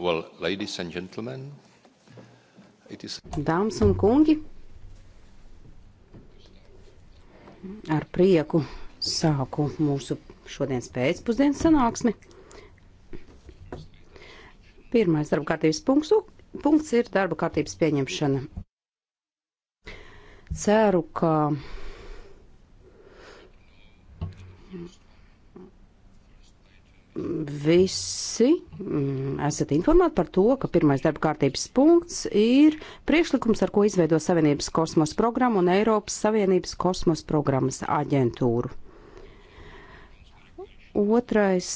Well, ladies and gentlemen, it is... Dāmas un kungi, ar prieku sāku mūsu šodienas pēcpusdienas sanāksmi. Pirmais darba kārtības punkts, punkts ir darba kārtības pieņemšana. Ceru, ka visi mm, esat informēti par to, ka pirmais darba kārtības punkts ir priekšlikums, ar ko izveido Savienības kosmosa programmu un Eiropas Savienības kosmosa programmas aģentūru. Otrais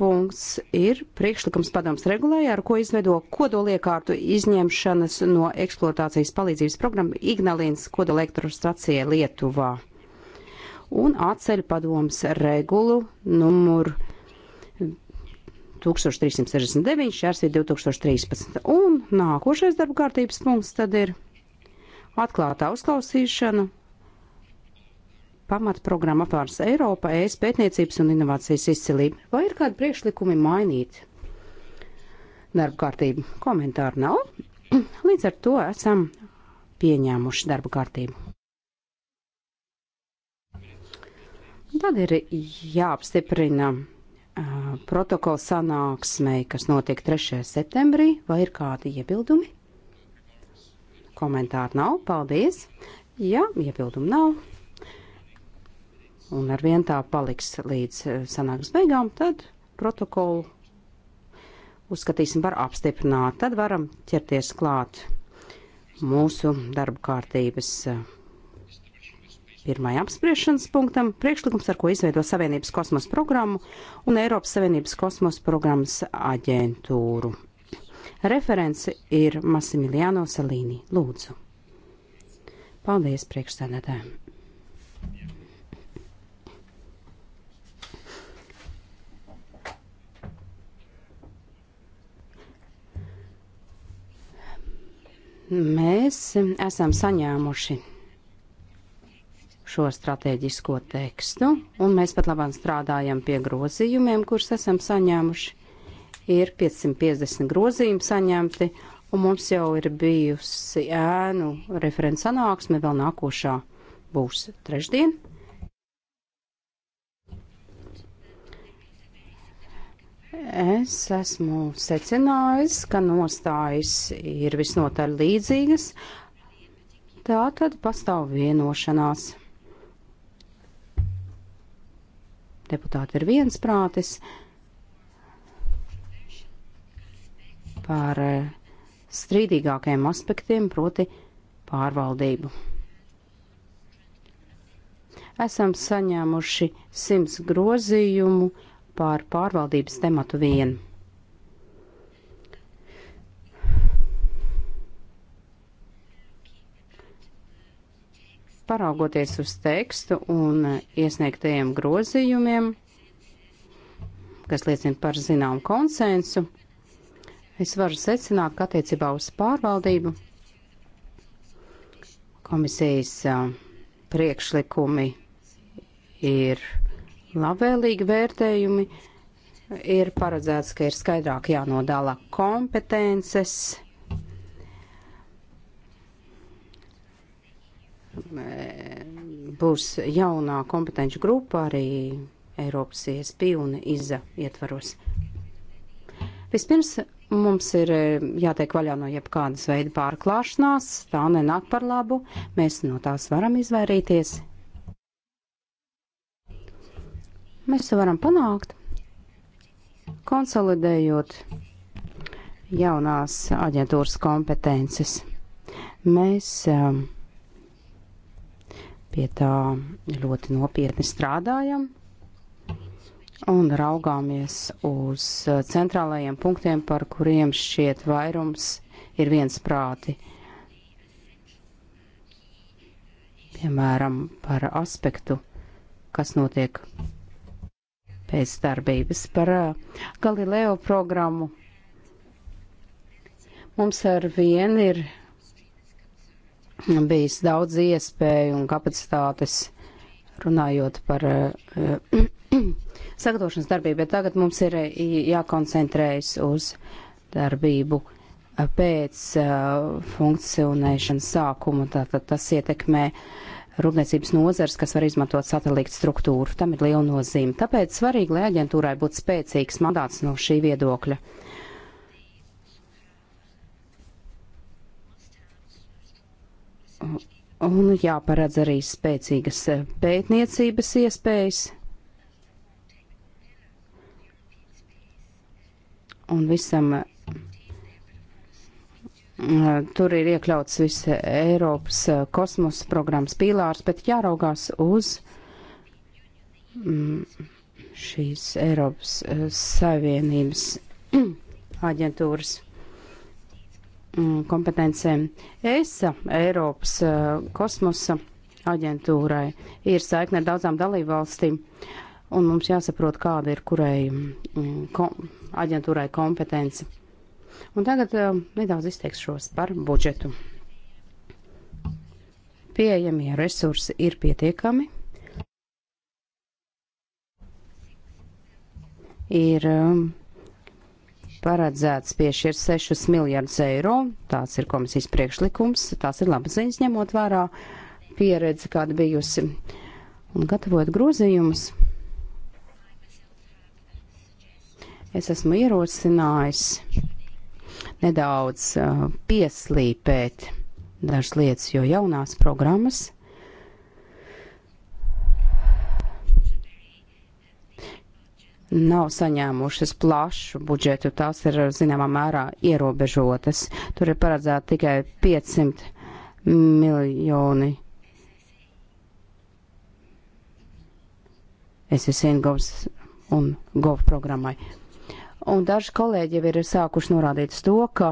punkts ir priekšlikums padoms regulēja, ar ko izveido kodoliekārtu izņemšanas no eksploatācijas palīdzības programmu Ignalīnas kodolektrostacijai Lietuvā. Un atceļ padoms regulu numuru 1369, šāds ir 2013. Un nākošais darba kārtības punkts tad ir atklātā uzklausīšana pamatprogramma apvārs Eiropa, ES pētniecības un inovācijas izcilība. Vai ir kādi priekšlikumi mainīt darba kārtību? Komentāru nav. Līdz ar to esam pieņēmuši darba kārtību. Tad ir jāapstiprina protokola sanāksmei, kas notiek 3. septembrī, vai ir kādi iebildumi? Komentāru nav, paldies. Jā, iebildumu nav. Un ar vien tā paliks līdz sanāks beigām, tad protokolu uzskatīsim par apstiprināt. Tad varam ķerties klāt mūsu darba kārtības. Uh, pirmajam apspriešanas punktam - priekšlikums, ar ko izveido Savienības kosmosa programmu un Eiropas Savienības kosmosa programmas aģentūru. Referenci ir Massimiliano Salīni. Lūdzu. Paldies priekšstādātājiem. mēs esam saņēmuši šo strateģisko tekstu, un mēs pat labāk strādājam pie grozījumiem, kurus esam saņēmuši. Ir 550 grozījumi saņemti, un mums jau ir bijusi ēnu referents sanāksme, vēl nākošā būs trešdien. Es esmu secinājis, ka nostājas ir visnotaļ līdzīgas, tā tad pastāv vienošanās. deputāti ir viensprātis par eh, strīdīgākajiem aspektiem, proti pārvaldību. Esam saņēmuši simts grozījumu pār pārvaldības tematu vienu. Paraugoties uz tekstu un iesniegtajiem grozījumiem, kas liecina par zināmu konsensu, es varu secināt, ka attiecībā uz pārvaldību komisijas priekšlikumi ir labvēlīgi vērtējumi, ir paredzēts, ka ir skaidrāk jānodala kompetences, Ehm, būs jaunā kompetenci grupa arī Eiropas ISP un IZA ietvaros. Vispirms mums ir ehm, jātiek vaļā no jebkādas veida pārklāšanās, tā nenāk par labu, mēs no tās varam izvairīties. Mēs to varam panākt, konsolidējot jaunās aģentūras kompetences. Mēs um, Pie tā ļoti nopietni strādājam un raugāmies uz uh, centrālajiem punktiem, par kuriem šķiet vairums ir viens prāti. Piemēram, par aspektu, kas notiek pēc darbības, par uh, Galileo programmu. Mums ar vienu ir bijis daudz iespēju un kapacitātes runājot par uh, sagatavošanas darbību, bet tagad mums ir eh, jākoncentrējas uz darbību eh, pēc uh, funkcionēšanas sākuma. Tātad tas ietekmē rūpniecības nozars, kas var izmantot satelīta struktūru. Tam ir liela nozīme. Tāpēc svarīgi, lai aģentūrai būtu spēcīgs mandāts no šī viedokļa. Uh, un jāparedz arī spēcīgas pētniecības iespējas. Un visam eh, tur ir iekļauts viss Eiropas eh, kosmosa programmas pīlārs, bet jāraugās uz mm, šīs Eiropas eh, Savienības aģentūras Mm, kompetencēm. ESA, Eiropas eh, kosmosa aģentūrai, ir saikne ar daudzām dalībvalstīm, un mums jāsaprot, kāda ir kurai mm, kom, aģentūrai kompetence. Un tagad eh, nedaudz izteikšos par budžetu. Pieejamie resursi ir pietiekami. Ir um, paredzēts piešķirt 6 miljardus eiro. Tāds ir komisijas priekšlikums, tās ir labas ziņas ņemot vērā pieredze, kāda bijusi. Un gatavot grozījumus, es esmu ierosinājis nedaudz uh, pieslīpēt dažas lietas, jo jaunās programmas nav saņēmušas plašu budžetu, tās ir zināmā mērā ierobežotas. Tur ir paredzēta tikai 500 miljoni. Es esmu Ingovs un Gov programmai. Un daži kolēģi jau ir sākuši norādīt uz to, ka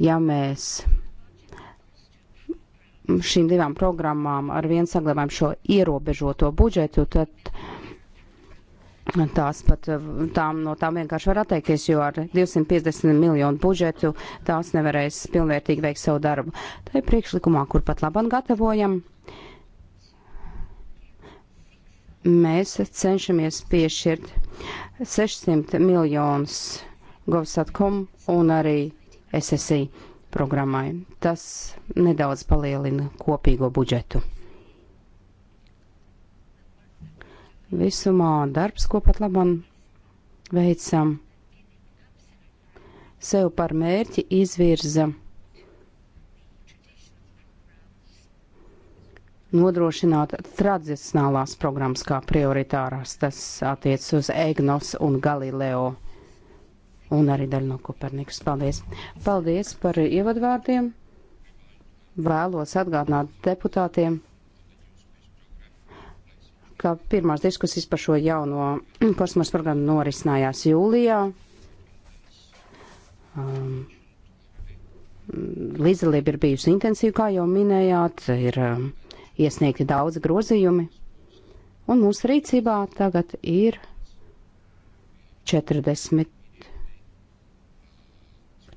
ja mēs šīm divām programmām ar vien saglabājam šo ierobežoto budžetu, tad Tās pat eh, tām, no tām vienkārši var atteikties, jo ar 250 miljonu budžetu tās nevarēs pilnvērtīgi veikt savu darbu. Tā ir priekšlikumā, kur pat labam gatavojam. Mēs cenšamies piešķirt 600 miljonus Govsatkom un arī SSI programmai. Tas nedaudz palielina kopīgo budžetu. Visumā darbs, ko pat labam veicam, sev par mērķi izvirza nodrošināt tradicionālās programmas kā prioritārās. Tas attiec uz Egnos un Galileo un arī daļu no Kopernikas. Paldies! Paldies par ievadvārdiem! Vēlos atgādināt deputātiem ka pirmās diskusijas par šo jauno kosmosa programmu norisinājās jūlijā. Um, Līdzdalība ir bijusi intensīva, kā jau minējāt, ir um, iesniegti daudzi grozījumi, un mūsu rīcībā tagad ir 40,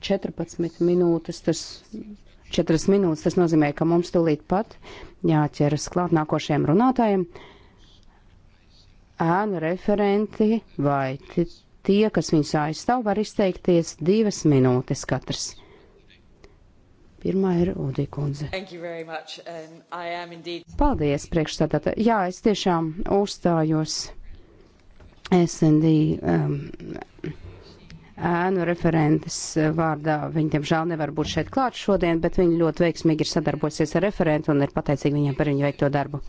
14 minūtes. Tas, 4 minūtes tas nozīmē, ka mums tūlīt pat jāķeras klāt nākošajiem runātājiem. Uh, ēnu referenti vai tie, kas viņus aizstāv, var izteikties divas minūtes katrs. Pirmā ir Udija kundze. Um, indeed... Paldies, priekšstādātā. Jā, es tiešām uzstājos SND um, ēnu referentes vārdā. Viņa, diemžēl, nevar būt šeit klāt šodien, bet viņa ļoti veiksmīgi ir sadarbosies ar referentu un ir pateicīga viņiem par viņu veikto darbu.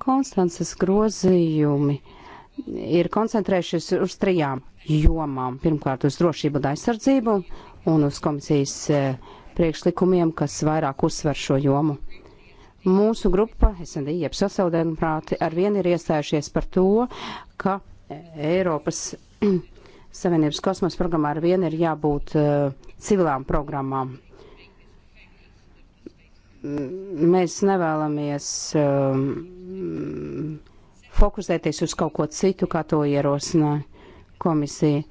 Konstances grozījumi ir koncentrējušies uz trijām jomām. Pirmkārt, uz drošību un aizsardzību un uz komisijas eh, priekšlikumiem, kas vairāk uzsver šo jomu. Mūsu grupa, SND, jeb sociāldemokrāti, ar vienu ir iestājušies par to, ka eh, Eiropas Savienības kosmosa programmā ar vienu ir jābūt uh, civilām programmām. Mēs nevēlamies. Uh, mm, fokusēties uz kaut ko citu, kā to ierosināja komisija.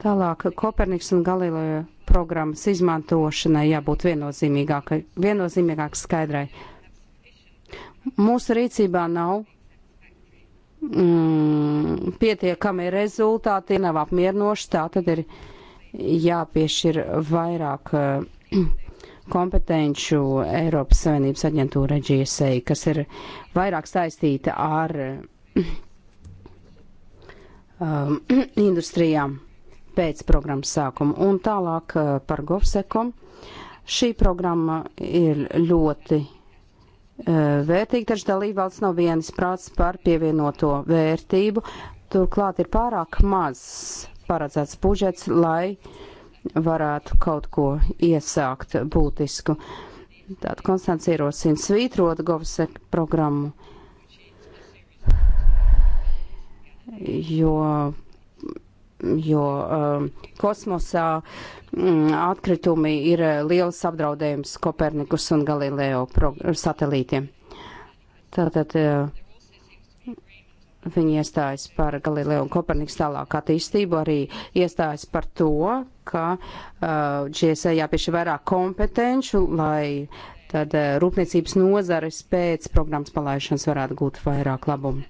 Tālāk Koperniks un Galileja programmas izmantošanai jābūt viennozīmīgākai, viennozīmīgāk skaidrai. Mūsu rīcībā nav mm, pietiekami rezultāti, nav apmierinoši, tā tad ir jāpiešķir vairāk uh, kompetenču Eiropas Savienības aģentūra GSA, kas ir vairāk saistīta ar um, industrijām pēc programmas sākuma. Un tālāk uh, par Govsekom. Šī programma ir ļoti uh, vērtīgi, taču dalībvalsts nav vienas prāts par pievienoto vērtību. Turklāt ir pārāk maz paredzēts budžets, lai uh, varētu kaut ko iesākt būtisku. Tātad Konstants ierosina svītrota Govsek programmu, jo, jo um, kosmosā mm, atkritumi ir liels apdraudējums Kopernikus un Galileo satelītiem. Tātad uh, Viņi iestājas par Galileo un Kopernikas tālāku attīstību, arī iestājas par to, ka uh, GSA jāpiešķir vairāk kompetenču, lai tad uh, rūpniecības nozares pēc programmas palaišanas varētu gūt vairāk labumu.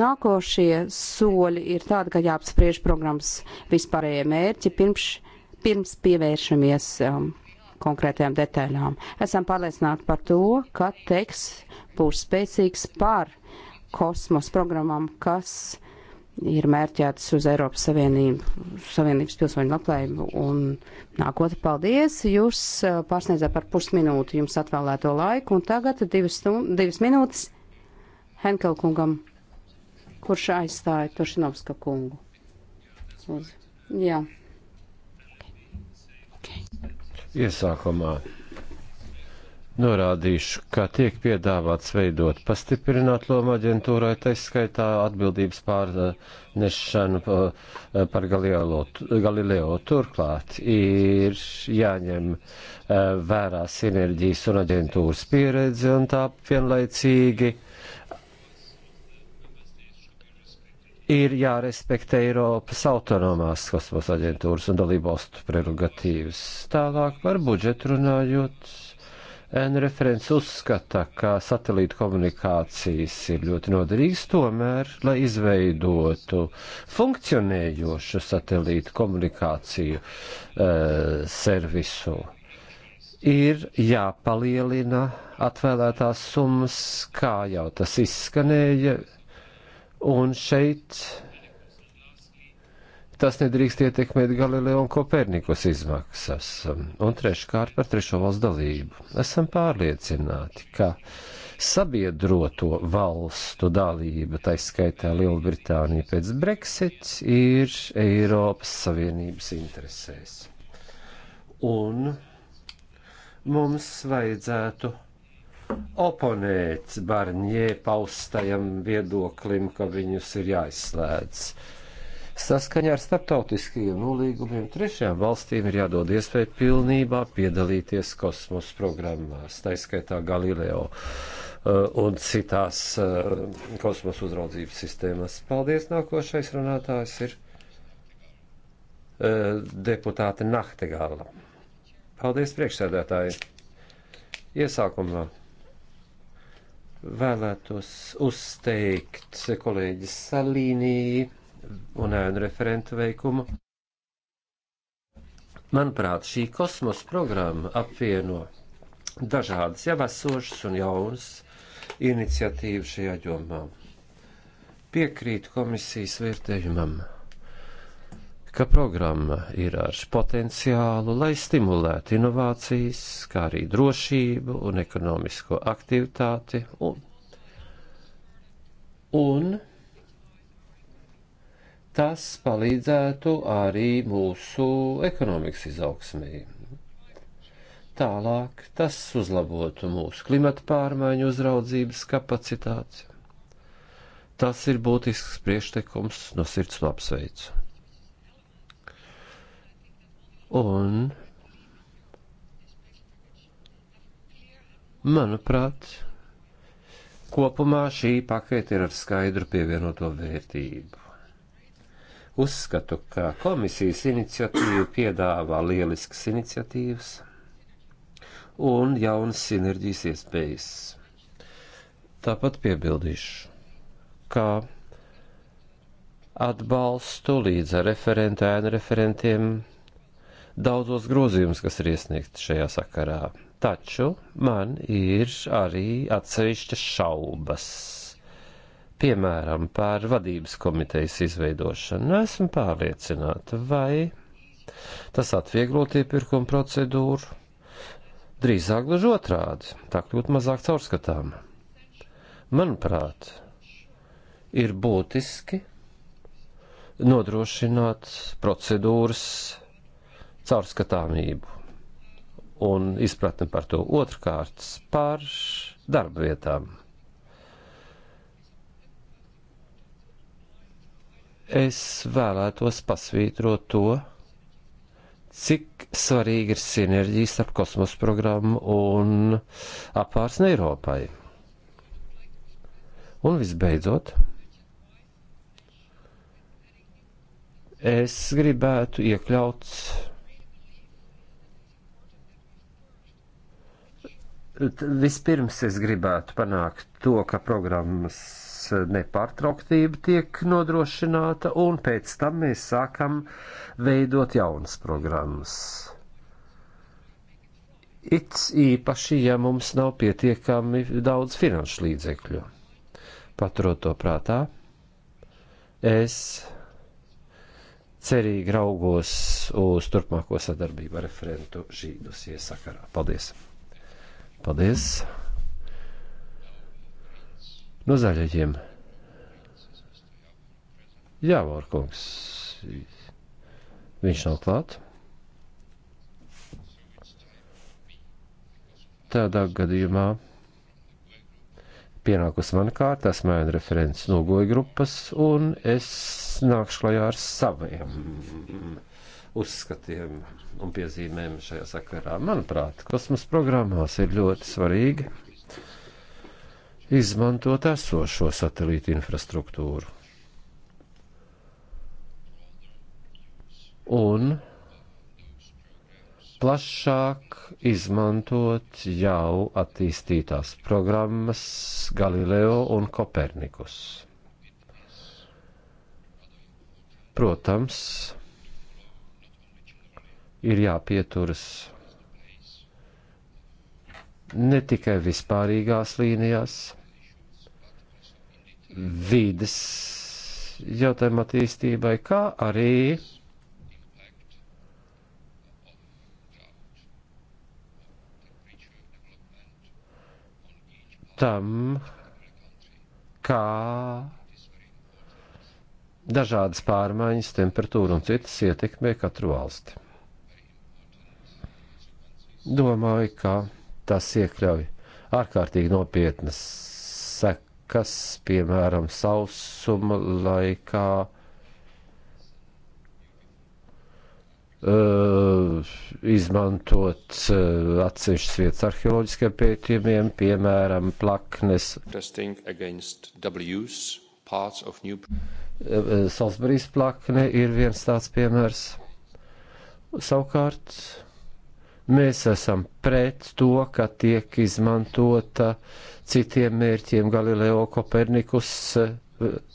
Nākošie soļi ir tādi, ka jāapspriež programmas vispārējie mērķi pirms, pirms pievēršamies um, konkrētajām detaļām. Esam pārliecināti par to, ka teksts būs spēcīgs par kosmos programmām, kas ir mērķētas uz Eiropas Savienību, Savienības pilsoņu labklājību un nākotni. Paldies! Jūs pārsniedzāt par pusminūti jums atvēlēto laiku, un tagad divas, stund, divas minūtes Henkel kungam, kurš aizstāja Tošinovska kungu. Uz. Jā. Okay. Okay. Iesākumā. Norādīšu, ka tiek piedāvāts veidot pastiprināt lomu aģentūrai, taiskaitā atbildības pārnešanu eh, par Galileo. Turklāt ir jāņem eh, vērā sinerģijas un aģentūras pieredze un tā vienlaicīgi ir jārespektē Eiropas autonomās kosmosa aģentūras un dalībvalstu prerogatīvas. Tālāk par budžetu runājot Referents uzskata, ka satelīta komunikācijas ir ļoti noderīgas, tomēr, lai izveidotu funkcionējošu satelīta komunikāciju uh, servisu, ir jāpalielina atvēlētās summas, kā jau tas izskanēja, un šeit tas nedrīkst ietekmēt Galileo un Kopernikus izmaksas. Um, un treškārt par trešo valstu dalību. Esam pārliecināti, ka sabiedroto valstu dalība, tā skaitā Lielbritānija pēc Brexit, ir Eiropas Savienības interesēs. Un mums vajadzētu oponēt Barņē paustajam viedoklim, ka viņus ir jāizslēdz. Uh, Saskaņā ar starptautiskajiem nolīgumiem trešajām valstīm ir jādod iespēja pilnībā piedalīties kosmosa programmās, taiskaitā Galileo uh, un citās uh, kosmosa uzraudzības sistēmas. Paldies! Nākošais runātājs ir uh, deputāte Nachtegāla. Paldies priekšsēdētāji! Iesākumā vēlētos uzteikt kolēģis Salīniju un ēnu referentu veikumu. Manuprāt, šī kosmosa programma apvieno dažādas jau esošas un jaunas iniciatīvas šajā jomā. Piekrītu komisijas vērtējumam ka programma ir ar potenciālu, lai stimulētu inovācijas, kā arī drošību un ekonomisko aktivitāti. Un, un tas palīdzētu arī mūsu ekonomikas izaugsmī. Tālāk tas uzlabotu mūsu klimata pārmaiņu uzraudzības kapacitāti. Tas ir būtisks priekštekums no sirds un apsveicu. Un, manuprāt, kopumā šī pakete ir ar skaidru pievienoto vērtību Uzskatu, ka komisijas iniciatīva piedāvā lielisks iniciatīvas un jaunas sinerģijas iespējas. Tāpat piebildīšu, ka atbalstu līdz ar referentēnu referentiem daudzos grozījumus, kas ir iesniegti šajā sakarā. Taču man ir arī atsevišķas šaubas piemēram, par vadības komitejas izveidošanu, nu, esmu pārliecināta, vai tas atvieglot iepirkuma procedūru, drīzāk gluži otrādi, tā kļūt mazāk caurskatām. Manuprāt, ir būtiski nodrošināt procedūras caurskatāmību un izpratni par to otrkārt par darba vietām. Es vēlētos pasvītrot to, cik svarīgi ir sinerģija starp kosmosa programmu un apvārsni Eiropai. Un visbeidzot, es gribētu iekļaut vispirms es gribētu panākt to, ka programmas nepārtrauktība tiek nodrošināta, un pēc tam mēs sākam veidot jaunas programmas. It īpaši, ja mums nav pietiekami daudz finanšu līdzekļu. Paturot to prātā, es cerīgi raugos uz turpmāko sadarbību ar referentu šī dosie sakarā. Paldies! Paldies! Mm. No nu, zaļajiem. Jā, Vorkungs. Viņš nav klāt. Tādā gadījumā pienākus man kārta, esmu ēna referents no goja grupas, un es nākšu klajā ar saviem uzskatiem un piezīmēm šajā sakarā. Manuprāt, kosmosa programmās ir ļoti svarīgi izmantot esošo satelītu infrastruktūru. Un plašāk izmantot jau attīstītās programmas Galileo un Kopernikus. Protams, ir jāpieturas ne tikai vispārīgās līnijās, vides jautājuma attīstībai, kā arī tam, kā dažādas pārmaiņas, temperatūra un citas ietekmē katru valsti. Domāju, ka tas iekļauj ārkārtīgi nopietnas sekas, piemēram, sausuma laikā. Uh, izmantot uh, atsevišķas vietas arheoloģiskiem pētījumiem, piemēram, plaknes. Ws, new... uh, eh, Salisburijas plakne ir viens tāds piemērs. Savukārt, Mēs esam pret to, ka tiek izmantota citiem mērķiem Galileo Kopernikus eh,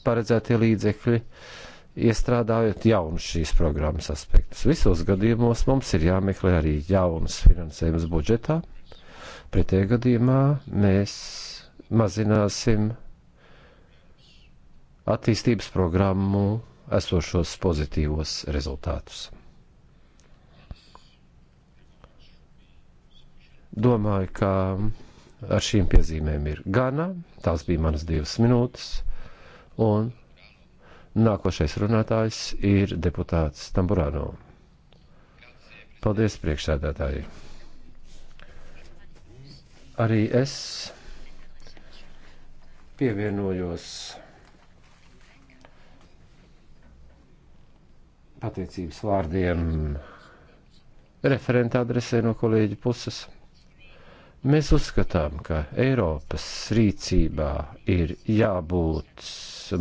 paredzētie līdzekļi, iestrādājot jaunus šīs programmas aspektus. Visos gadījumos mums ir jāmeklē arī jaunas finansējums budžetā. Pretējā gadījumā mēs mazināsim attīstības programmu esošos pozitīvos rezultātus. Domāju, ka ar šīm piezīmēm ir gana. Tās bija manas divas minūtes. Un nākošais runātājs ir deputāts Tamburāno. Paldies priekšsēdētāji. Arī es pievienojos pateicības vārdiem referenta adresē no kolēģa puses. Mēs uzskatām, ka Eiropas rīcībā ir jābūt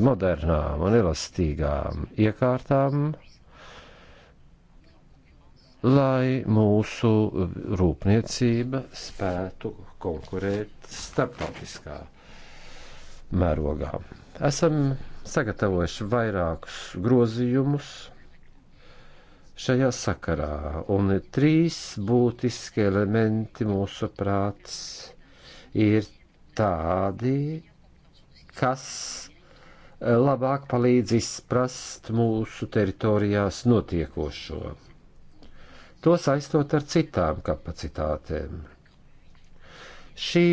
modernām un elastīgām iekārtām, lai mūsu rūpniecība spētu konkurēt starptautiskā mērogā. Esam sagatavojuši vairākus grozījumus šajā sakarā. Un trīs būtiski elementi mūsu prāts ir tādi, kas eh, labāk palīdz izprast mūsu teritorijās notiekošo. To saistot ar citām kapacitātēm. Šī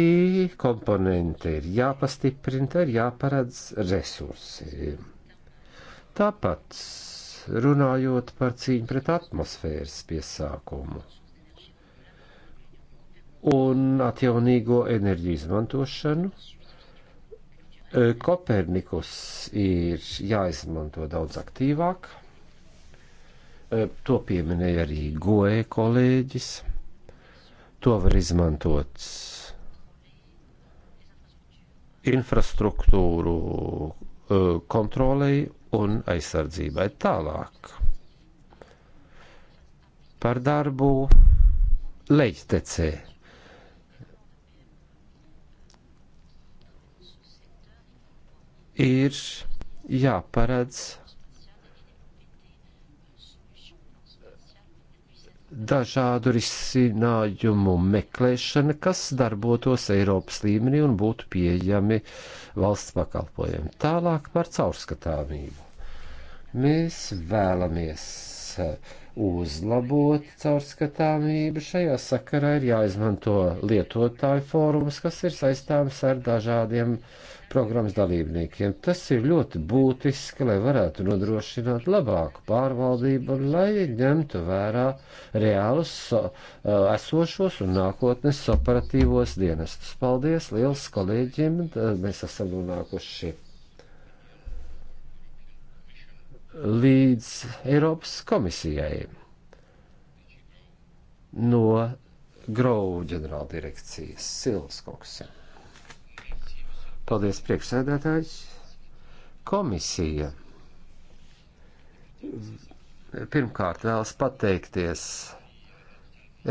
komponente ir jāpastiprina, ir jāparedz resursi. Tāpat runājot par cīņu pret atmosfēras piesākumu un atjaunīgo enerģiju izmantošanu. E, Kopernikus ir jāizmanto daudz aktīvāk. E, to pieminēja arī Goe kolēģis. To var izmantot infrastruktūru e, kontrolei un aizsardzībai tālāk. Par darbu leģtecē. Ir jāparedz dažādu risinājumu meklēšana, kas darbotos Eiropas līmenī un būtu pieejami valsts pakalpojumi. Tālāk par caurskatāmību. Mēs vēlamies uh, uzlabot caurskatāmību. Šajā sakarā ir jāizmanto lietotāju fórumus, kas ir saistāms ar dažādiem programmas dalībniekiem. Tas ir ļoti būtiski, lai varētu nodrošināt labāku pārvaldību un lai ņemtu vērā reālus so, uh, esošos un nākotnes operatīvos dienestus. Paldies liels kolēģiem, mēs esam nonākuši līdz Eiropas komisijai no Grau ģenerāla direkcijas Silskoks. Paldies, priekšsēdētājs. Komisija pirmkārt vēlas pateikties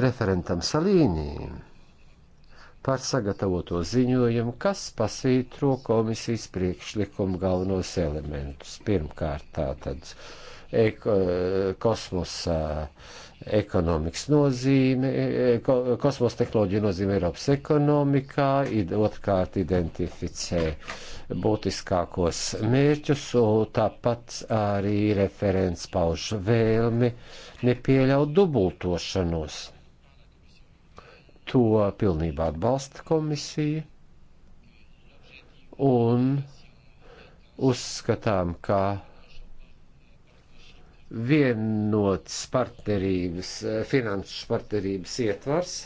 referentam Salīnijam par sagatavoto ziņojumu, kas pasvītro komisijas priekšlikumu galvenos elementus. Pirmkārt, tātad eko, kosmosa eh, ekonomikas nozīme, eh, ko, kosmosa tehnoloģija nozīme Eiropas ekonomikā, id, otrkārt identificē būtiskākos mērķus, un tāpat arī referents pauž vēlmi nepieļaut dubultošanos To pilnībā atbalsta komisija un uzskatām, ka vienots partnerības, finanses partnerības ietvars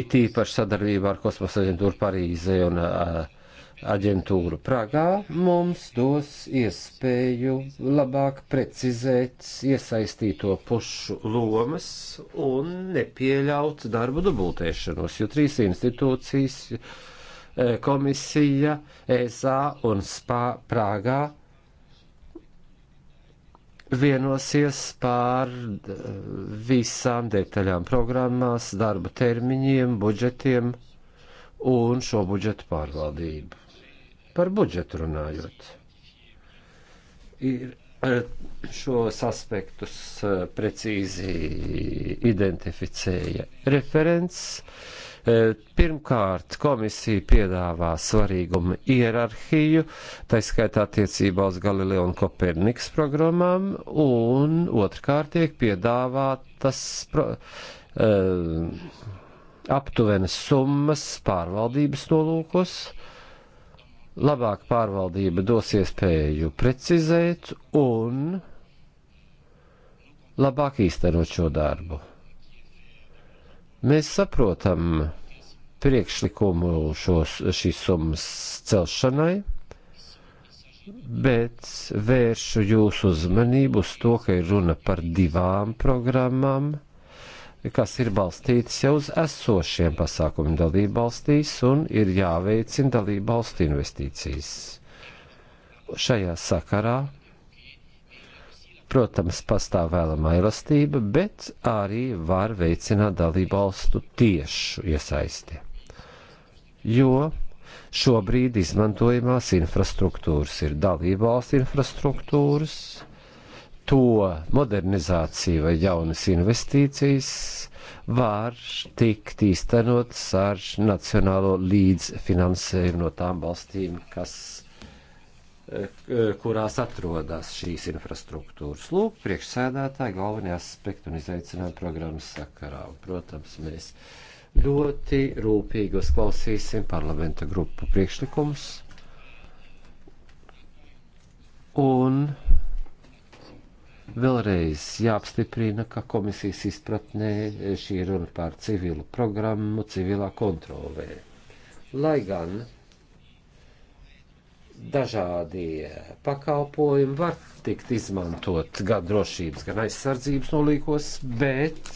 it īpaši sadarbībā ar kosmosa aģentūru Parīzē un uh, aģentūru Pragā mums dos iespēju labāk precizēt iesaistīto pušu lomas un nepieļaut darbu dubultēšanos, jo trīs institūcijas e, - komisija, ESA un SPA Prāgā vienosies pār e, visām detaļām programmās, darba termiņiem, budžetiem un šo budžetu pārvaldību Par budžetu runājot. Ir eh, šos aspektus eh, precīzi identificēja referents. Eh, pirmkārt, komisija piedāvā svarīgumu ierarhiju, taiskaitā attiecībā uz Galileo un Kopernikas programmām, un otrkārt tiek piedāvātas pro, uh, aptuvenas summas pārvaldības nolūkos. Uh, labāka pārvaldība dos iespēju precizēt un labāk īstenot šo darbu. Mēs saprotam priekšlikumu šos, šīs summas celšanai, bet vēršu jūsu uzmanību uz to, ka ir runa par divām programmām kas ir balstītas jau uz esošiem pasākumiem dalību valstīs un ir jāveicina dalību valstu investīcijas. Šajā sakarā, protams, pastāv vēlamā elastība, bet arī var veicināt dalību valstu tiešu iesaisti. Jo šobrīd izmantojamās infrastruktūras ir dalību valstu infrastruktūras, to modernizācija vai jaunas investīcijas var tikt īstenots ar nacionālo līdzfinansējumu no tām valstīm, kas, eh, kurās atrodas šīs infrastruktūras. Lūk, priekšsēdētāji galvenie aspekti un izaicinājumi programmas sakarā. Protams, mēs ļoti rūpīgi uzklausīsim parlamenta grupu priekšlikumus. Un Vēlreiz jāapstiprina, ka komisijas izpratnē šī ir runa par civilu programmu, civilā kontrolē. Lai gan dažādi pakalpojumi var tikt izmantot gan drošības, gan aizsardzības nolīkos, bet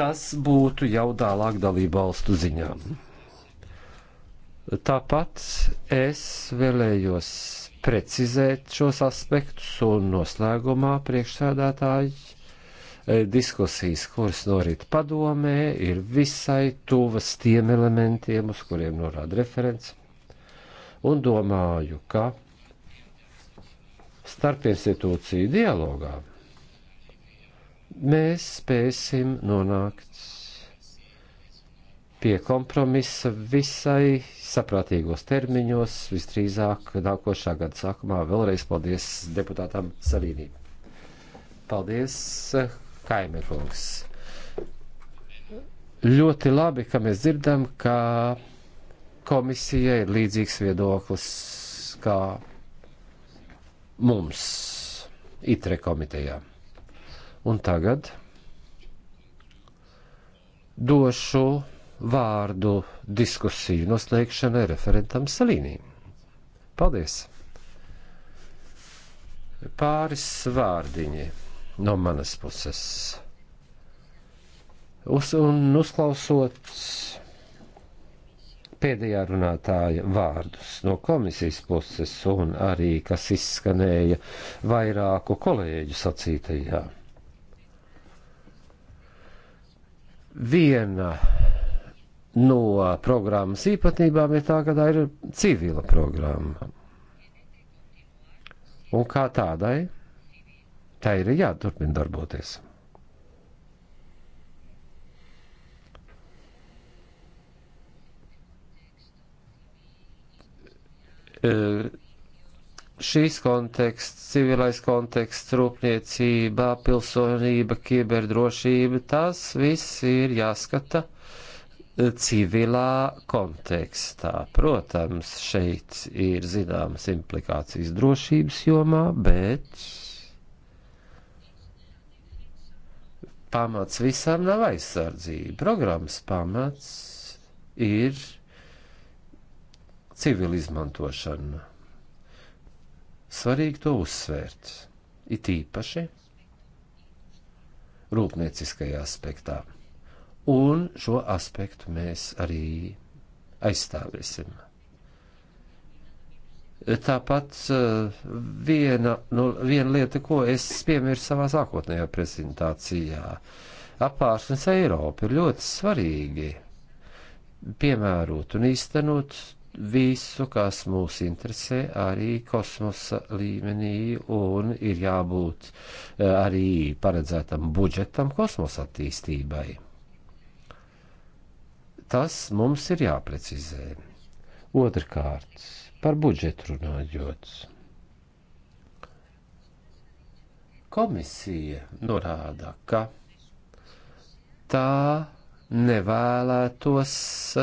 tas būtu jau tālāk dalību valstu ziņām. Tāpat es vēlējos precizēt šos aspektus un noslēgumā priekšsēdētāji e, diskusijas, kuras norit padomē, ir visai tuvas tiem elementiem, uz kuriem norāda referents. Un domāju, ka starp institūciju dialogā mēs spēsim nonākt pie kompromisa visai saprātīgos termiņos, visdrīzāk nākošā gada sākumā. Vēlreiz paldies deputātam Savīnīm. Paldies, Kaimerkungs. Ļoti labi, ka mēs dzirdam, ka komisija ir līdzīgs viedoklis kā mums, ITRE komitejā. Un tagad došu vārdu diskusiju noslēgšanai referentam Salīnī. Paldies! Pāris vārdiņi no manas puses. Uz, un uzklausot pēdējā runātāja vārdus no komisijas puses un arī, kas izskanēja vairāku kolēģu sacītajā. Viena no programmas īpatnībām ir tā, ka tā ir civila programma. Un kā tādai, tā ir jāturpina darboties. E, Šīs konteksts, civilais konteksts, rūpniecība, pilsonība, kiberdrošība, tas viss ir jāskata uh, civilā kontekstā. Protams, šeit ir zināmas implikācijas drošības jomā, bet pamats visam nav aizsardzība. Programmas pamats ir civil izmantošana. Svarīgi to uzsvērt, it īpaši rūpnieciskajā aspektā un šo aspektu mēs arī aizstāvēsim. Tāpat eh, viena, nu, viena lieta, ko es piemiru savā sākotnējā prezentācijā, apārsnes Eiropa ir ļoti svarīgi piemērot un īstenot visu, kas mūs interesē, arī kosmosa līmenī, un ir jābūt eh, arī paredzētam budžetam kosmosa attīstībai. Tas mums ir jāprecizē. Otrkārt, par budžetu runājot. Komisija norāda, ka tā nevēlētos e,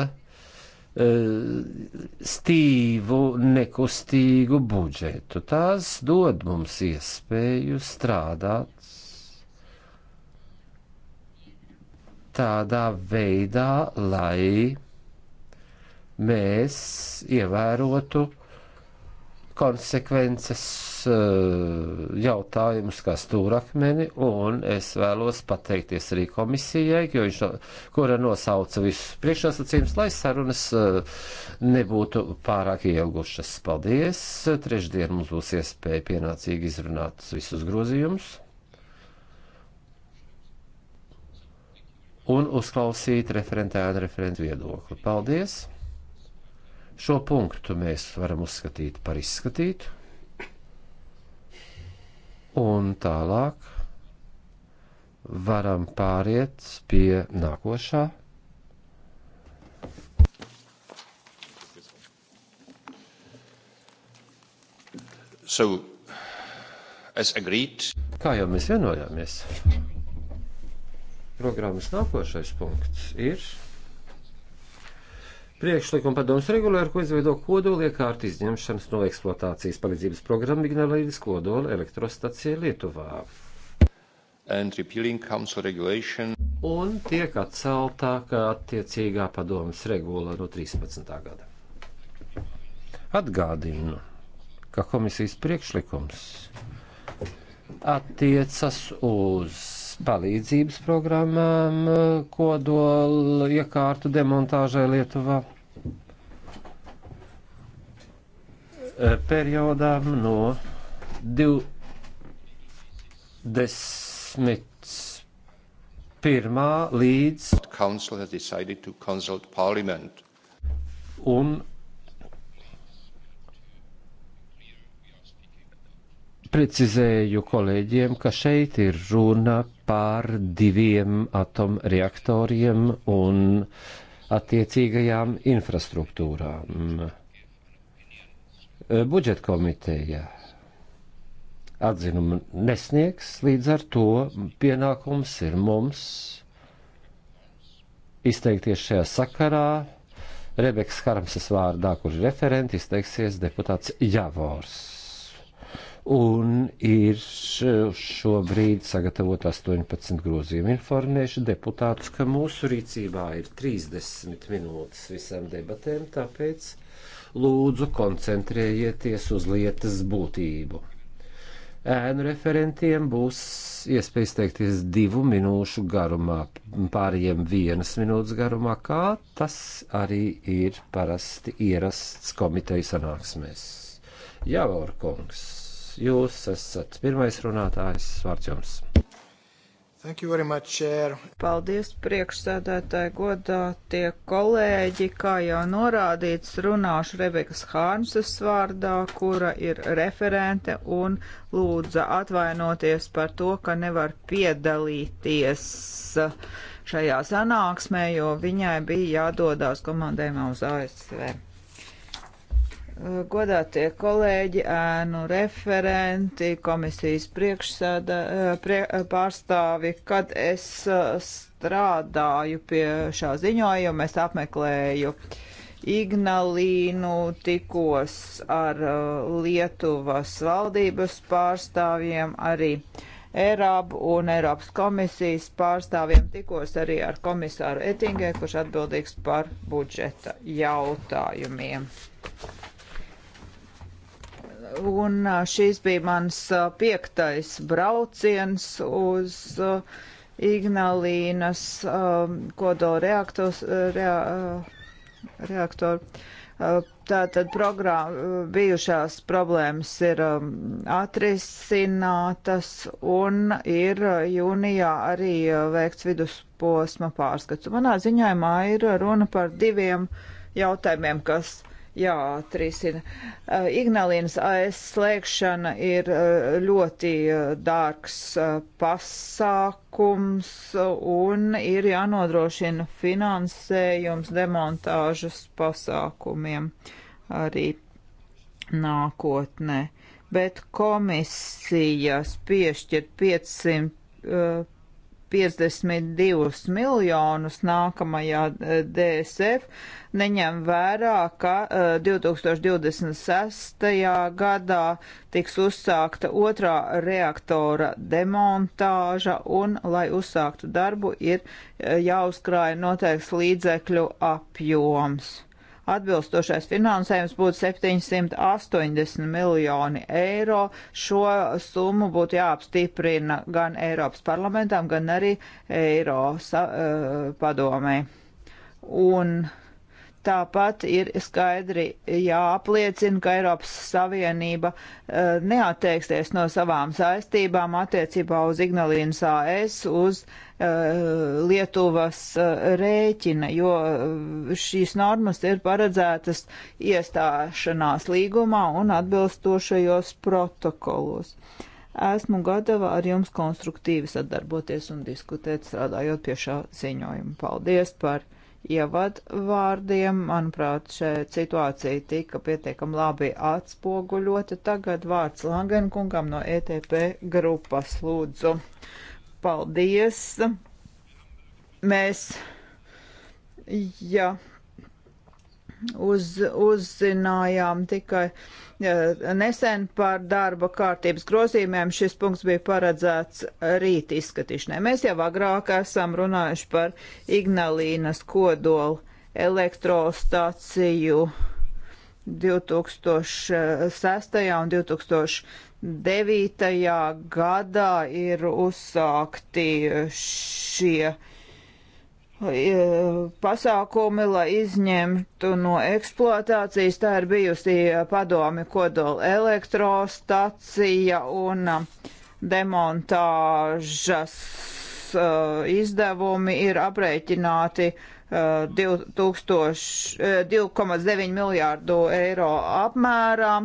stīvu, nekustīgu budžetu. Tās dod mums iespēju strādāt tādā veidā, lai mēs ievērotu konsekvences eh, jautājumus kā stūrakmeni, un es vēlos pateikties arī komisijai, jo viņš, kura nosauca visus priekšnosacījumus, lai sarunas eh, nebūtu pārāk ielgušas. Paldies! Trešdien mums būs iespēja pienācīgi izrunāt visus grozījumus. un uzklausīt referentēnu referentu viedokli. Paldies! Šo punktu mēs varam uzskatīt par izskatītu. Un tālāk varam pāriet pie nākošā. So, Kā jau mēs vienojāmies? programmas nākošais punkts ir priekšlikuma padomus regulēru, ko izveido kodoliekārt izņemšanas no eksploatācijas palīdzības programma Ignalīdas kodola elektrostacija Lietuvā. Un tiek atceltā kā attiecīgā padomas regula no 13. gada. Atgādinu, ka komisijas priekšlikums attiecas uz palīdzības programmām eh, kodola iekārtu demontāžai Lietuvā. Eh, periodām no 20 pirmā līdz. Un precizēju kolēģiem, ka šeit ir runa par diviem atomreaktoriem un attiecīgajām infrastruktūrām. Budžeta komiteja atzinumu nesniegs, līdz ar to pienākums ir mums izteikties šajā sakarā. Rebekas Harmsas vārdā, kurš referenti izteiksies deputāts Javors un ir šobrīd sagatavot 18 grozījumu. Informēšu deputātus, ka mūsu rīcībā ir 30 minūtes visām debatēm, tāpēc lūdzu koncentrējieties uz lietas būtību. Ēnu referentiem būs iespēja izteikties divu minūšu garumā, pāriem vienas minūtes garumā, kā tas arī ir parasti ierasts komitejas sanāksmēs. Javor kungs. Jūs esat pirmais runātājs. Vārds jums. Much, Chair. Paldies, priekšsēdētāji, godātie kolēģi. Kā jau norādīts, runāšu Rebekas Hārnses vārdā, kura ir referente un lūdza atvainoties par to, ka nevar piedalīties šajā sanāksmē, jo viņai bija jādodās komandējumā uz ASV. Eh, godātie kolēģi, ēnu referenti, komisijas priekšsēdā, eh, prie, eh, pārstāvi, kad es strādāju pie šā ziņojuma, es apmeklēju Ignalīnu, tikos ar Lietuvas valdības pārstāvjiem, arī Eiropu un Eiropas komisijas pārstāvjiem, tikos arī ar komisāru Etingē, kurš atbildīgs par budžeta jautājumiem. Thank you. Un šīs bija mans piektais brauciens uz Ignalīnas kodola reaktors. Rea, reaktoru. Tātad programma, bijušās problēmas ir atrisinātas un ir jūnijā arī veikts vidusposma pārskats. Manā ziņājumā ir runa par diviem jautājumiem, kas jāatrisina. Uh, Ignalīnas aizslēgšana ir uh, ļoti uh, dārgs pasākums un ir jānodrošina finansējums demontāžas pasākumiem arī nākotnē. Bet komisijas piešķirt 500 52 miljonus nākamajā eh, DSF, neņem vērā, ka 2026. Eh, gadā tiks uzsākta otrā reaktora demontāža un, lai uzsāktu darbu, ir eh, jāuzkrāja noteikts līdzekļu apjoms atbilstošais finansējums būtu 780 miljoni eiro. Šo summu būtu jāapstiprina gan Eiropas parlamentam, gan arī Eiropas uh, eh, padomē. Un Tāpat ir skaidri jāapliecina, ka Eiropas Savienība uh, neatteiksies no savām saistībām attiecībā uz Ignalīnas AS, uz uh, Eh, Lietuvas eh, rēķina, jo eh, šīs normas ir paredzētas iestāšanās līgumā un atbilstošajos protokolos. Esmu gatava ar jums konstruktīvi sadarboties un diskutēt, strādājot pie šā ziņojuma. Paldies par ievadvārdiem. Manuprāt, šī situācija tika pietiekami labi atspoguļota. Tagad vārds Langenkungam no ETP grupas lūdzu paldies. Mēs, jā, uz, uzzinājām tikai jā, nesen par darba kārtības grozījumiem. Šis punkts bija paredzēts rīt izskatīšanai. Mēs jau agrāk esam runājuši par Ignalīnas kodolu elektrostaciju 2006. un 2006 devītajā gadā ir uzsākti šie e, pasākumi, lai izņemtu no eksploatācijas. Tā ir bijusi padomi kodola elektrostacija un demontāžas uh, izdevumi ir aprēķināti uh, e, 2,9 miljārdu eiro apmērā.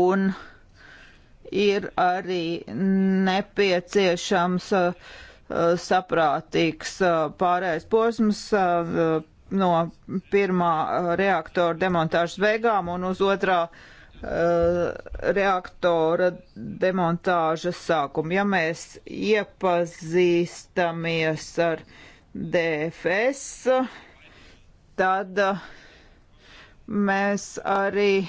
Un uh, ir arī nepieciešams uh, uh, saprātīgs uh, pārējais posms uh, uh, no pirmā reaktora demontāžas beigām un uz otrā uh, reaktora demontāžas sākumu. Ja mēs iepazīstamies ar DFS, tad mēs arī uh,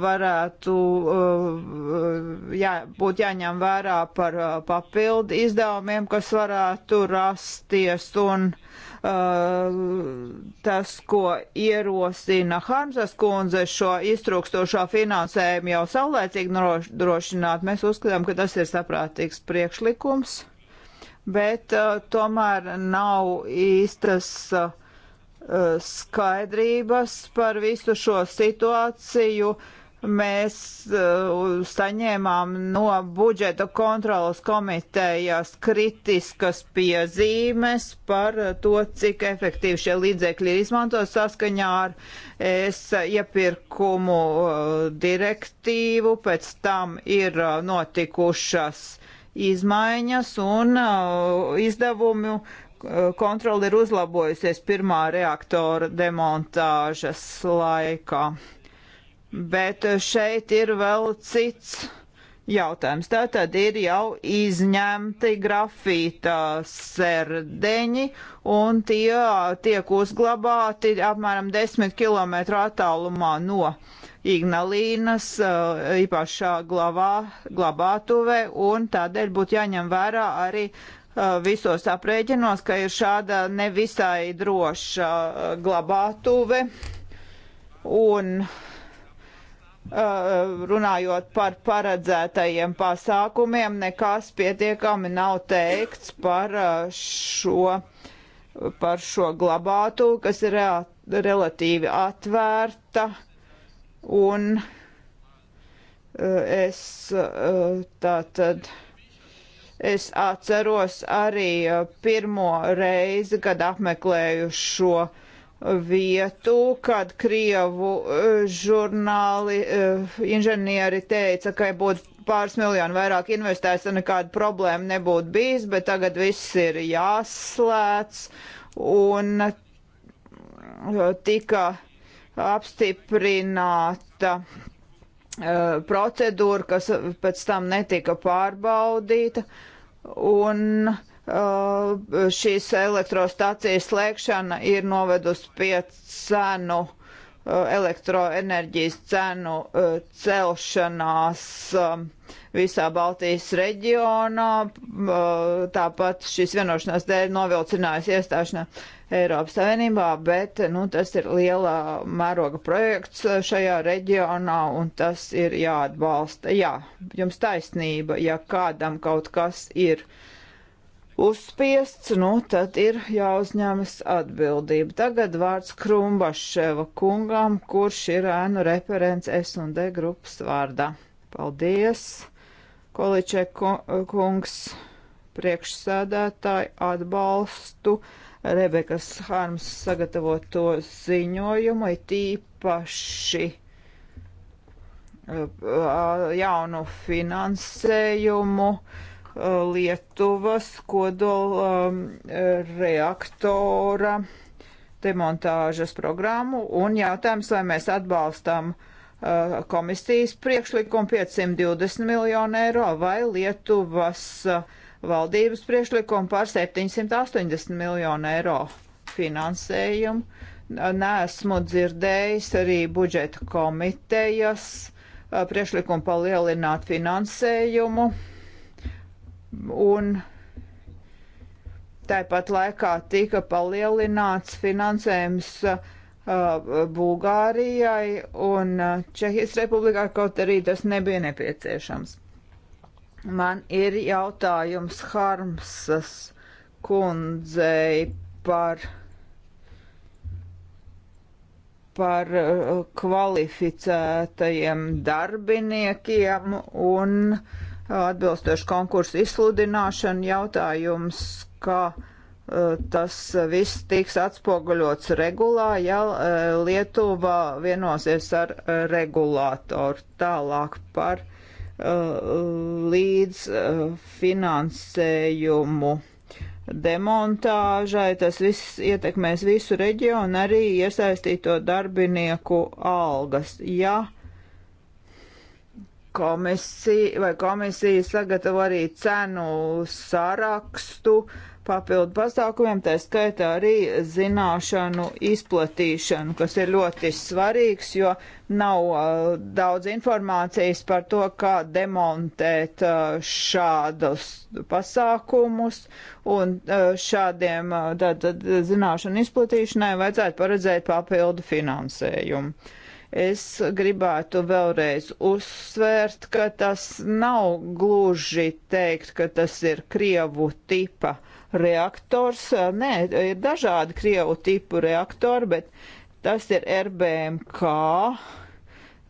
varētu uh, jā, būt jāņem vērā par uh, papildu izdevumiem, kas varētu rasties, un uh, tas, ko ierosina Harmsas kundze šo iztrūkstošo finansējumu jau saulēcīgi nodrošināt, mēs uzskatām, ka tas ir saprātīgs priekšlikums, bet tomēr nav īstas uh, skaidrības par visu šo situāciju mēs uh, saņēmām no budžeta kontrolas komitejas kritiskas piezīmes par uh, to, cik efektīvi šie līdzekļi ir izmantot saskaņā ar es iepirkumu uh, direktīvu, pēc tam ir uh, notikušas izmaiņas un uh, izdevumu uh, kontroli ir uzlabojusies pirmā reaktora demontāžas laikā. Bet šeit ir vēl cits jautājums. Tā tad ir jau izņemti grafīta sērdeņi un tie tiek uzglabāti apmēram 10 km attālumā no Ignalīnas īpašā glabā, glabātuvē un tādēļ būtu jāņem vērā arī visos aprēķinos, ka ir šāda nevisai droša glabātuve. Un runājot par paredzētajiem pasākumiem, nekas pietiekami nav teikts par šo, par šo glabātu, kas ir relatīvi atvērta. Un es tā tad. Uh, Es atceros arī uh, pirmo reizi, kad apmeklēju šo uh, vietu, kad Krievu uh, žurnāli, inženieri teica, ka būtu pāris miljonu vairāk investēts, tad nekāda problēma nebūtu bijis, bet tagad viss ir jāslēdz un tika apstiprināta Eh, procedūra, kas pēc tam netika pārbaudīta, un eh, šīs elektrostacijas slēgšana ir novedusi pie cenu Eh, elektroenerģijas cenu eh, celšanās eh, visā Baltijas reģionā. Tāpat šis vienošanās dēļ novilcinājās iestāšanās Eiropas Savienībā, bet nu, tas ir liela mēroga projekts šajā reģionā un tas ir jāatbalsta. Jā, jums taisnība, ja kādam kaut kas ir. Uh, uzspiests, nu tad ir jāuzņemas atbildība. Tagad vārds Krumbaševa kungam, kurš ir ēnu referents S&D grupas vārdā. Paldies, Količe kungs, priekšsēdētāji, atbalstu Rebekas Harms sagatavoto ziņojumu, it īpaši jaunu finansējumu Lietuvas kodola um, reaktora demontāžas programmu un jautājums, vai mēs atbalstam uh, komisijas priekšlikumu 520 miljonu eiro vai Lietuvas uh, valdības priekšlikumu par 780 miljonu eiro finansējumu. Nesmu dzirdējis arī budžeta komitejas uh, priekšlikumu palielināt finansējumu un tāpat laikā tika palielināts finansējums uh, Bulgārijai un uh, Čehijas republikā, kaut arī tas nebija nepieciešams. Man ir jautājums Harmsas kundzei par, par uh, kvalificētajiem darbiniekiem un uh, atbilstoši konkursu izsludināšanu jautājums, kā eh, tas viss tiks atspoguļots regulā, ja eh, Lietuva vienosies ar eh, regulātoru tālāk par līdz finansējumu demontāžai. Tas viss ietekmēs visu reģionu, arī iesaistīto darbinieku algas. Ja komisija vai komisija sagatavo arī cenu sarakstu papildu pasākumiem, tā skaitā arī zināšanu izplatīšanu, kas ir ļoti svarīgs, jo nav uh, daudz informācijas par to, kā demontēt uh, šādus pasākumus, un uh, šādiem uh, tad, tad, zināšanu izplatīšanai vajadzētu paredzēt papildu finansējumu. Es gribētu vēlreiz uzsvērt, ka tas nav gluži teikt, ka tas ir krievu tipa reaktors. Nē, ir dažādi krievu tipu reaktori, bet tas ir RBMK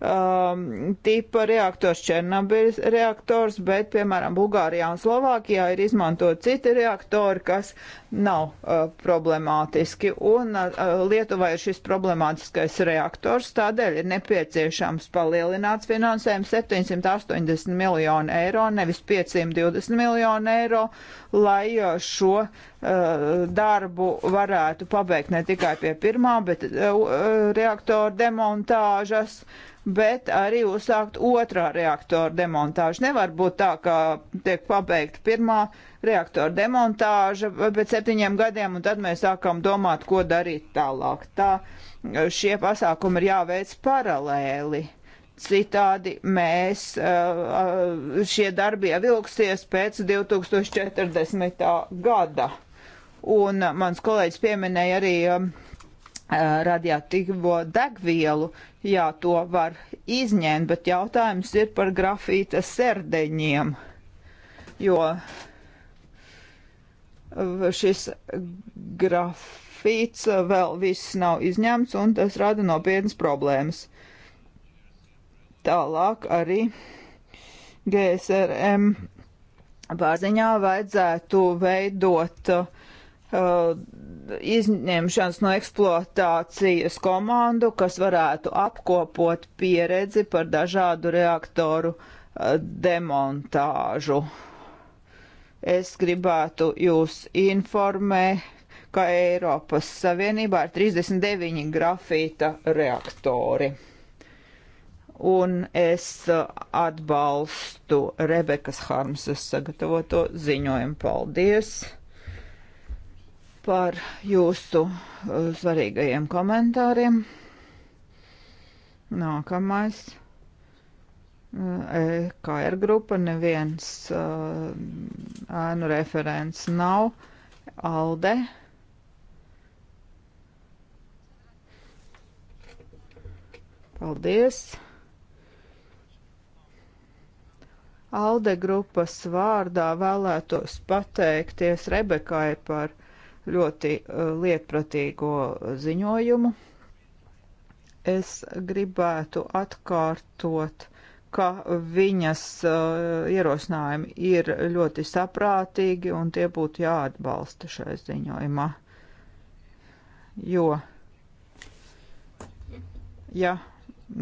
um, tipa reaktors Černobiļas reaktors, bet, piemēram, Bulgārijā un Slovākijā ir izmantot citi reaktori, kas nav uh, problemātiski. Un uh, uh Lietuvā ir šis problemātiskais reaktors, tādēļ ir nepieciešams palielināts finansējums 780 miljonu eiro, nevis 520 miljonu eiro, lai uh, šo uh, darbu varētu pabeigt ne tikai pie pirmā, bet uh, uh reaktora demontāžas. Uh, bet arī uzsākt otrā reaktora demontāžu. Nevar būt tā, ka tiek pabeigta pirmā reaktora demontāža pēc septiņiem gadiem, un tad mēs sākam domāt, ko darīt tālāk. Tā šie pasākumi ir jāveic paralēli. Citādi mēs uh, uh, šie darbi ievilksies pēc 2040. gada. Un mans kolēģis pieminēja arī um, Eh, radioaktīvo degvielu, jā, to var izņemt, bet jautājums ir par grafīta serdeņiem, jo eh, šis grafīts eh, vēl viss nav izņemts un tas rada nopietnas problēmas. Tālāk arī GSRM pārziņā vajadzētu veidot uh, izņemšanas no eksploatācijas komandu, kas varētu apkopot pieredzi par dažādu reaktoru eh, demontāžu. Es gribētu jūs informēt, ka Eiropas Savienībā ir 39 grafīta reaktori. Un es eh, atbalstu Rebekas Harmsas sagatavoto ziņojumu. Paldies! par jūsu uh, svarīgajiem komentāriem. Nākamais. Uh, EKR grupa neviens uh, ēnu referents nav. Alde. Paldies. Alde grupas vārdā vēlētos pateikties Rebekai par ļoti uh, lietpratīgo ziņojumu. Es gribētu atkārtot, ka viņas uh, ierosinājumi ir ļoti saprātīgi un tie būtu jāatbalsta šai ziņojumā. Jo, ja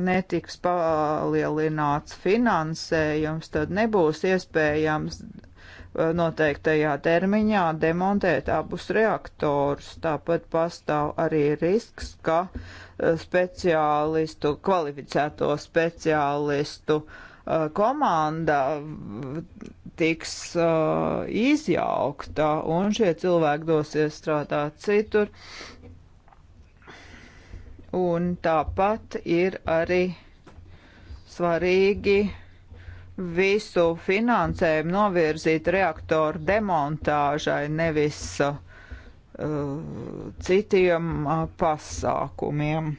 netiks palielināts finansējums, tad nebūs iespējams noteiktajā termiņā demontēt abus reaktorus. Tāpat pastāv arī risks, ka eh, speciālistu, kvalificēto speciālistu eh, komanda tiks eh, izjaukta un šie cilvēki dosies strādāt citur. Un tāpat ir arī svarīgi visu finansējumu novirzīt reaktoru demontāžai, nevis uh, citiem uh, pasākumiem,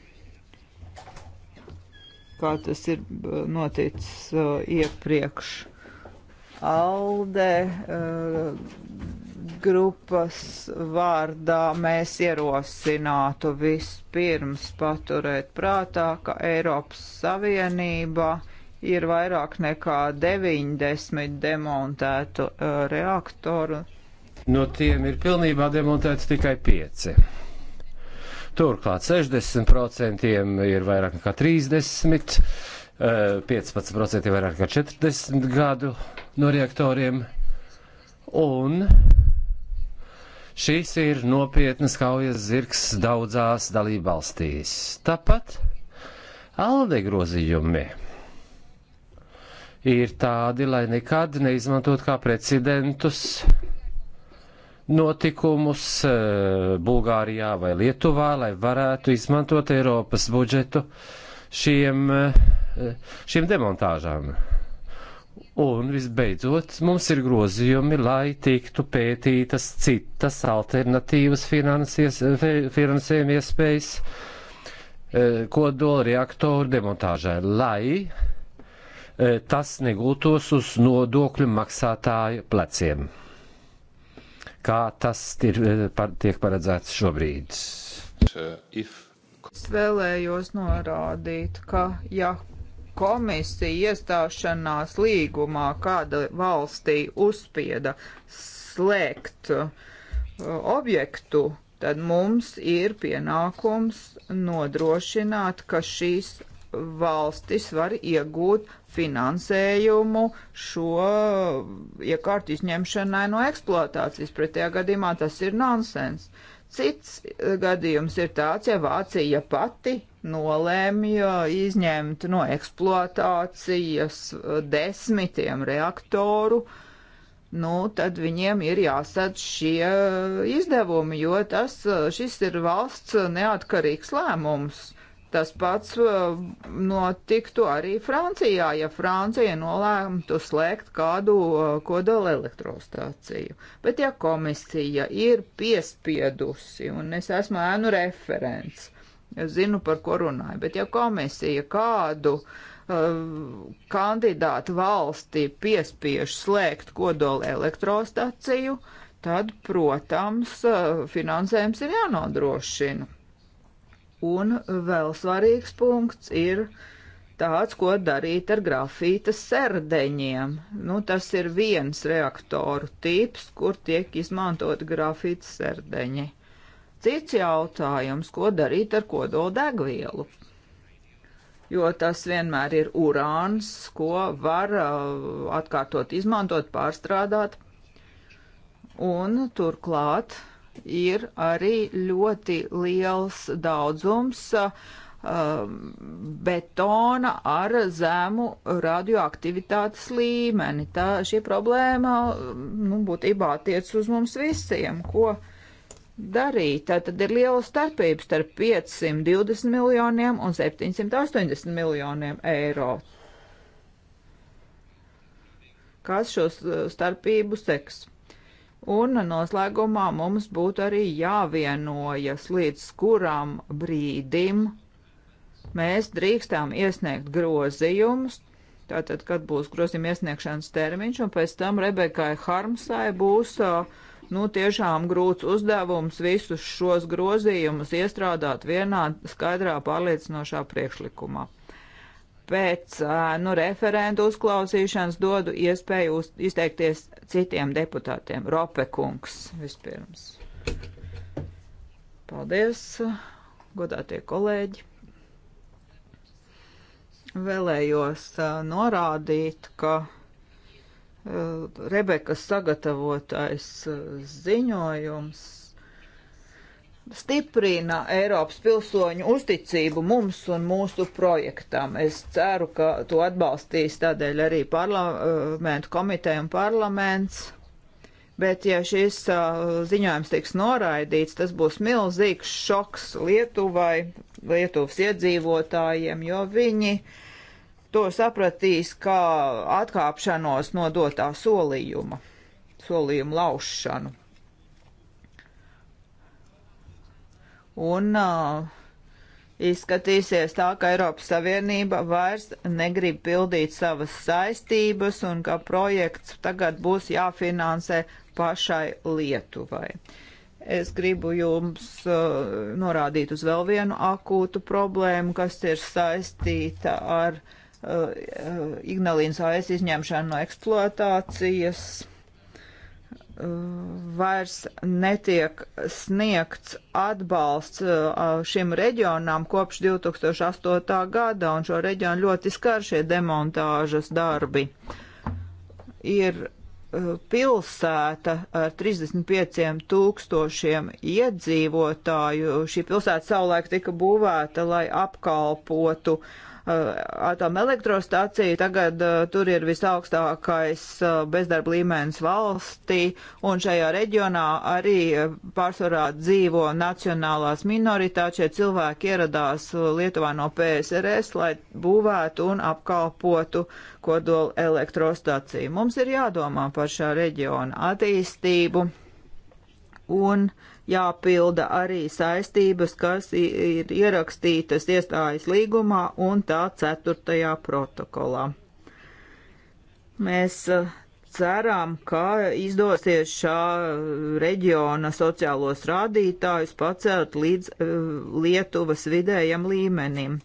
kā tas ir uh, noticis uh, iepriekš. Alde uh, grupas vārdā mēs ierosinātu vispirms paturēt prātā, ka Eiropas Savienība uh, ir vairāk nekā 90 demontētu uh, reaktoru. No tiem ir pilnībā demontēts tikai 5. Turklāt 60% ir vairāk nekā 30, uh, 15% ir vairāk nekā 40 gadu no reaktoriem. Un šīs ir nopietnas kaujas zirgs daudzās dalībvalstīs. Tāpat alde grozījumi ir tādi, lai nekad neizmantot kā precedentus notikumus e, Bulgārijā vai Lietuvā, lai varētu izmantot Eiropas budžetu šiem, e, šiem demontāžām. Un visbeidzot, mums ir grozījumi, lai tiktu pētītas citas alternatīvas finansējuma iespējas e, kodola reaktoru demontāžai, lai Eh, tas negultos uz nodokļu maksātāju pleciem, kā tas ir, eh, par, tiek paredzēts šobrīd. Es vēlējos norādīt, ka ja komisija iestāšanās līgumā kāda valstī uzspieda slēgt eh, objektu, tad mums ir pienākums nodrošināt, ka šīs valstis var iegūt finansējumu šo iekārtu izņemšanai no eksploatācijas. Pretējā gadījumā tas ir nonsens. Cits gadījums ir tāds, ja Vācija pati nolēmja izņemt no eksploatācijas desmitiem reaktoru, nu, tad viņiem ir jāsadz šie izdevumi, jo tas, šis ir valsts neatkarīgs lēmums. Tas pats uh, notiktu arī Francijā, ja Francija nolēmtu slēgt kādu uh, kodola elektrostāciju. Bet ja komisija ir piespiedusi, un es esmu ēnu referents, es zinu, par ko runāju, bet ja komisija kādu uh, kandidātu valsti piespiež slēgt kodola elektrostaciju, tad, protams, uh, finansējums ir jānodrošina Un vēl svarīgs punkts ir tāds, ko darīt ar grafīta serdeņiem. Nu, tas ir viens reaktoru tips, kur tiek izmantot grafīta serdeņi. Cits jautājums, ko darīt ar kodoldegvielu. Jo tas vienmēr ir urāns, ko var uh, atkārtot, izmantot, pārstrādāt. Un turklāt ir arī ļoti liels daudzums uh, um, betona ar zemu radioaktivitātes līmeni. Tā šī problēma um, nu, būtībā attiec uz mums visiem, ko darīt. Tā tad ir liela starpība starp 520 miljoniem un 780 miljoniem eiro. Kas šos starpību seks? Un noslēgumā mums būtu arī jāvienojas, līdz kuram brīdim mēs drīkstām iesniegt grozījumus. Tātad, kad būs grozījuma iesniegšanas termiņš, un pēc tam Rebekai Harmsai būs nu, tiešām grūts uzdevums visus šos grozījumus iestrādāt vienā skaidrā pārliecinošā priekšlikumā pēc nu, referendu uzklausīšanas dodu iespēju uz, izteikties citiem deputātiem. Rope kungs vispirms. Paldies, godātie kolēģi. Vēlējos norādīt, ka Rebekas sagatavotais ziņojums stiprina Eiropas pilsoņu uzticību mums un mūsu projektam. Es ceru, ka to atbalstīs tādēļ arī parlamentu komiteja un parlaments. Bet, ja šis uh, ziņojums tiks noraidīts, tas būs milzīgs šoks Lietuvai, Lietuvas iedzīvotājiem, jo viņi to sapratīs kā atkāpšanos no dotā solījuma, solījuma laušanu. un uh, izskatīsies tā, ka Eiropas Savienība vairs negrib pildīt savas saistības un ka projekts tagad būs jāfinansē pašai Lietuvai. Es gribu jums uh, norādīt uz vēl vienu akūtu problēmu, kas ir saistīta ar uh, uh Ignalīnas AS izņemšanu no eksploatācijas vairs netiek sniegts atbalsts uh, šim reģionām kopš 2008. gada, un šo reģionu ļoti skar šie demontāžas darbi. Ir uh, pilsēta ar 35 tūkstošiem iedzīvotāju. Šī pilsēta savulaik tika būvēta, lai apkalpotu uh, atomelektrostaciju. Tagad uh, tur ir visaugstākais uh, bezdarba līmenis valstī, un šajā reģionā arī uh, pārsvarā dzīvo nacionālās minoritātes. Šie cilvēki ieradās Lietuvā no PSRS, lai būvētu un apkalpotu kodola elektrostaciju. Mums ir jādomā par šā reģiona attīstību un uh, jāpilda arī saistības, kas ir ierakstītas iestājas līgumā un tā ceturtajā protokolā. Mēs e, ceram, ka izdosies šā reģiona sociālos rādītājus pacelt līdz e, Lietuvas vidējam līmenim.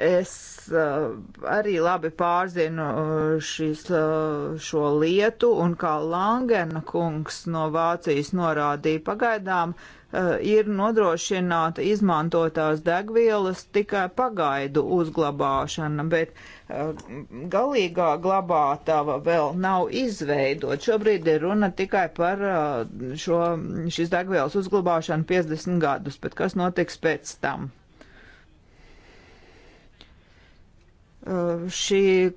Es uh, arī labi pārzinu uh, šis, uh, šo lietu, un kā Langena kungs no Vācijas norādīja, pagaidām uh, ir nodrošināta izmantotās degvielas tikai pagaidu uzglabāšana, bet uh, galīgā glabātava vēl nav izveidot. Šobrīd ir runa tikai par uh, šo, šis degvielas uzglabāšanu 50 gadus, bet kas notiks pēc tam? Uh, šī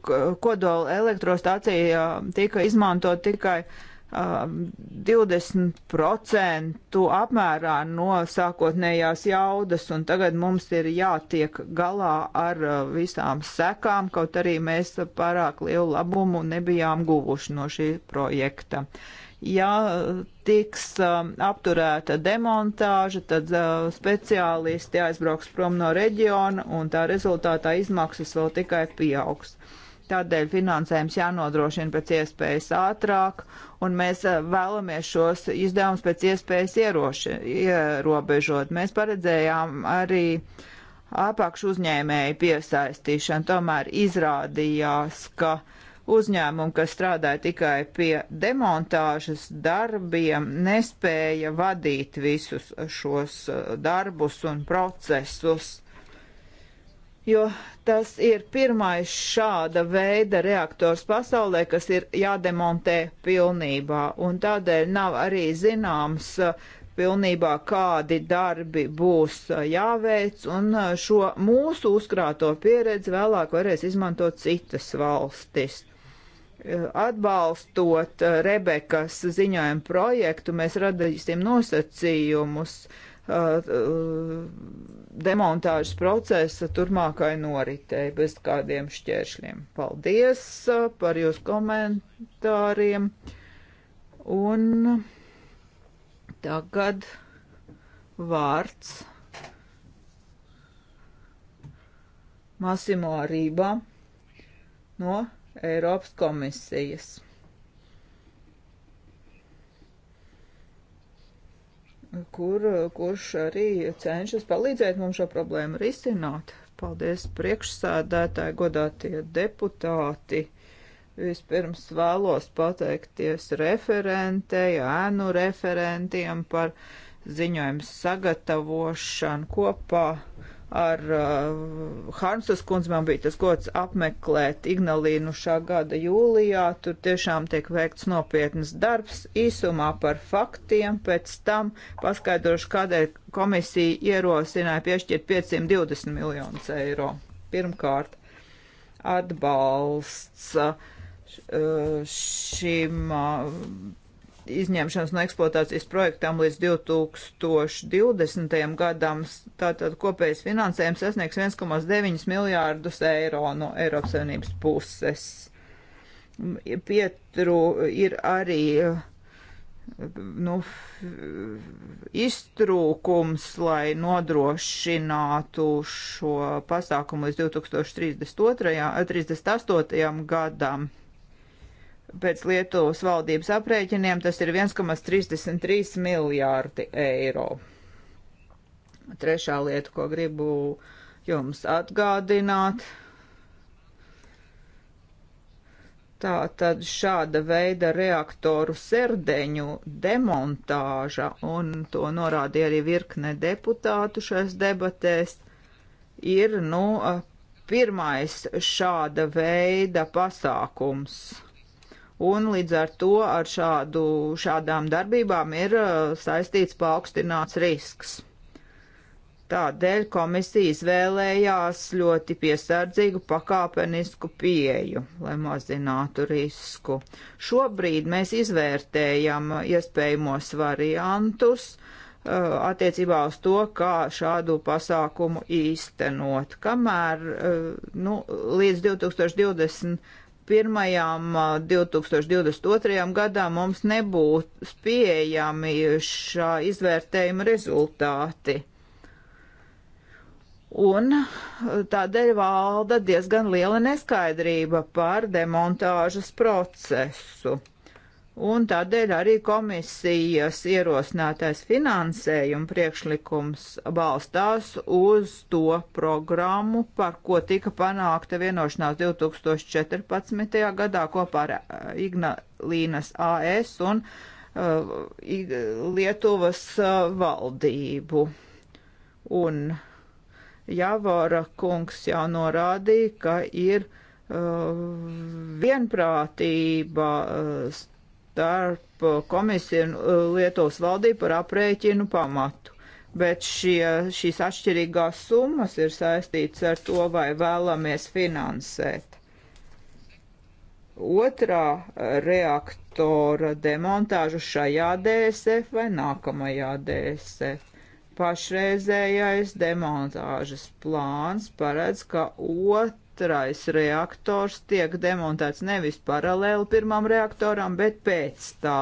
kodola elektrostācija um, tika izmantot tikai 20% um, apmērā no sākotnējās jaudas, un tagad mums ir jātiek galā ar uh, visām sekām, kaut arī mēs uh, pārāk lielu labumu nebijām guvuši no šī projekta. Uh, ja tiks um, apturēta demontāža, tad uh, speciālisti aizbrauks prom no reģiona un tā rezultātā izmaksas vēl tikai pieaugs. Tādēļ finansējums jānodrošina pēc iespējas ātrāk, un mēs uh, vēlamies šos izdevumus pēc iespējas ieroši, ierobežot. Mēs paredzējām arī apakšu uzņēmēju piesaistīšanu, tomēr izrādījās, ka uh, Uzņēmumi, kas strādāja tikai pie demontāžas darbiem, nespēja vadīt visus šos uh, darbus un procesus, jo tas ir pirmais šāda veida reaktors pasaulē, kas ir jādemontē pilnībā, un tādēļ nav arī zināms, uh, pilnībā kādi darbi būs uh, jāveic, un šo mūsu uzkrāto pieredzi vēlāk varēs izmantot citas valstis. Eh, atbalstot eh, Rebekas ziņojumu projektu, mēs radīsim nosacījumus eh, demontāžas procesa turpmākai noritei bez kādiem šķēršļiem. Paldies par jūsu komentāriem. Un tagad vārds Masimo Rībā no Eiropas komisijas. Kur, kurš arī cenšas palīdzēt mums šo problēmu risināt. Paldies priekšsādētāji, godātie deputāti. Vispirms vēlos pateikties referentei, ēnu referentiem par ziņojumu sagatavošanu kopā ar uh, Harmsas kundzi man bija tas gods apmeklēt Ignalīnu šā gada jūlijā. Tur tiešām tiek veikts nopietnas darbs īsumā par faktiem, pēc tam paskaidrošu, kādēļ komisija ierosināja piešķirt 520 miljonus eiro. Pirmkārt, atbalsts uh, šim uh, izņemšanas no eksploatācijas projektām līdz 2020. gadam. Tātad kopējais finansējums sasniegs 1,9 miljārdus eiro no Eiropas Savienības puses. Pietru ir arī nu, iztrūkums, lai nodrošinātu šo pasākumu līdz 2032. 38. gadam Pēc Lietuvas valdības aprēķiniem tas ir 1,33 miljārdi eiro. Trešā lieta, ko gribu jums atgādināt, tā tad šāda veida reaktoru serdeņu demontāža, un to norādīja arī virkne deputātu šais debatēs, ir, nu, pirmais šāda veida pasākums un līdz ar to ar šādu, šādām darbībām ir uh, saistīts paaugstināts risks. Tādēļ komisijas vēlējās ļoti piesardzīgu pakāpenisku pieeju, lai mazinātu risku. Šobrīd mēs izvērtējam iespējamos variantus uh, attiecībā uz to, kā šādu pasākumu īstenot, kamēr uh, nu, līdz 2020 pirmajām 2022. gadām mums nebūs pieejami šā izvērtējuma rezultāti. Un tādēļ valda diezgan liela neskaidrība par demontāžas procesu un tādēļ arī komisijas ierosinātais finansējuma priekšlikums balstās uz to programmu, par ko tika panākta vienošanās 2014. gadā kopā ar uh, Ignalīnas AS un uh, Lietuvas uh, valdību. Un Javora kungs jau norādīja, ka ir uh, vienprātība uh, starp uh, komisiju un uh, Lietuvas valdību par aprēķinu pamatu. Bet šie, šīs atšķirīgās summas ir saistīts ar to, vai vēlamies finansēt. Otrā reaktora demontāžu šajā DSF vai nākamajā DSF pašreizējais demontāžas plāns paredz, ka ot, Otrais reaktors tiek demontēts nevis paralēli pirmam reaktoram, bet pēc tā.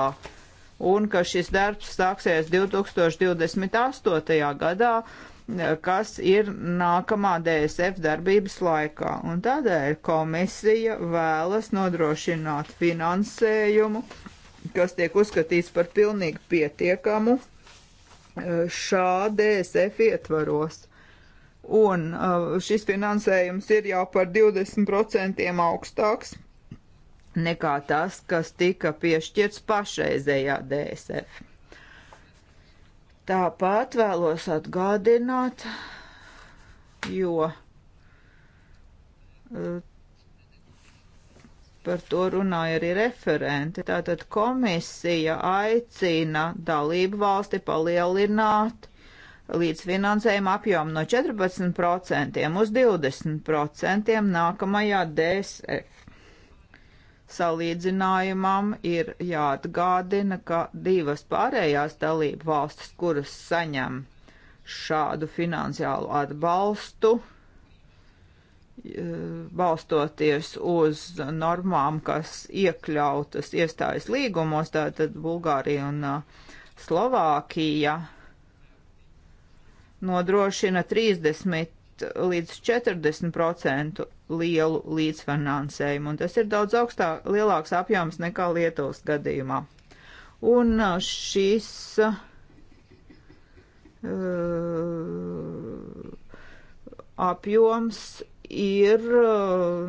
Un ka šis darbs sāksies 2028. gadā, kas ir nākamā DSF darbības laikā. Un tādēļ komisija vēlas nodrošināt finansējumu, kas tiek uzskatīts par pilnīgi pietiekamu e, šā DSF ietvaros un uh, šis finansējums ir jau par 20% augstāks nekā tas, kas tika piešķirts pašreizējā DSF. Tāpat vēlos atgādināt, jo uh, par to runāja arī referenti. Tātad komisija aicina dalību valsti palielināt līdzfinansējuma apjomu no 14% uz 20% nākamajā DSF. Salīdzinājumam ir jāatgādina, ka divas pārējās dalību valstis, kuras saņem šādu finansiālu atbalstu, balstoties uz normām, kas iekļautas iestājas līgumos, tātad Bulgārija un uh, Slovākija nodrošina 30 līdz 40% lielu līdzfinansējumu, un tas ir daudz augstāk, lielāks apjoms nekā Lietuvas gadījumā. Un uh, šis uh, apjoms ir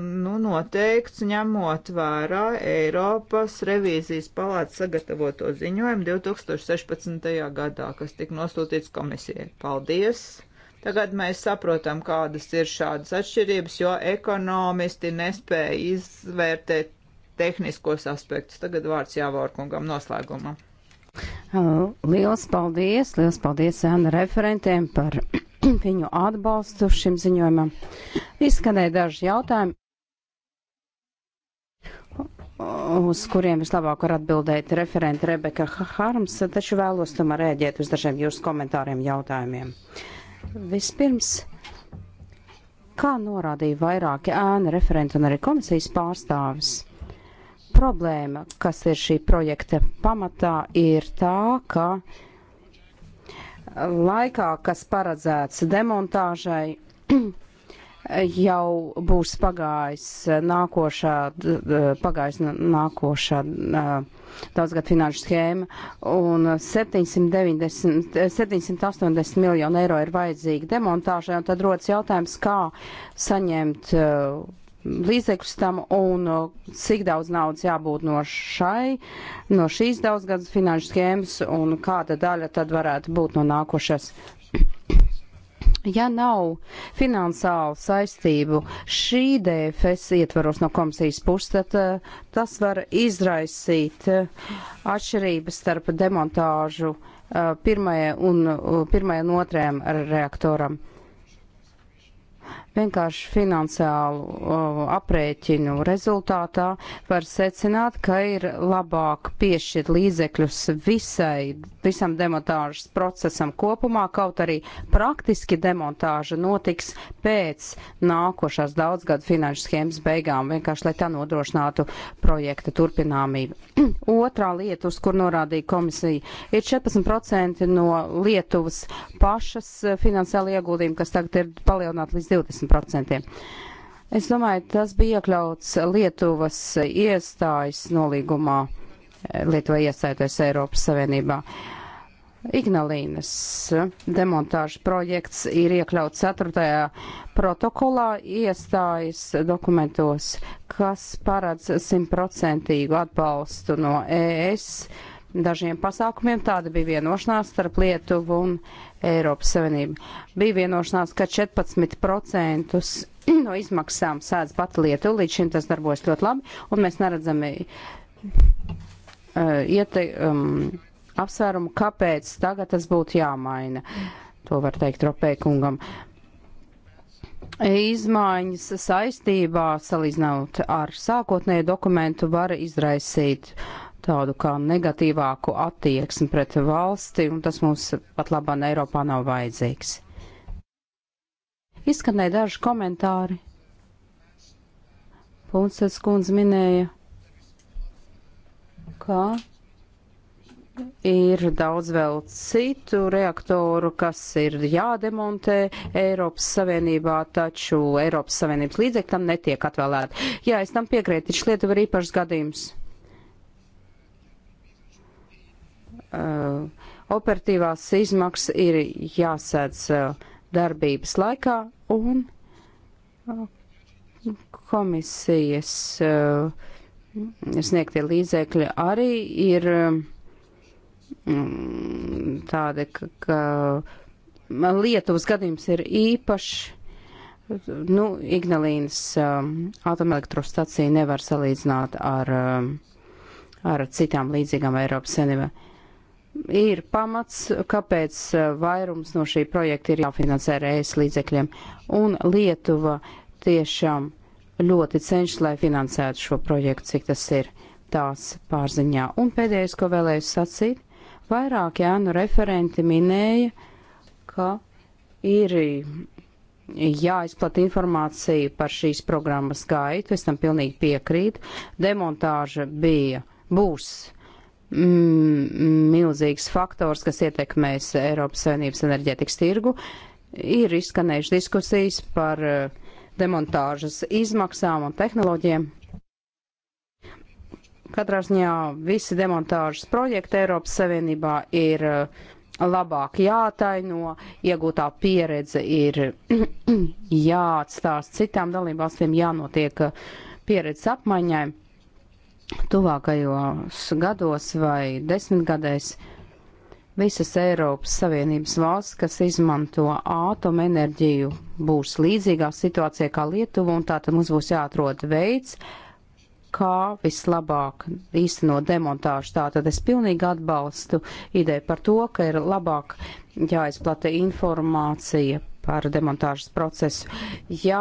nu, noteikts ņemot vērā Eiropas revīzijas palātas sagatavoto ziņojumu 2016. gadā, kas tika nosūtīts komisijai. Paldies! Tagad mēs saprotam, kādas ir šādas atšķirības, jo ekonomisti nespēja izvērtēt tehniskos aspektus. Tagad vārds jāvārkungam noslēgumam. Liels paldies, liels paldies Anna referentiem par viņu atbalstu šim ziņojumam. Izskanēja daži jautājumi, uz kuriem vislabāk var atbildēt referenta Rebeka Harms, taču vēlos tomēr rēģēt uz dažiem jūsu komentāriem jautājumiem. Vispirms. Kā norādīja vairāki ēna referenti un arī komisijas pārstāvis, problēma, kas ir šī projekta pamatā, ir tā, ka laikā, kas paredzēts demontāžai, jau būs pagājis nākošā, pagājis nākošā daudzgad finanšu schēma, un 790, 780 miljonu eiro ir vajadzīgi demontāžai, un tad rodas jautājums, kā saņemt uh, līdzekļus tam un cik daudz naudas jābūt no šai, no šīs daudzgadas finanšu schēmas un kāda daļa tad varētu būt no nākošas. Ja nav finansālu saistību šī DFS ietvaros no komisijas puses, tad uh, tas var izraisīt uh, atšķirības starp demontāžu uh, pirmajai un, pirmajai un otrajam reaktoram Vienkārši finansiālu uh, aprēķinu rezultātā var secināt, ka ir labāk piešķirt līdzekļus visai, visam demontāžas procesam kopumā, kaut arī praktiski demontāža notiks pēc nākošās daudzgadu finanšu schēmas beigām, vienkārši lai tā nodrošinātu projekta turpināmību. Otrā lieta, uz kur norādīja komisija, ir 14% no Lietuvas pašas uh, finansiāla ieguldījuma, kas tagad ir palielināta līdz 20%. 50%. Es domāju, tas bija iekļauts Lietuvas iestājas nolīgumā, Lietuva iestājoties Eiropas Savienībā. Ignalīnas demontāžas projekts ir iekļauts 4. protokolā iestājas dokumentos, kas paredz simtprocentīgu atbalstu no ES dažiem pasākumiem. Tāda bija vienošanās starp Lietuvu un Eiropas Savienību. Bija vienošanās, ka 14% no izmaksām sēdz pati Lietuva, līdz šim tas darbojas ļoti labi, un mēs neredzam uh, iete, um, apsvērumu, kāpēc tagad tas būtu jāmaina. To var teikt Ropēkungam. Izmaiņas saistībā, salīdzinot ar sākotnēju dokumentu, var izraisīt uh, tādu kā negatīvāku attieksmi pret valsti, un tas mums pat labāk Eiropā nav vajadzīgs. Izskanēja daži komentāri. Punces kundze minēja, ka ir daudz vēl citu reaktoru, kas ir jādemontē Eiropas Savienībā, taču Eiropas Savienības līdzekļi tam netiek atvēlēti. Jā, es tam piekrītu, taču lieta var īpašs gadījums Eh, operatīvās izmaksas ir jāsēdz eh, darbības laikā un eh, komisijas sniegtie līdzekļi arī ir mm, tādi, ka Lietuvas gadījums ir īpašs. Nu, Ignalīnas um, atomelektrostacija nevar salīdzināt ar, um, ar citām līdzīgām Eiropas senībām ir pamats, kāpēc e, vairums no šī projekta ir jāfinansē ar ES līdzekļiem. Un Lietuva tiešām ļoti cenšas, lai finansētu šo projektu, cik tas ir tās pārziņā. Un pēdējais, ko vēlēju sacīt, vairāk jānu referenti minēja, ka ir jāizplata informācija par šīs programmas gaitu. Es tam pilnīgi piekrītu. Demontāža bija, būs uh, Mm, milzīgs faktors, kas ietekmēs Eiropas Savienības enerģētikas tirgu. Ir izskanējušas diskusijas par eh, demontāžas izmaksām un tehnoloģiem. Katrā ziņā visi demontāžas projekti Eiropas Savienībā ir eh, labāk jātaino, iegūtā pieredze ir jāatstāst citām dalībvalstīm, jānotiek eh, pieredzes apmaiņai tuvākajos gados vai desmitgadēs visas Eiropas Savienības valsts, kas izmanto ātomenerģiju, būs līdzīgā situācijā kā Lietuva, un tātad mums būs jāatrod veids, kā vislabāk īstenot demontāžu. Tātad es pilnīgi atbalstu ideju par to, ka ir labāk jāizplata informācija par demontāžas procesu. Jā,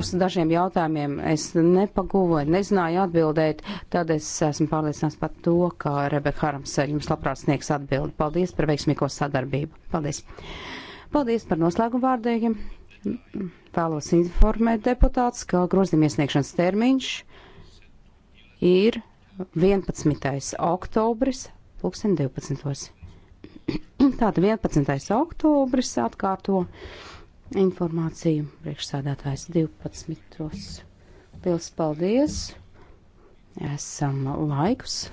uz dažiem jautājumiem es nepaguvu, nezināju atbildēt, tad es esmu pārliecināts par to, ka Rebeka Harams jums labprāt sniegs atbildi. Paldies par veiksmīgo sadarbību. Paldies. Paldies par noslēgumu vārdiem. Vēlos informēt deputāts, ka grozījuma iesniegšanas termiņš ir 11. oktobris 2012. Tātad 11. oktobris atkārto informāciju priekšsādātājs 12. Pils paldies! Esam laikus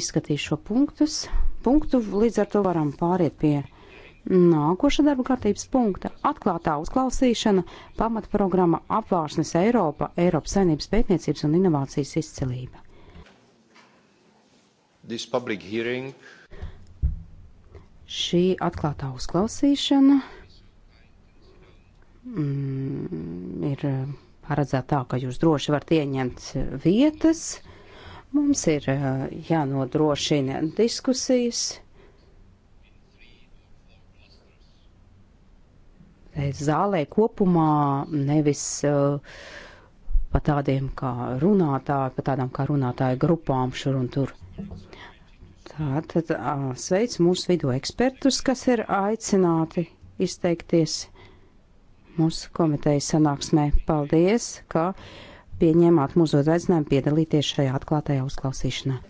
izskatījuši šo punktus. Punktu līdz ar to varam pāriet pie nākoša darba kārtības punkta - atklātā uzklausīšana pamatprogramma apvārsnes Eiropa, Eiropas saimnības pētniecības un inovācijas izcelība. Šī atklātā uzklausīšana mm, ir eh, paredzēta tā, ka jūs droši varat ieņemt vietas. Mums ir eh, jānodrošina diskusijas. Zālē kopumā nevis uh, pa tādiem kā runātāji, pa tādām kā runātāju grupām šur un tur. Tātad sveic mūsu vidū ekspertus, kas ir aicināti izteikties mūsu komitejas sanāksmē. Paldies, ka pieņēmāt mūsu uzaicinājumu piedalīties šajā atklātajā uzklausīšanā.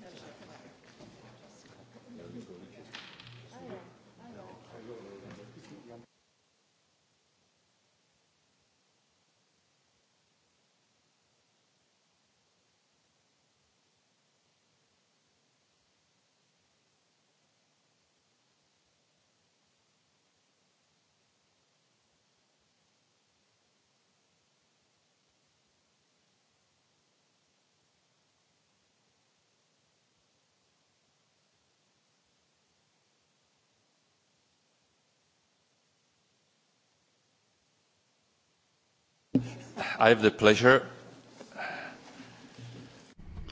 I have the pleasure.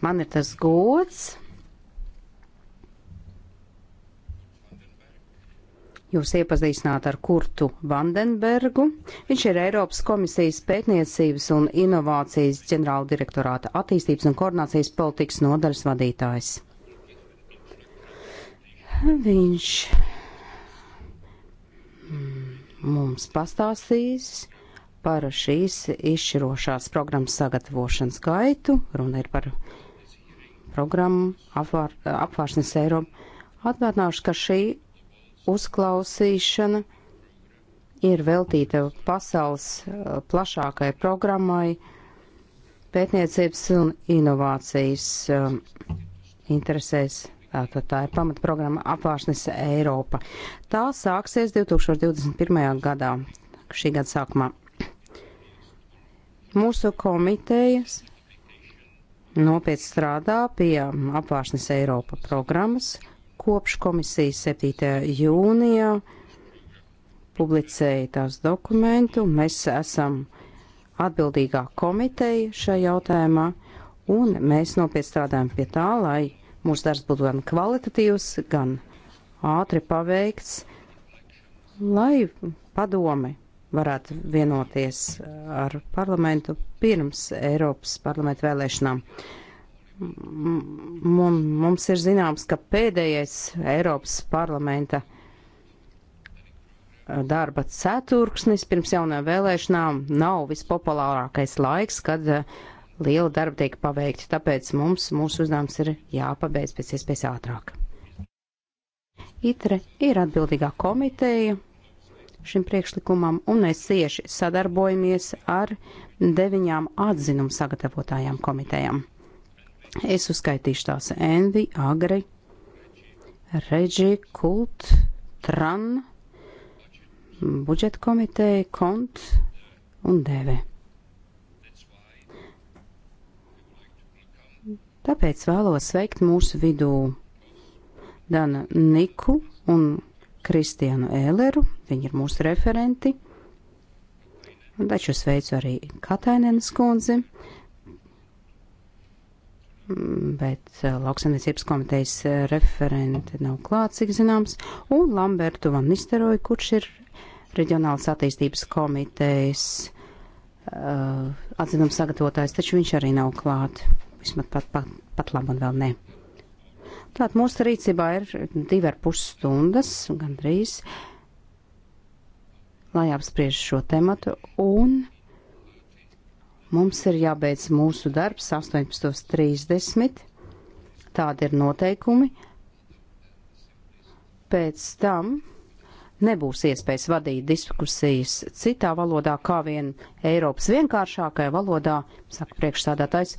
Man ir tas gods. Jūs iepazīstināt ar Kurtu Vandenbergu. Viņš ir Eiropas komisijas pētniecības un inovācijas ģenerāla direktorāta attīstības un koordinācijas politikas nodaļas vadītājs. Viņš mm, mums pastāstīs par šīs izšķirošās programmas sagatavošanas gaitu. Runa ir par programmu apvār, apvāršanas Eiropu. Atgādināšu, ka šī uzklausīšana ir veltīta pasaules eh, plašākai programmai pētniecības un inovācijas eh, interesēs. Tātad tā ir pamatprogramma Apvāršanas Eiropa. Tā sāksies 2021. gadā, šī gada sākumā. Mūsu komitejas nopietni strādā pie apvārsnes Eiropa programmas kopš komisijas 7. jūnijā publicēja tās dokumentu. Mēs esam atbildīgā komiteja šajā jautājumā, un mēs nopietni strādājam pie tā, lai mūsu darbs būtu gan kvalitatīvs, gan ātri paveikts, lai padome varētu vienoties uh, ar parlamentu pirms Eiropas parlamentu vēlēšanām. M mums ir zināms, ka pēdējais Eiropas parlamenta uh, darba ceturksnis pirms jaunajām vēlēšanām nav vispopulārākais laiks, kad uh, liela darba tiek paveikta, tāpēc mums mūsu uzdevums ir jāpabeidz pēc iespējas ātrāk. ITRE ir atbildīgā komiteja šim priekšlikumam, un mēs cieši sadarbojamies ar deviņām atzinumu sagatavotājām komitejām. Es uzskaitīšu tās Envi, Agri, Reģi, Kult, Tran, budžeta komiteja, Kont un Dēvē. Tāpēc vēlos sveikt mūsu vidū Dana Niku un Kristianu Ēleru, viņi ir mūsu referenti. Un taču sveicu arī Katainēnas kundzi, mm, bet eh, lauksaimniecības komitejas eh, referenti nav klāts, cik zināms, un Lambertu Van Nisteroju, kurš ir reģionālas attīstības komitejas uh, eh, atzinums sagatavotājs, taču viņš arī nav klāt. Vismaz pat, pat, pat labi un vēl ne. Tātad mūsu rīcībā ir divi ar pus stundas, gandrīz, lai apspriež šo tematu, un mums ir jābeidz mūsu darbs 18.30. Tādi ir noteikumi. Pēc tam nebūs iespējas vadīt diskusijas citā valodā, kā vien Eiropas vienkāršākajā valodā, saka priekšstādātājs,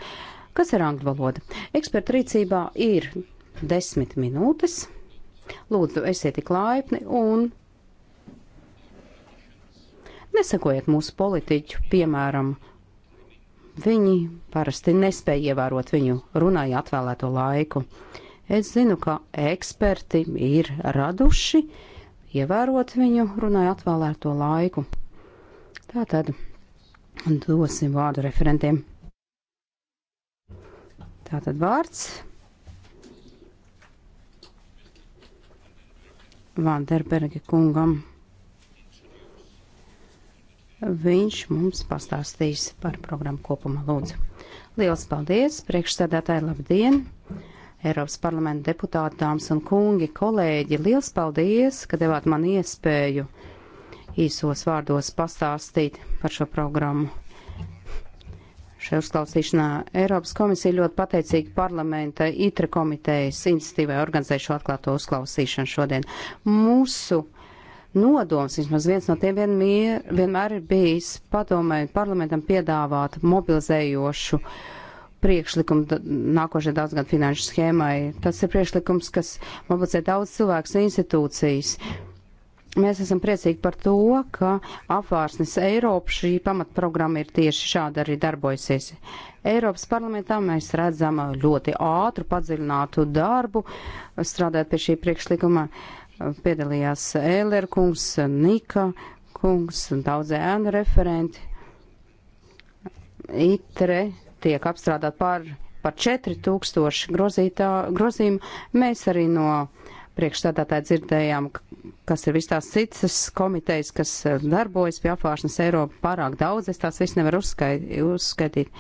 kas ir angļu valoda. Eksperta rīcībā ir desmit minūtes. Lūdzu, esiet tik laipni un nesakojiet mūsu politiķu, piemēram, viņi parasti nespēja ievērot viņu runāja atvēlēto laiku. Es zinu, ka eksperti ir raduši ievērot viņu runāja atvēlēto laiku. Tātad dosim vārdu referentiem. Tātad vārds Vanderbergi kungam. Viņš mums pastāstīs par programmu kopumā lūdzu. Liels paldies, priekšsēdētāji, labdien! Eiropas parlamenta deputāti, dāmas un kungi, kolēģi, liels paldies, ka devāt man iespēju īsos vārdos pastāstīt par šo programmu šajā uzklausīšanā. Eiropas komisija ļoti pateicīga parlamenta ITRA komitejas iniciatīvai organizē šo atklāto uzklausīšanu šodien. Mūsu nodoms, vismaz viens no tiem vienmēr, vienmēr ir bijis padomē parlamentam piedāvāt mobilizējošu priekšlikumu nākošajai daudzgad finanšu schēmai. Tas ir priekšlikums, kas mobilizē daudz cilvēkus un institūcijas Mēs esam priecīgi par to, ka apvārsnes Eiropa šī pamatprogramma ir tieši šāda arī darbojusies. Eiropas parlamentā mēs redzam ļoti ātru, padziļinātu darbu, strādājot pie šī priekšlikuma. Piedalījās Ēlera kungs, Nika kungs un daudzie ēnu referenti. Itre tiek apstrādāt par, par 4000 grozījumu. Mēs arī no priekšstādātāji dzirdējām, kas ir vis tās citas komitejas, kas e, darbojas pie apvāršanas Eiropa pārāk daudz, es tās viss nevaru uzskait, uzskaitīt.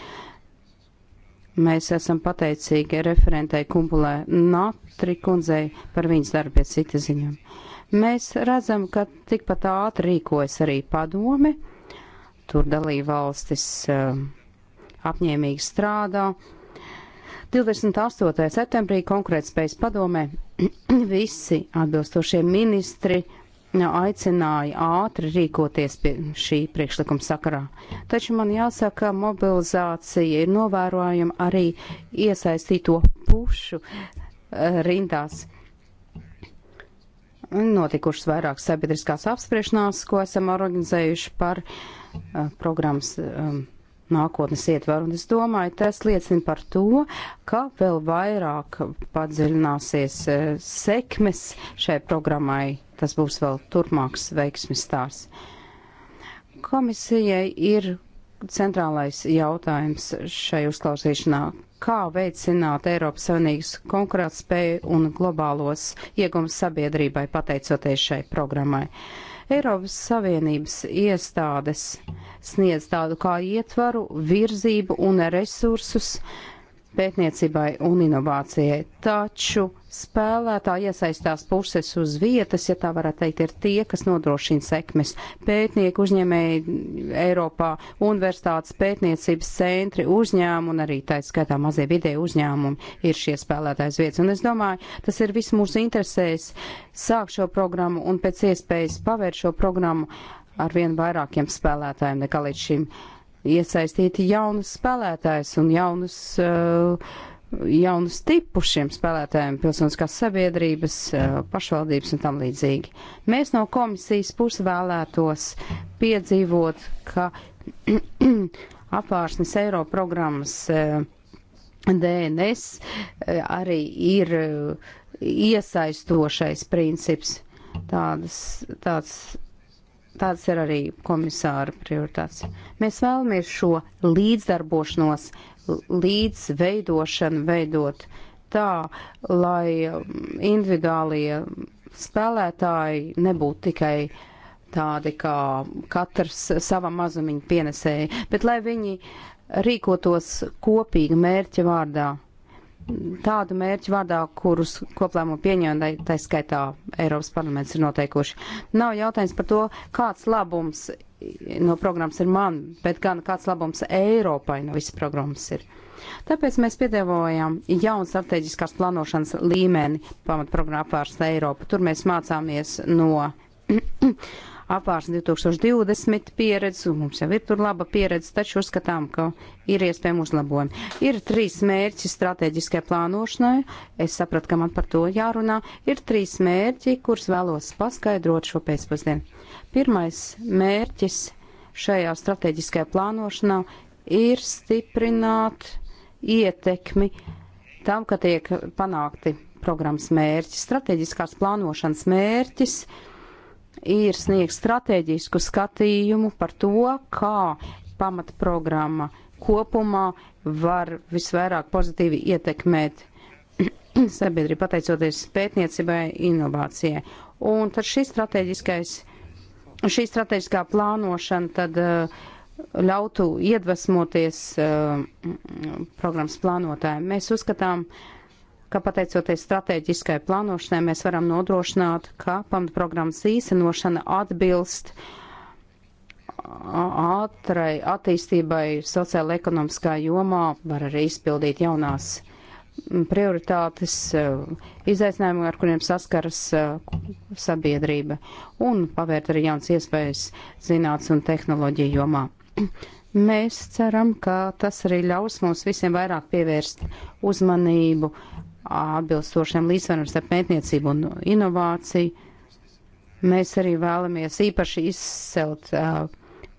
Mēs esam pateicīgi referentei Kumpulē Natri kundzei par viņas darbu pie cita ziņām. Mēs redzam, ka tikpat ātri rīkojas arī padomi, tur dalība valstis e, apņēmīgi strādā 28. septembrī konkurētspējas padomē visi atbilstošie ministri nu, aicināja ātri rīkoties pie šī priekšlikuma sakarā. Taču man jāsaka, ka mobilizācija ir novērojama arī iesaistīto pušu eh, rindās. Notikušas vairākas sabiedriskās apspriešanās, ko esam organizējuši par uh, programmas um, nākotnes ietvaru. Un es domāju, tas liecina par to, ka vēl vairāk padziļināsies e, sekmes šai programmai. Tas būs vēl turpmāks veiksmis stāsts. Komisijai ir centrālais jautājums šai uzklausīšanā. Kā veicināt Eiropas Savienības konkurētspēju un globālos iegums sabiedrībai pateicoties šai programmai? Uh, Eiropas Savienības iestādes sniedz tādu kā ietvaru, virzību un resursus pētniecībai un inovācijai. Taču spēlētāji iesaistās puses uz vietas, ja tā varētu teikt, ir tie, kas nodrošina sekmes. Pētnieki uzņēmēji Eiropā, universitātes pētniecības centri, uzņēmumi un arī tā skaitā mazie vidēji uzņēmumi ir šie spēlētājs vietas. Un es domāju, tas ir viss mūsu interesēs sākt šo programmu un pēc iespējas pavērt šo programmu ar vien vairākiem spēlētājiem nekā līdz šim. Uh, iesaistīt jaunus spēlētājus un jaunus, eh, jaunus tipus šiem spēlētājiem, pilsoniskās sabiedrības, eh, pašvaldības un tam līdzīgi. Mēs no komisijas puses vēlētos piedzīvot, ka apvārsnes Eiro programmas eh, DNS arī ir iesaistošais princips. Tādas, tāds tāds ir arī komisāra prioritāts. Mēs vēlamies šo līdzdarbošanos, līdzveidošanu veidot tā, lai um, individuālie spēlētāji nebūtu tikai tādi kā katrs sava mazumiņa pienesēja, bet lai viņi rīkotos kopīga mērķa vārdā tādu mērķu vārdā, kurus koplēmu pieņēmēji, tā skaitā Eiropas parlaments ir noteikuši. Nav jautājums par to, kāds labums no programmas ir man, bet gan kāds labums Eiropai no visas programmas ir. Tāpēc mēs piedāvājām jaunu strateģiskās plānošanas līmeni pamatprogrammu apvārsta Eiropa. Tur mēs mācāmies no apārs 2020 pieredzi, un mums jau ir tur laba pieredze, taču uzskatām, ka ir iespējami uzlabojumi. Ir trīs mērķi strateģiskai plānošanai, es sapratu, ka man par to jārunā, ir trīs mērķi, kurus vēlos paskaidrot šo pēcpusdienu. Pirmais mērķis šajā strateģiskajā plānošanā ir stiprināt ietekmi tam, ka tiek panākti programmas mērķis, strateģiskās plānošanas mērķis. Uh, ir sniegt strateģisku skatījumu par to, kā pamatprogramma kopumā var visvairāk pozitīvi ietekmēt sabiedrību, pateicoties pētniecībai, inovācijai. Un tad šī strateģiskais, šī strateģiskā plānošana tad uh, ļautu iedvesmoties uh, programmas plānotājiem. Mēs uzskatām, uh, ka pateicoties strateģiskai plānošanai, mēs varam nodrošināt, ka pamatprogrammas īstenošana atbilst ātrai attīstībai sociāla ekonomiskā jomā, var arī izpildīt jaunās prioritātes, izaicinājumi, ar kuriem saskaras sabiedrība, un pavērt arī jauns iespējas zināts un tehnoloģiju jomā. Mēs ceram, ka tas arī ļaus mums visiem vairāk pievērst uzmanību atbilstošiem līdzsvaram starp pētniecību un inovāciju. Mēs arī vēlamies īpaši izcelt uh,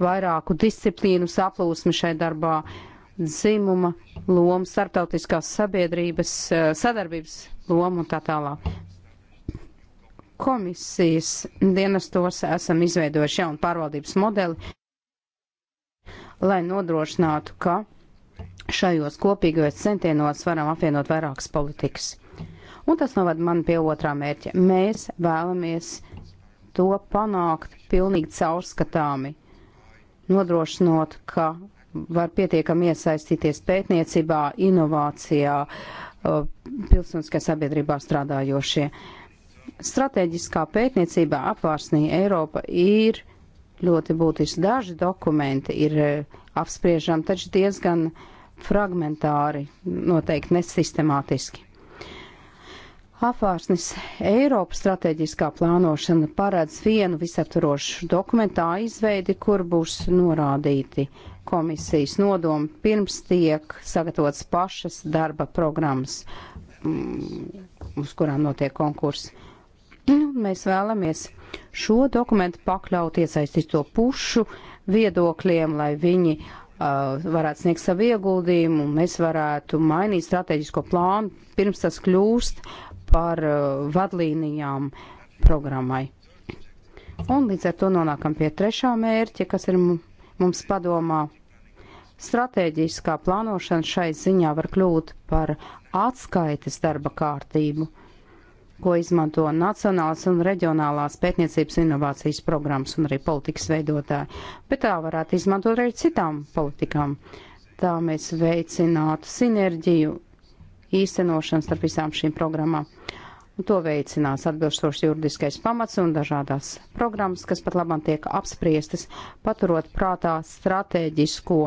vairāku disciplīnu saplūsmi šai darbā, dzimuma lomu, starptautiskās sabiedrības, uh, sadarbības lomu un tā tālāk. Komisijas dienestos esam izveidojuši jaunu pārvaldības modeli, lai nodrošinātu, ka šajos kopīgajos centienos varam apvienot vairākas politikas. Un tas novad man pie otrā mērķa. Mēs vēlamies to panākt pilnīgi caurskatāmi, nodrošinot, ka var pietiekami iesaistīties pētniecībā, inovācijā, uh, pilsoniskajā sabiedrībā strādājošie. Stratēģiskā pētniecībā apvārsnī Eiropa ir ļoti būtiski. Daži dokumenti ir uh, apspriežami, taču diezgan uh, fragmentāri, noteikti nesistemātiski. Apvārsnes Eiropas strateģiskā plānošana parāds vienu visaptvarošu dokumentā izveidi, kur būs norādīti komisijas nodomi pirms tiek sagatavots pašas darba programmas, mm, uz kurām notiek konkursi. Mēs vēlamies šo dokumentu pakļaut iesaistīto pušu viedokļiem, lai viņi Uh, varētu sniegt savu ieguldījumu, un mēs varētu mainīt strateģisko plānu, pirms tas kļūst par uh, vadlīnijām programmai. Un līdz ar to nonākam pie trešā mērķa, kas ir mums padomā. Stratēģiskā plānošana šai ziņā var kļūt par atskaites darba kārtību ko izmanto Nacionālās un reģionālās pētniecības inovācijas programmas un arī politikas veidotāji, bet tā varētu izmantot arī citām politikām. Tā mēs veicinātu sinerģiju īstenošanu starp visām šīm programmām. Un to veicinās atbilstošs juridiskais pamats un dažādās programmas, kas pat labam tiek apspriestas, paturot prātā stratēģisko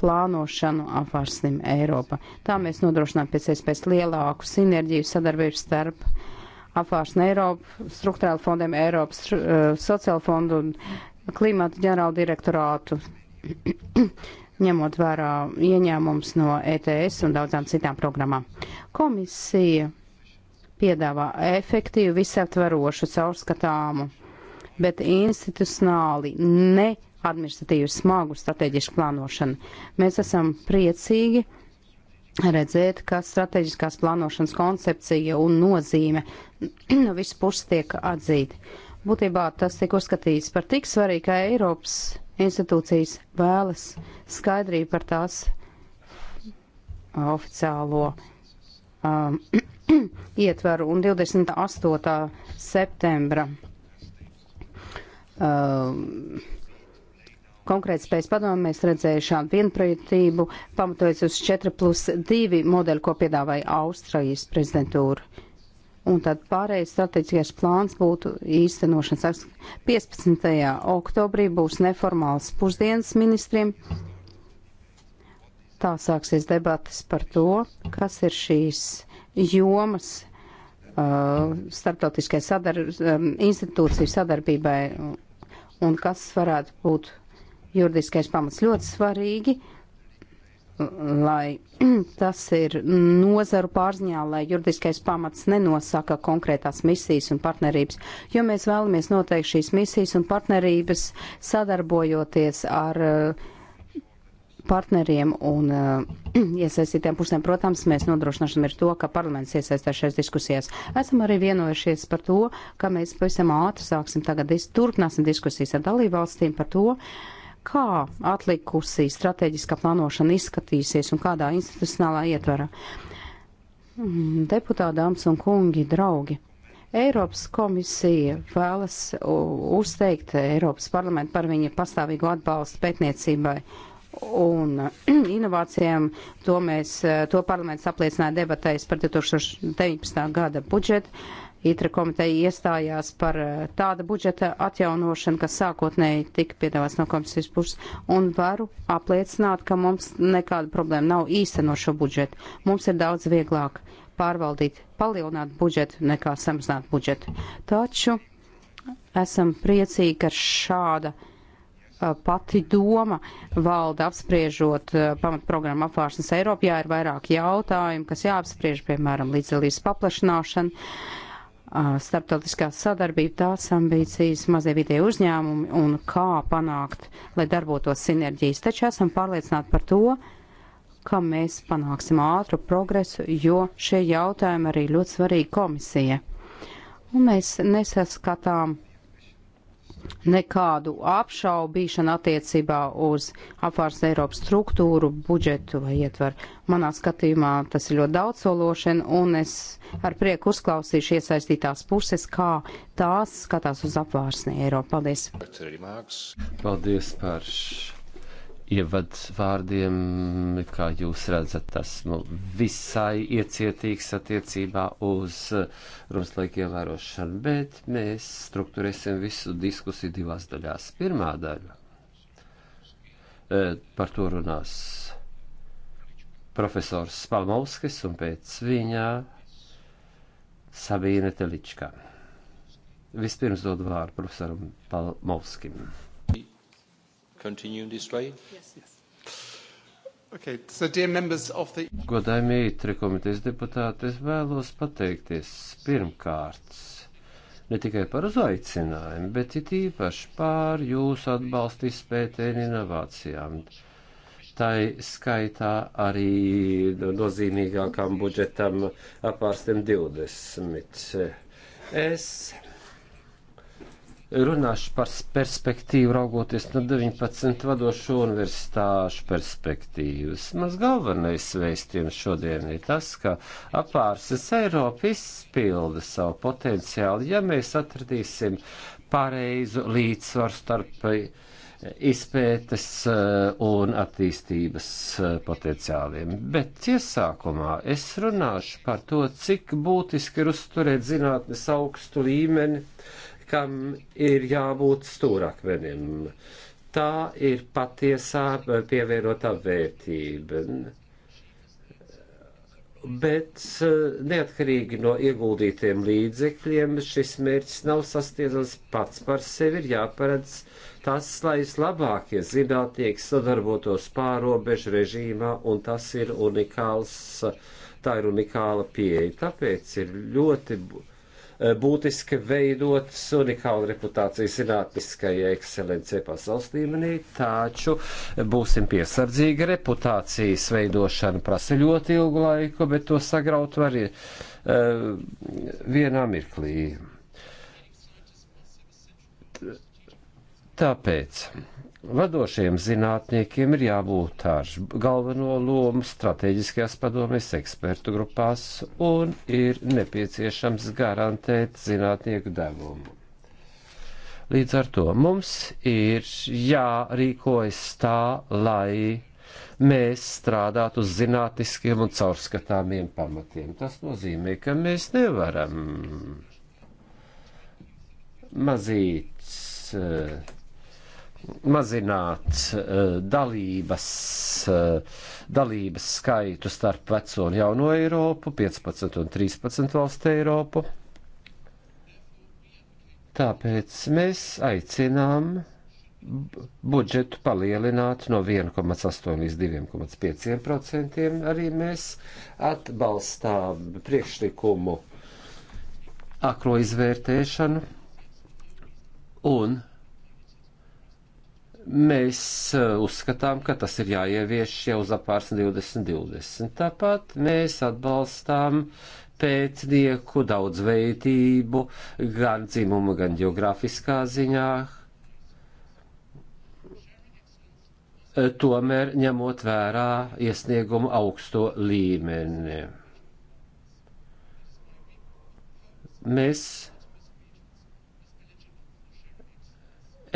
plānošanu apvārsnim Eiropa. Tā mēs nodrošinām pēc iespējas lielāku sinerģiju sadarbību starp apvārsni Eiropu, struktūrālu fondiem Eiropas, uh, sociālu fondu un klimatu ģenerālu direktorātu. ņemot vērā ieņēmums no ETS un daudzām citām programmām. Komisija piedāvā efektīvu, visaptvarošu, caurskatāmu, bet institucionāli ne administratīvu smagu strateģisku plānošanu. Mēs esam priecīgi redzēt, ka strateģiskās plānošanas koncepcija un nozīme no visas puses tiek atzīta. Būtībā tas tiek uzskatīts par tik svarīgi, ka Eiropas institūcijas vēlas skaidrību par tās oficiālo um, ietveru un 28. septembra. Um, konkrēti spējas padomu mēs redzējušām vienprojektību, pamatojas uz 4 plus 2 modeli, ko piedāvāja Austrijas prezidentūra. Un tad pārējais strateģiskais plāns būtu īstenošanas. 15. oktobrī būs neformāls pusdienas ministriem. Tā sāksies debatas par to, kas ir šīs jomas uh, starptautiskai sadar, um, institūciju sadarbībai un kas varētu būt juridiskais pamats ļoti svarīgi, lai tas ir nozaru pārziņā, lai juridiskais pamats nenosaka konkrētās misijas un partnerības, jo mēs vēlamies noteikt šīs misijas un partnerības sadarbojoties ar eh, partneriem un uh, iesaistītiem pusēm. Protams, mēs nodrošināsim ir to, ka parlaments iesaistās šajās diskusijās. Esam arī vienojušies par to, ka mēs pavisam ātri sāksim tagad, dis turpināsim diskusijas ar dalībvalstīm par to, uh, kā atlikusī strateģiskā plānošana izskatīsies un kādā institucionālā ietvarā. Mm, deputāti, dāmas un kungi, draugi! Eiropas komisija vēlas uzteikt Eiropas parlamentu par viņa pastāvīgu atbalstu pētniecībai un inovācijām. To, mēs, to parlaments apliecināja debatēs par 2019. gada budžetu ITRA komiteja iestājās par eh, tāda budžeta atjaunošanu, kas sākotnēji tika piedāvāts no komisijas puses, un varu apliecināt, ka mums nekāda problēma nav īsteno šo budžetu. Mums ir daudz vieglāk pārvaldīt, palielināt budžetu nekā samazināt budžetu. Taču esam priecīgi, ka šāda eh, pati doma valda apspriežot eh, pamatprogrammu apvāršanas Eiropā. Jā, ir vairāk jautājumu, kas jāapspriež, piemēram, līdzdalības paplašināšana, starptautiskā sadarbība, tās ambīcijas, mazie vidēji uzņēmumi un kā panākt, lai darbotos sinerģijas. Taču esam pārliecināti par to, ka mēs panāksim ātru progresu, jo šie jautājumi arī ļoti svarīgi komisija. Un mēs nesaskatām nekādu apšaubīšanu attiecībā uz apvārs Eiropas struktūru, budžetu vai ietvaru. Manā skatījumā tas ir ļoti daudzsološi, un es ar prieku uzklausīšu iesaistītās puses, kā tās skatās uz apvārsni Eiropu. Paldies! Paldies par! ievadvārdiem, kā jūs redzat, esmu nu, visai iecietīgs attiecībā uz eh, runas laika ievērošanu, bet mēs struktūrēsim visu diskusiju divās daļās. Pirmā daļa eh, par to runās profesors Spalmovskis un pēc viņā Sabīne Teličkā. Vispirms dod vārdu profesoram Palmovskim continue this way? Yes, yes. Okay, so the... Godājumie itri komitejas deputāti, es vēlos pateikties pirmkārt ne tikai par uzaicinājumu, bet it īpaši pār jūsu atbalstu izpētēju inovācijām. Tai skaitā arī nozīmīgākām budžetam apārstiem 20. Es Runāšu par perspektīvu raugoties no 19 vadošo universitāšu perspektīvas. Mans galvenais vēstījums šodien ir tas, ka apārses Eiropa izpilda savu potenciālu, ja mēs atradīsim pareizu līdzsvaru starp izpētes eh, un attīstības eh, potenciāliem. Bet iesākumā es runāšu par to, cik būtiski ir uzturēt zinātnes augstu līmeni kam ir jābūt stūrakmenim. Tā ir patiesā pievienotā vērtība. Bet eh, neatkarīgi no ieguldītiem līdzekļiem šis mērķis nav sasniedzams pats par sevi. Ir jāparedz tas, lai vislabākie zinātnieki sadarbotos pārobežu režīmā, un tas ir unikāls, tā ir unikāla pieeja. Tāpēc ir ļoti. Bu Eh, būtiski veidot unikālu reputāciju zinātniskajai ekscelencei pasaules līmenī, taču būsim piesardzīgi. Reputācijas veidošana prasa ļoti ilgu laiku, bet to sagraut var uh, vienā mirklī. Tāpēc Vadošiem zinātniekiem ir jābūt ar galveno lomu strateģiskajās padomēs, ekspertu grupās un ir nepieciešams garantēt zinātnieku devumu. Līdz ar to mums ir jārīkojas tā, lai mēs strādātu uz zinātniskiem un caurskatāmiem pamatiem. Tas nozīmē, ka mēs nevaram mazīt. Uh, mazināt uh, dalības, uh, dalības skaitu starp veco un jauno Eiropu, 15 un 13 valstu Eiropu. Tāpēc mēs aicinām budžetu palielināt no 1,8 līdz 2,5 procentiem. Arī mēs atbalstām priekšlikumu akro izvērtēšanu un Mēs eh, uzskatām, ka tas ir jāievieš jau uz apārsni 2020. Tāpat mēs atbalstām pētnieku daudzveidību gan dzimuma, gan geogrāfiskā ziņā. Eh, tomēr ņemot vērā iesniegumu augsto līmeni. Mēs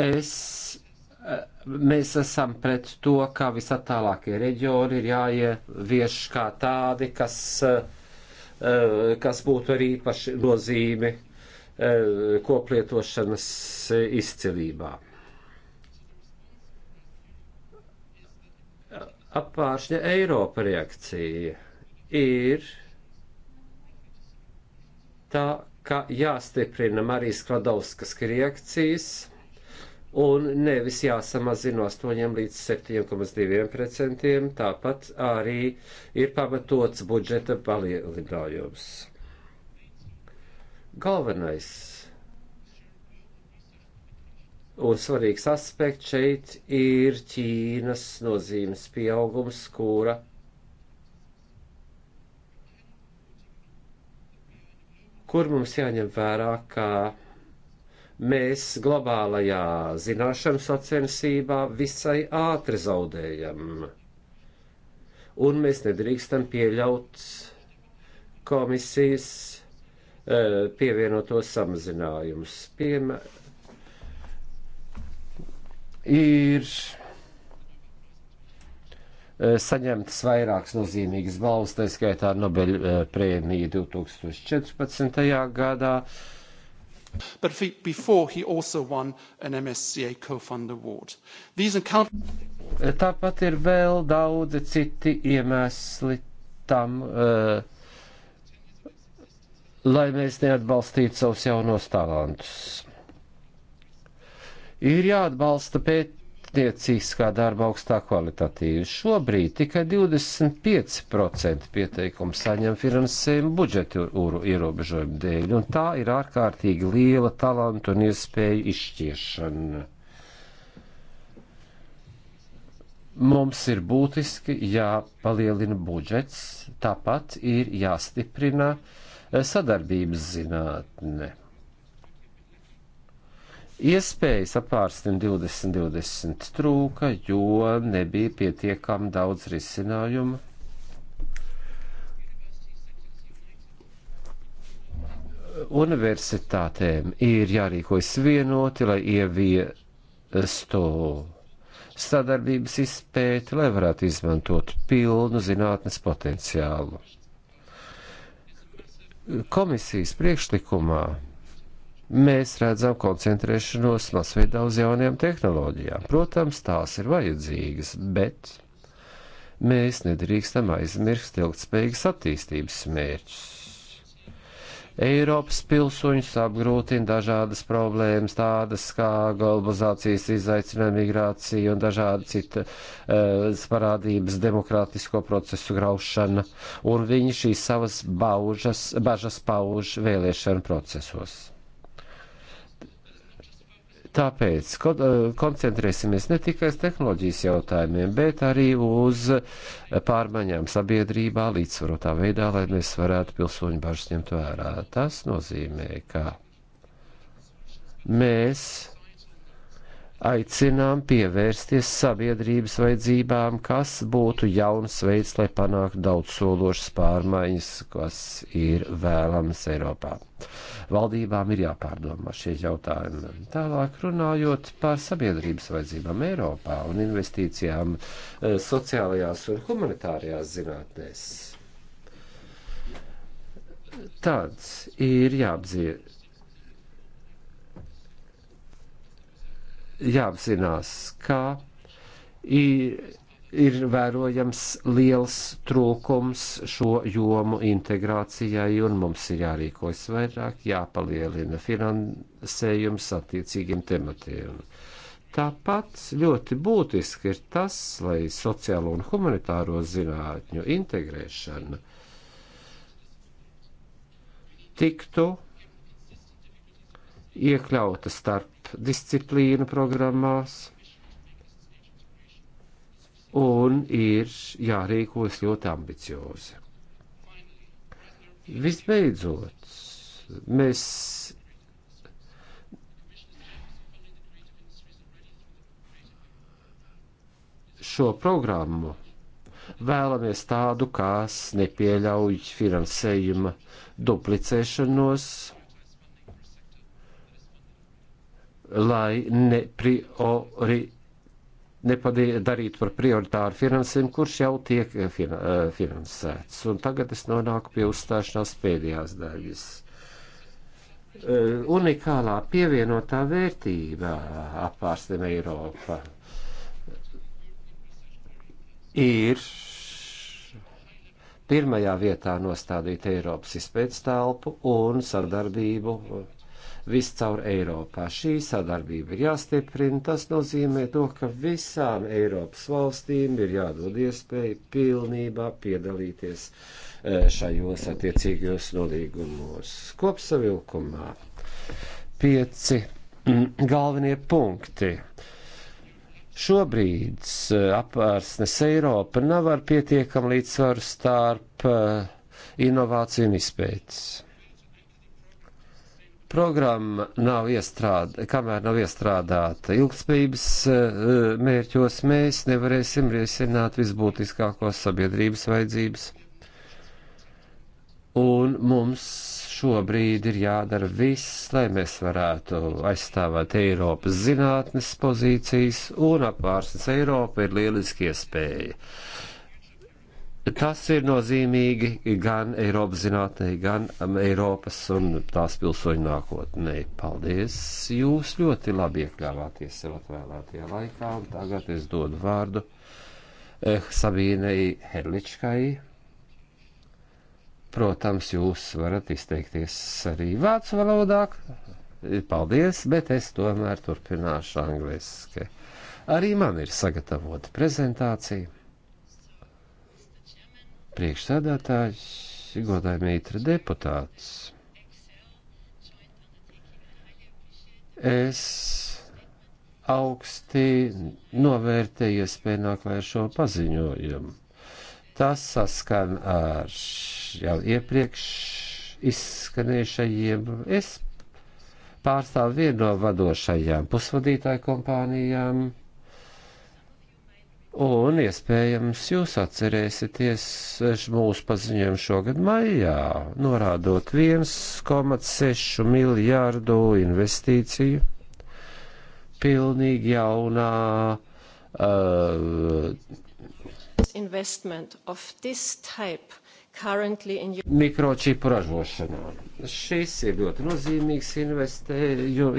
es mēs esam pret to, ka visatālākie reģioni ir jāievieš kā tādi, kas, eh, eh, kas būtu arī īpaši nozīmi eh, koplietošanas izcilībā. Apvāršņa Eiropa reakcija ir tā, ka jāstiprina Marijas Kladovskas reakcijas un nevis jāsamazina no 8 līdz 7,2%. Tāpat arī ir pamatots budžeta palielinājums. Galvenais un svarīgs aspekts šeit ir Ķīnas nozīmes pieaugums, kura kur mums jāņem vērā, ka mēs globālajā zināšanu sacensībā visai ātri zaudējam. Un mēs nedrīkstam pieļaut komisijas e, pievienoto samazinājumus. Piemē, ir e, saņemtas vairākas nozīmīgas balvas, tā skaitā Nobeļa e, prēmija 2014. gadā. But before he also won an MSCA co-fund award. These encounter... Eh, tāpat ir vēl daudzi citi iemesli tam, uh, lai mēs neatbalstītu savus jaunos talantus. Ir jāatbalsta pēt pētnieciskā darba augstā kvalitatīva. Šobrīd tikai 25% pieteikumu saņem finansējumu budžetu ierobežojumu dēļ, un tā ir ārkārtīgi liela talantu un iespēju izšķiešana. Mums ir būtiski jāpalielina budžets, tāpat ir jāstiprina eh, sadarbības zinātne. Iespējas apārstiem 2020 trūka, jo nebija pietiekami daudz risinājumu. Universitātēm ir jārīkojas vienoti, lai ieviestu sadarbības izpēti, lai varētu izmantot pilnu zinātnes potenciālu. Komisijas priekšlikumā mēs redzam koncentrēšanos masveidā uz jaunajām tehnoloģijām. Protams, tās ir vajadzīgas, bet mēs nedrīkstam aizmirst ilgspējīgas attīstības mērķus. Eiropas pilsoņus apgrūtina dažādas problēmas, tādas kā globalizācijas izaicinājumi, migrācija un dažādi cita uh, eh, parādības, demokrātisko procesu graušana, un viņi šīs savas baužas, bažas pauž vēlēšanu procesos. Tāpēc eh, koncentrēsimies ne tikai uz tehnoloģijas jautājumiem, bet arī uz pārmaiņām sabiedrībā līdzsvarotā veidā, lai mēs varētu pilsoņu bažas ņemt vērā. Tas nozīmē, ka mēs aicinām pievērsties sabiedrības vajadzībām, kas būtu jauns veids, lai panāktu daudzsološas pārmaiņas, kas ir vēlamas Eiropā. Valdībām ir jāpārdomā šie jautājumi. Tālāk runājot par sabiedrības vajadzībām Eiropā un investīcijām eh, sociālajās un humanitārajās zinātnēs. Tāds ir jāapdzīvot jāapzinās, ka ir, ir vērojams liels trūkums šo jomu integrācijai, un mums ir jārīkojas vairāk, jāpalielina finansējums attiecīgiem tematiem. Tāpat ļoti būtiski ir tas, lai sociālo un humanitāro zinātņu integrēšana tiktu iekļauta starp starp disciplīnu programmās un ir jārīkojas ļoti ambiciozi. Visbeidzot, mēs šo programmu vēlamies tādu, kas nepieļauj finansējuma duplicēšanos lai nepriori, nepadarītu par prioritāru finansējumu, kurš jau tiek eh, eh, finansēts. Un tagad es nonāku pie uzstāšanās pēdējās daļas. Eh, unikālā pievienotā vērtība apārstiem Eiropa ir pirmajā vietā nostādīt Eiropas izpētes telpu un sadarbību viscaur Eiropā. Šī sadarbība ir jāstiprina. Tas nozīmē to, ka visām Eiropas valstīm ir jādod iespēja pilnībā piedalīties e, šajos attiecīgajos nolīgumos. Kopsavilkumā pieci galvenie punkti. Šobrīd e, apvērsnes Eiropa nav ar pietiekamu līdzsvaru starp e, inovāciju un izpētes programma nav iestrādāta, kamēr nav iestrādāta ilgspējības eh, mērķos, mēs nevarēsim risināt visbūtiskākos sabiedrības vajadzības. Un mums šobrīd ir jādara viss, lai mēs varētu aizstāvēt Eiropas zinātnes pozīcijas, un apvārsnes Eiropa ir lieliski iespēja Tas ir nozīmīgi gan Eiropas zinātnē, gan um, Eiropas un tās pilsoņu nākotnē. Paldies! Jūs ļoti labi iekļāvāties sev atvēlētajā laikā, un tagad es dodu vārdu eh, Sabīnei Herličkai. Protams, jūs varat izteikties arī vācu valodā. Paldies, bet es tomēr turpināšu angliski. Arī man ir sagatavota prezentācija priekšsēdētājs, godājumie itra deputāts. Es augsti novērtēju iespēju nāklē šo paziņojumu. Tas saskan ar jau iepriekš izskanējušajiem. Es pārstāvu vienu no vadošajām pusvadītāju kompānijām Un iespējams jūs atcerēsieties mūsu paziņojumu šogad maijā, norādot 1,6 miljārdu investīciju pilnīgi jaunā uh, investment of this type In... mikročipu ražošanā. Šis ir ļoti nozīmīgs investē, jo,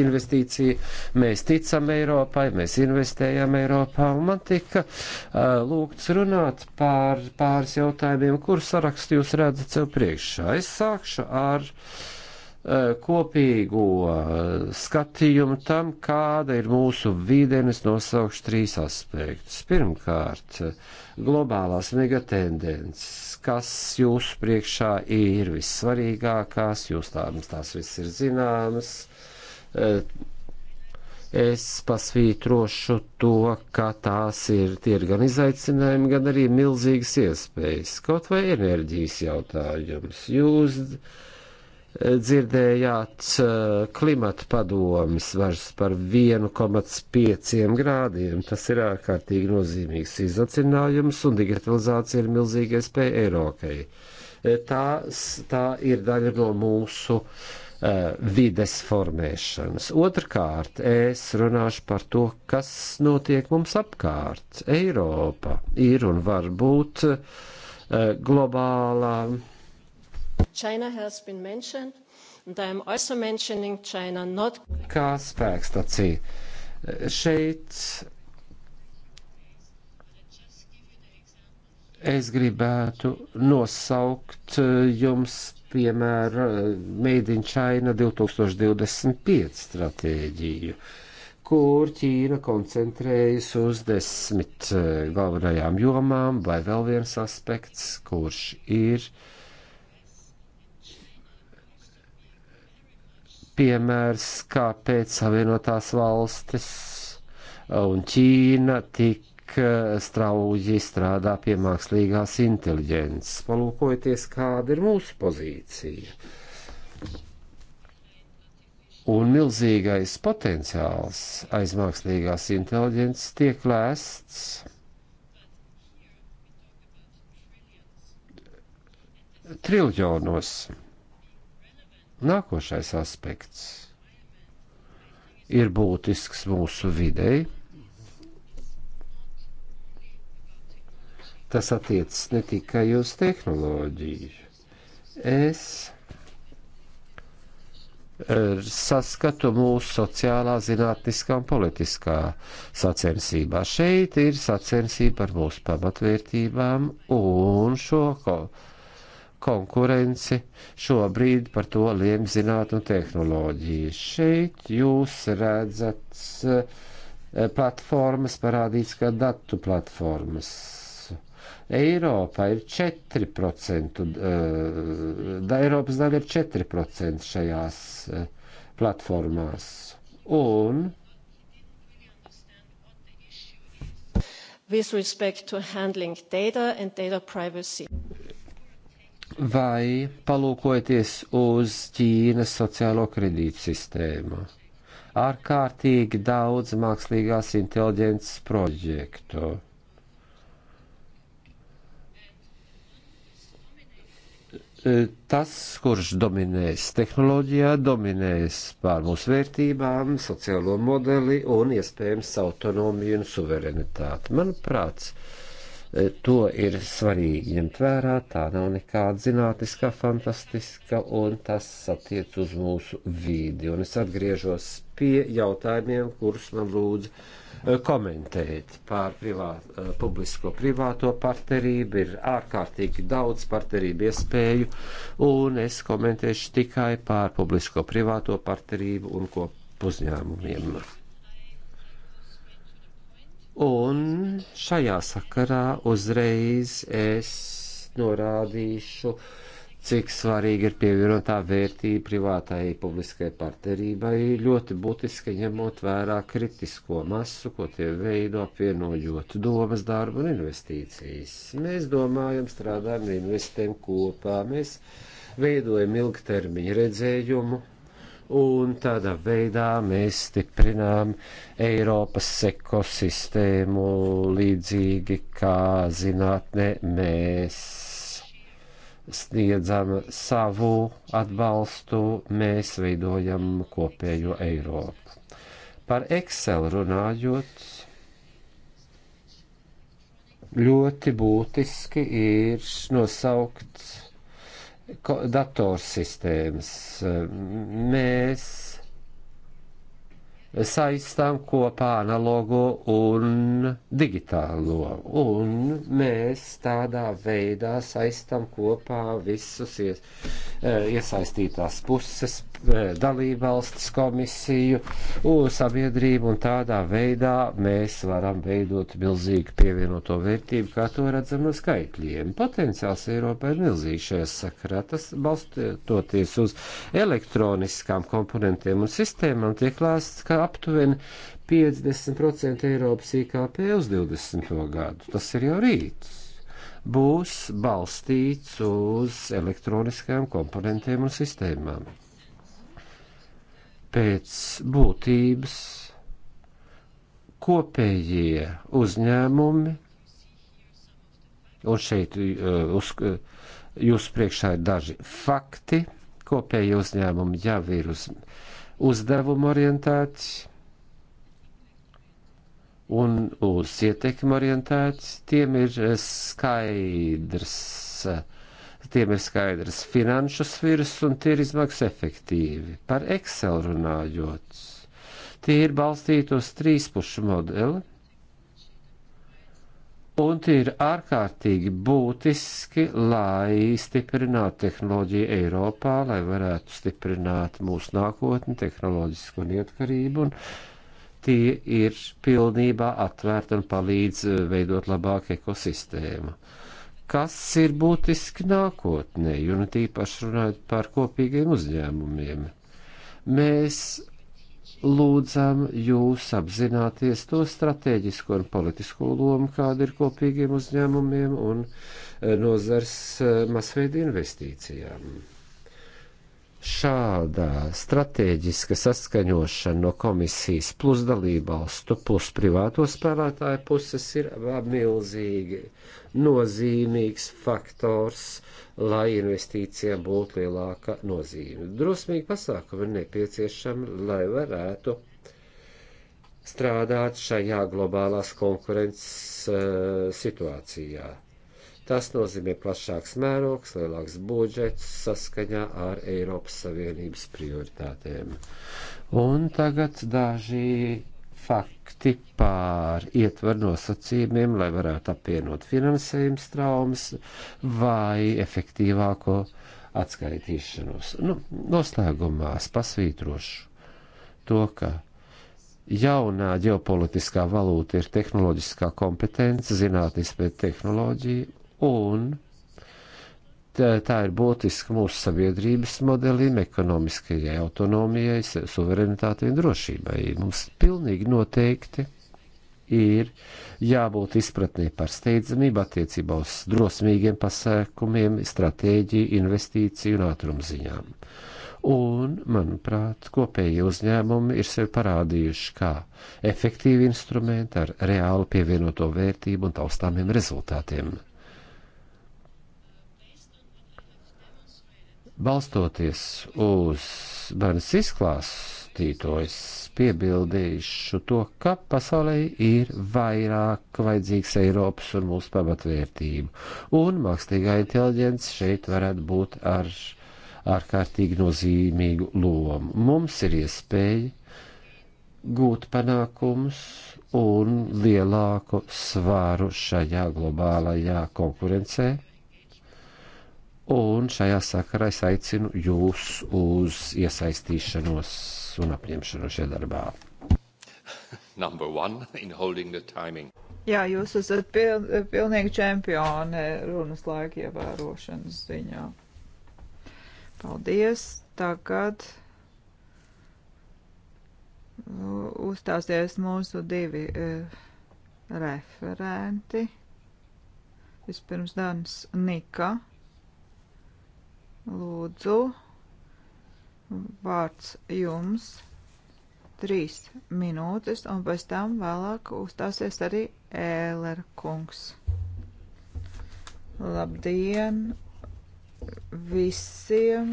investīcija. Mēs ticam Eiropai, mēs investējam Eiropā, un man tika uh, lūgts runāt pār pāris jautājumiem, kur sarakstu jūs redzat sev priekšā. Es sākšu ar. Uh, E, kopīgo e, skatījumu tam, kāda ir mūsu vīdenes nosaukšu trīs aspektus. Pirmkārt, globālās megatendences, kas jūsu priekšā ir vissvarīgākās, jūs tās, tās viss ir zināmas. E, es pasvītrošu to, ka tās ir, tie ir gan izaicinājumi, gan arī milzīgas iespējas, kaut vai enerģijas jautājums. Jūs Eh, dzirdējāt eh, klimata padomis vairs par 1,5 grādiem. Tas ir ārkārtīgi nozīmīgs izacinājums un digitalizācija ir milzīga iespēja Eiropai. Eh, tā, tā ir daļa no mūsu uh, vides formēšanas. Otrkārt, es runāšu par to, kas notiek mums apkārt. Eiropa ir un var būt uh, globālā uh, China has been mentioned, and I am also mentioning China not. Kā spēkstacija. Šeit es gribētu nosaukt eh, jums piemēra eh, Made in China 2025 stratēģiju, kur Ķīna koncentrējas uz desmit eh, galvenajām jomām, vai vēl viens aspekts, kurš ir uh, piemērs, kāpēc Savienotās valstis un Ķīna tik eh, strauji strādā pie mākslīgās inteliģences. Palūkojieties, kāda ir mūsu pozīcija. Un milzīgais potenciāls aiz mākslīgās inteliģences tiek lēsts. Triljonos. Nākošais aspekts ir būtisks mūsu videi. Tas attiecas ne tikai uz tehnoloģiju. Es er, saskatu mūsu sociālā, zinātniskā un politiskā sacensībā. Šeit ir sacensība ar mūsu pamatvērtībām un šo ko, uh, konkurenci šobrīd par to liem zinātnu tehnoloģiju. Šeit jūs redzat eh, platformas parādīts kā datu platformas. Eiropā ir 4%, eh, da, Eiropas daļa ir 4% šajās eh, platformās. Un with respect to handling data and data privacy vai palūkojoties uz Ķīnas sociālo kredītu sistēmu. Ārkārtīgi daudz mākslīgās inteliģences projektu. E, tas, kurš dominēs tehnoloģijā, dominēs pār mūsu vērtībām, sociālo modeli un, iespējams, autonomiju un suverenitāti. Manuprāt, uh, E, to ir svarīgi ņemt vērā, tā nav nekāda zinātniska fantastiska, un tas attiec uz mūsu vīdi. Un es atgriežos pie jautājumiem, kurus man lūdzu e, komentēt par privāt, e, publisko-privāto partnerību. Ir ārkārtīgi daudz partnerību iespēju, un es komentēšu tikai par publisko-privāto partnerību un kopu uzņēmumiem. Un šajā sakarā uzreiz es norādīšu, cik svarīgi ir pievienotā vērtība privātai publiskai partnerībai, ļoti būtiski ņemot vērā kritisko masu, ko tie veido apvienojot domas darbu un investīcijas. Mēs domājam, strādājam, investējam kopā, mēs veidojam ilgtermiņa redzējumu un tādā veidā mēs stiprinām Eiropas ekosistēmu līdzīgi kā zinātnē mēs sniedzam savu atbalstu, mēs veidojam kopējo Eiropu. Par Excel runājot, ļoti būtiski ir nosaukt datorsistēmas. Mēs saistām kopā analogo un digitālo, un mēs tādā veidā saistām kopā visus ies, eh, iesaistītās puses E, dalībvalstis komisiju un sabiedrību, un tādā veidā mēs varam veidot milzīgu pievienoto vērtību, kā to redzam no skaitļiem. Potenciāls Eiropā ir milzīgs šajā sakarā. Tas balstoties uz elektroniskām komponentiem un sistēmām tiek lēsts, ka aptuveni 50% Eiropas IKP uz 20. gadu. Tas ir jau rīts būs balstīts uz elektroniskajām komponentiem un sistēmām pēc būtības kopējie uzņēmumi, un šeit uh, uz, uh, jūs priekšā ir daži fakti, kopējie uzņēmumi jau ir uz, uzdevumu orientēti un uz ietekmi orientēti, tiem ir uh, skaidrs uh, tiem ir skaidrs finanšu svirs un tie ir izmaksas efektīvi. Par Excel runājot, tie ir balstīti uz trīspušu modeli, un tie ir ārkārtīgi būtiski, lai stiprinātu tehnoloģiju Eiropā, lai varētu stiprināt mūsu nākotni, tehnoloģisku neatkarību. Un, Tie ir pilnībā atvērti un palīdz veidot labāku ekosistēmu kas ir būtiski nākotnē, un nu tīpaši runājot par kopīgiem uzņēmumiem. Mēs lūdzam jūs apzināties to strateģisko un politisko lomu, kāda ir kopīgiem uzņēmumiem un eh, nozars eh, masveida investīcijām šādā stratēģiska saskaņošana no komisijas plus dalībvalstu plus privāto spēlētāju puses ir milzīgi nozīmīgs faktors, lai investīcijām būtu lielāka nozīme. Drosmīgi pasākumi ir nepieciešami, lai varētu strādāt šajā globālās konkurences uh, situācijā. Tas nozīmē plašāks mērogs, lielāks budžets saskaņā ar Eiropas Savienības prioritātēm. Un tagad daži fakti pār ietver nosacījumiem, lai varētu apvienot finansējums traumas vai efektīvāko atskaitīšanos. Nu, noslēgumā es pasvītrošu to, ka jaunā ģeopolitiskā valūta ir tehnoloģiskā kompetence, zinātnes pēc tehnoloģija un tā ir būtiska mūsu sabiedrības modelim, ekonomiskajai autonomijai, suverenitātei un drošībai. Mums pilnīgi noteikti ir jābūt izpratnē par steidzamību attiecībā uz drosmīgiem pasākumiem, stratēģiju, investīciju un ātrumziņām. Un, manuprāt, kopējie uzņēmumi ir sevi parādījuši kā efektīvi instrumenti ar reālu pievienoto vērtību un taustāmiem rezultātiem. Balstoties uz manis izklāstīto, es piebildīšu to, ka pasaulē ir vairāk vajadzīgs Eiropas un mūsu pamatvērtību, un mākslīgā inteliģence šeit varētu būt ar ārkārtīgi nozīmīgu lomu. Mums ir iespēja gūt panākumus un lielāku svaru šajā globālajā konkurencē un šajā sakarā es aicinu jūs uz iesaistīšanos un apņemšanos šajā darbā. Number one in holding the timing. Jā, jūs esat pil, pilnīgi čempioni runas laika ievērošanas ziņā. Paldies. Tagad nu, uzstāsies mūsu divi uh, referenti. Vispirms Dans Nika. Lūdzu, vārds jums trīs minūtes, un pēc tam vēlāk uzstāsies arī Ēlera kungs. Labdien visiem!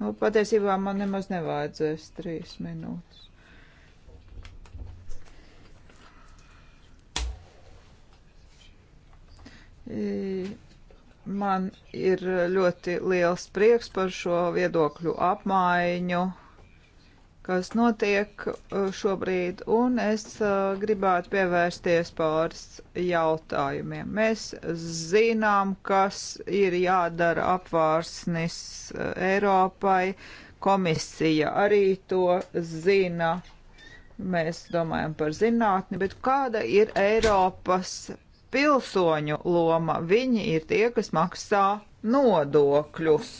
Nu, patiesībā man nemaz nevajadzēs trīs minūtes. I, Man ir ļoti liels prieks par šo viedokļu apmaiņu, kas notiek uh, šobrīd, un es uh, gribētu pievērsties pāris jautājumiem. Mēs zinām, kas ir jādara apvārsnis uh, Eiropai. Komisija arī to zina. Mēs domājam par zinātni, bet kāda ir Eiropas pilsoņu loma. Viņi ir tie, kas maksā nodokļus.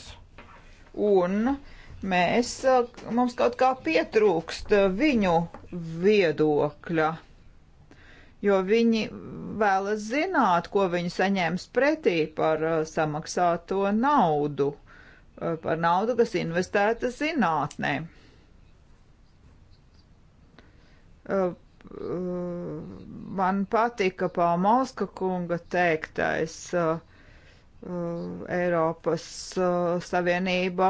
Un mēs, mums kaut kā pietrūkst viņu viedokļa, jo viņi vēlas zināt, ko viņi saņēmis pretī par uh, samaksāto naudu, uh, par naudu, kas investēta zinātnē uh, man patika Palmauska kunga teiktais uh, uh, Eiropas uh, Savienība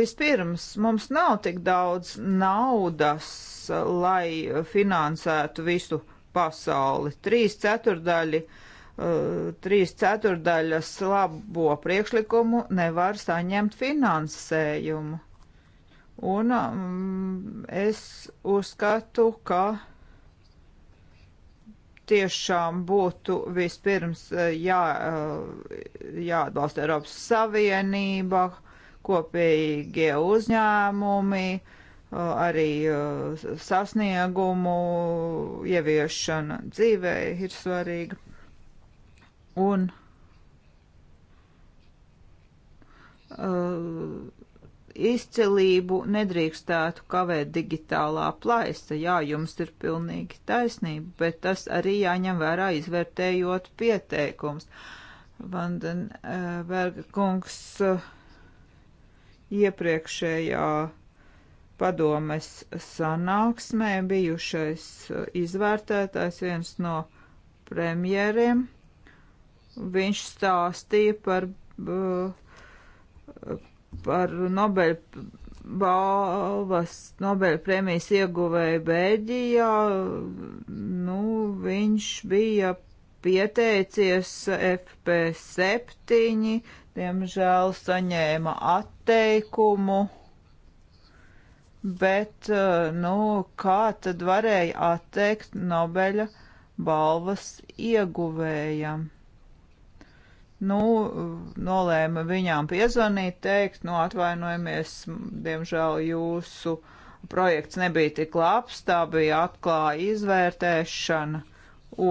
vispirms mums nav tik daudz naudas, lai finansētu visu pasauli. Trīs ceturdaļi, uh, trīs ceturdaļas labo priekšlikumu nevar saņemt finansējumu. Un um, es uzskatu, ka tiešām būtu vispirms eh, jā, eh, jāatbalsta Eiropas Savienība, kopīgie uzņēmumi, eh, arī sasniegumu ieviešana dzīvē ir svarīga. Un uh, izcilību nedrīkstētu kavēt digitālā plaisa. Jā, jums ir pilnīgi taisnība, bet tas arī jāņem vērā izvērtējot pieteikums. Vandenberga eh, kungs eh, iepriekšējā padomes sanāksmē bijušais eh, izvērtētājs viens no premjeriem. Viņš stāstīja par uh, par Nobeļa balvas, Nobeļa prēmijas ieguvēju Bēģijā, nu, viņš bija pieteicies FP7, diemžēl saņēma atteikumu, bet, nu, kā tad varēja atteikt Nobeļa balvas ieguvējam? nu, nolēma viņām piezvanīt, teikt, nu, atvainojamies, diemžēl jūsu projekts nebija tik labs, tā bija atklāja izvērtēšana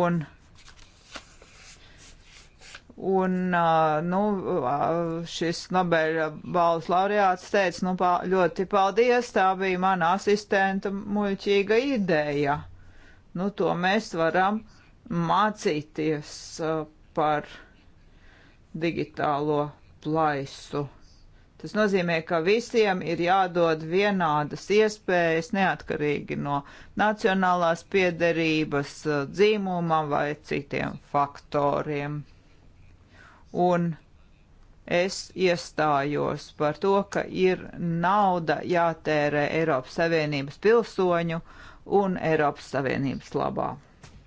un. Un, nu, šis Nobeļa balvas laureāts teica, nu, pā, ļoti paldies, tā bija mana asistenta muļķīga ideja. Nu, to mēs varam mācīties par digitālo plaisu. Tas nozīmē, ka visiem ir jādod vienādas iespējas, neatkarīgi no nacionālās piederības, eh, dzīmuma vai citiem faktoriem. Un es iestājos par to, ka ir nauda jātērē Eiropas Savienības pilsoņu un Eiropas Savienības labā.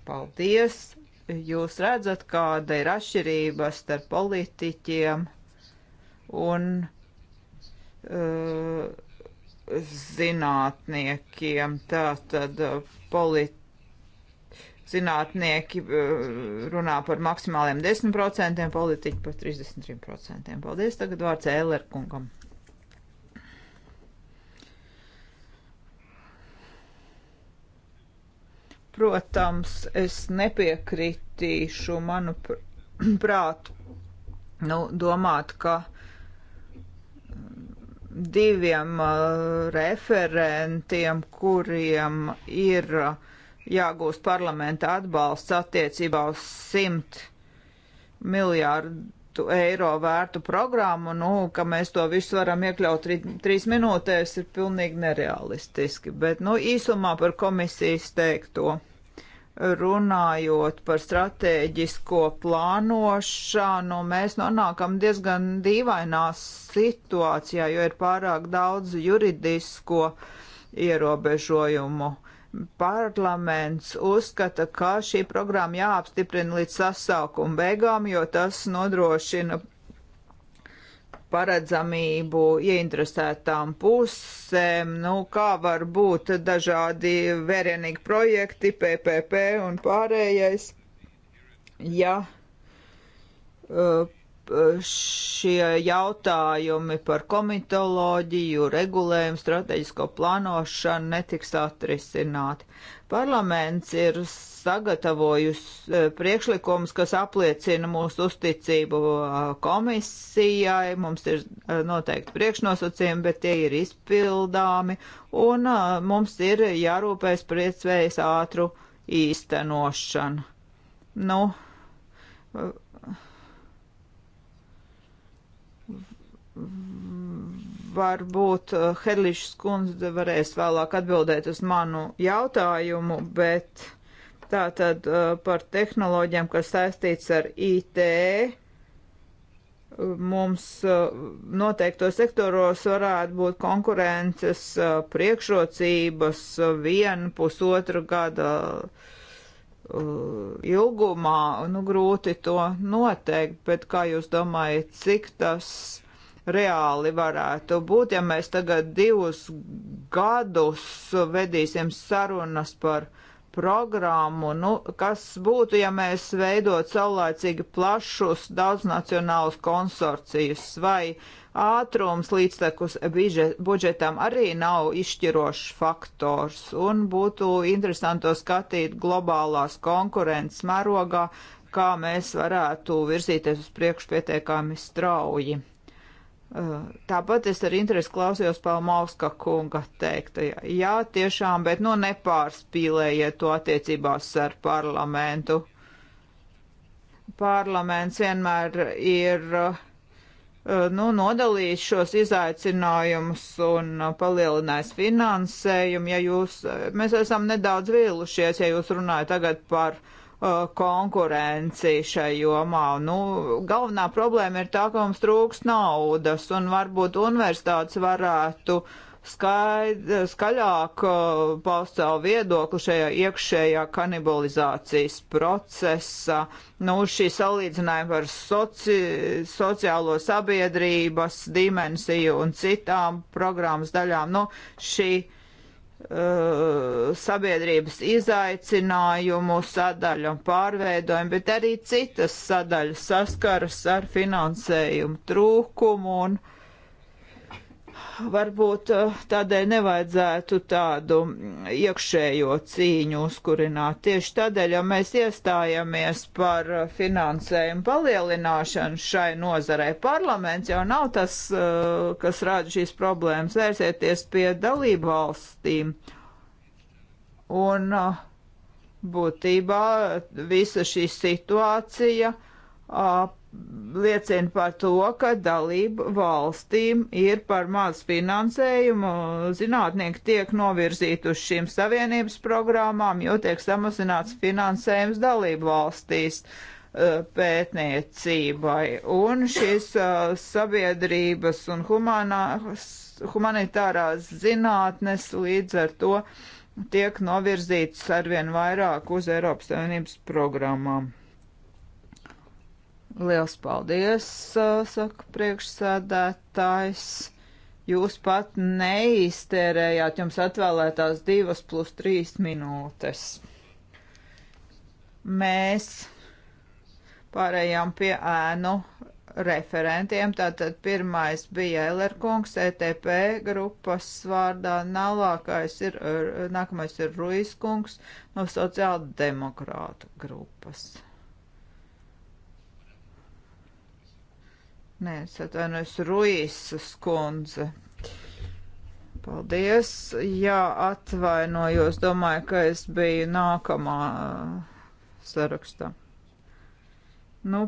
Paldies! jūs redzat, kāda ir atšķirība starp politiķiem un uh, zinātniekiem. Tātad uh, polit zinātnieki uh, runā par maksimāliem 10%, politiķi par 33%. Paldies, tagad vārds Ēlerkungam. Protams, es nepiekritīšu, manuprāt, nu, domāt, ka diviem uh, referentiem, kuriem ir uh, jāgūst parlamenta atbalsts attiecībā uz simt miljārdu simtu eiro vērtu programmu, nu, ka mēs to visu varam iekļaut tri, trīs minūtēs, ir pilnīgi nerealistiski. Bet, nu, īsumā par komisijas teikto runājot par stratēģisko plānošanu, mēs nonākam diezgan dīvainā situācijā, jo ir pārāk daudz juridisko ierobežojumu. Uh, parlaments uzskata, ka šī programma jāapstiprina līdz sasaukuma beigām, jo tas nodrošina paredzamību ieinteresētām pusēm, nu, kā var būt dažādi vērienīgi projekti, PPP un pārējais, ja uh, šie jautājumi par komitoloģiju, regulējumu, strateģisko plānošanu netiks atrisināti. Parlaments ir sagatavojusi e, priekšlikumus, kas apliecina mūsu uzticību e, komisijai. Mums ir e, noteikti priekšnosacījumi, bet tie ir izpildāmi, un mums ir jārūpēs priecvējas ātru īstenošanu. Nu, varbūt eh, Hedlišs kundze varēs vēlāk atbildēt uz manu jautājumu, bet tātad eh, par tehnoloģiem, kas saistīts ar IT, mums eh, noteikto sektoros varētu būt konkurences priekšrocības vienu pusotru gada ilgumā, nu grūti to noteikt, bet kā jūs domājat, cik tas reāli varētu būt, ja mēs tagad divus gadus vedīsim sarunas par programmu, nu, kas būtu, ja mēs veidot saulēcīgi plašus daudznacionālus konsorcijus, vai ātrums līdztekus budžetam arī nav izšķirošs faktors, un būtu interesanti to skatīt globālās konkurences mērogā, kā mēs varētu virzīties uz priekšu pietiekami strauji. Eh, tāpat es ar interesi klausījos Palmauska kunga teiktajā. Jā, tiešām, bet nu nepārspīlējiet to attiecībās ar parlamentu. Parlaments vienmēr ir eh, nu, nodalījis šos izaicinājumus un palielinājis finansējumu. Ja jūs, eh, mēs esam nedaudz vīlušies, ja jūs runājat tagad par uh, Uh, konkurenci šai jomā. Nu, galvenā problēma ir tā, ka mums trūks naudas, un varbūt universitātes varētu skaid, skaļāk uh, paust savu viedokli šajā iekšējā kanibalizācijas procesā. Nu, šī salīdzinājuma par soci, sociālo sabiedrības dimensiju un citām programmas daļām, nu, šī Eh, sabiedrības izaicinājumu sadaļu un pārveidojumu, bet arī citas sadaļas saskaras ar finansējumu trūkumu un uh, varbūt eh, tādēļ nevajadzētu tādu iekšējo cīņu uzkurināt. Tieši tādēļ, ja mēs iestājamies par eh, finansējumu palielināšanu šai nozarei, parlaments jau nav tas, eh, kas rāda šīs problēmas, vērsieties pie dalību valstīm. Un būtībā visa šī situācija liecina par to, ka dalību valstīm ir par maz finansējumu. Zinātnieki tiek novirzīti uz šīm savienības programmām, jo tiek samazināts finansējums dalību valstīs pētniecībai. Un šis sabiedrības un humanās, humanitārās zinātnes līdz ar to tiek novirzīts arvien vairāk uz Eiropas Savienības programmām. Liels paldies, uh, saka priekšsēdētājs. Jūs pat neiztērējāt jums atvēlētās divas plus trīs minūtes. Mēs pārējām pie ēnu referentiem. Tātad pirmais bija Eilerkungs, ETP grupas vārdā, nālākais ir, er, nākamais ir Ruiskungs no sociāldemokrātu grupas. Nē, es atvainojos Ruīsas kundze. Paldies. Jā, atvainojos. Domāju, ka es biju nākamā uh, sarakstā. Nu,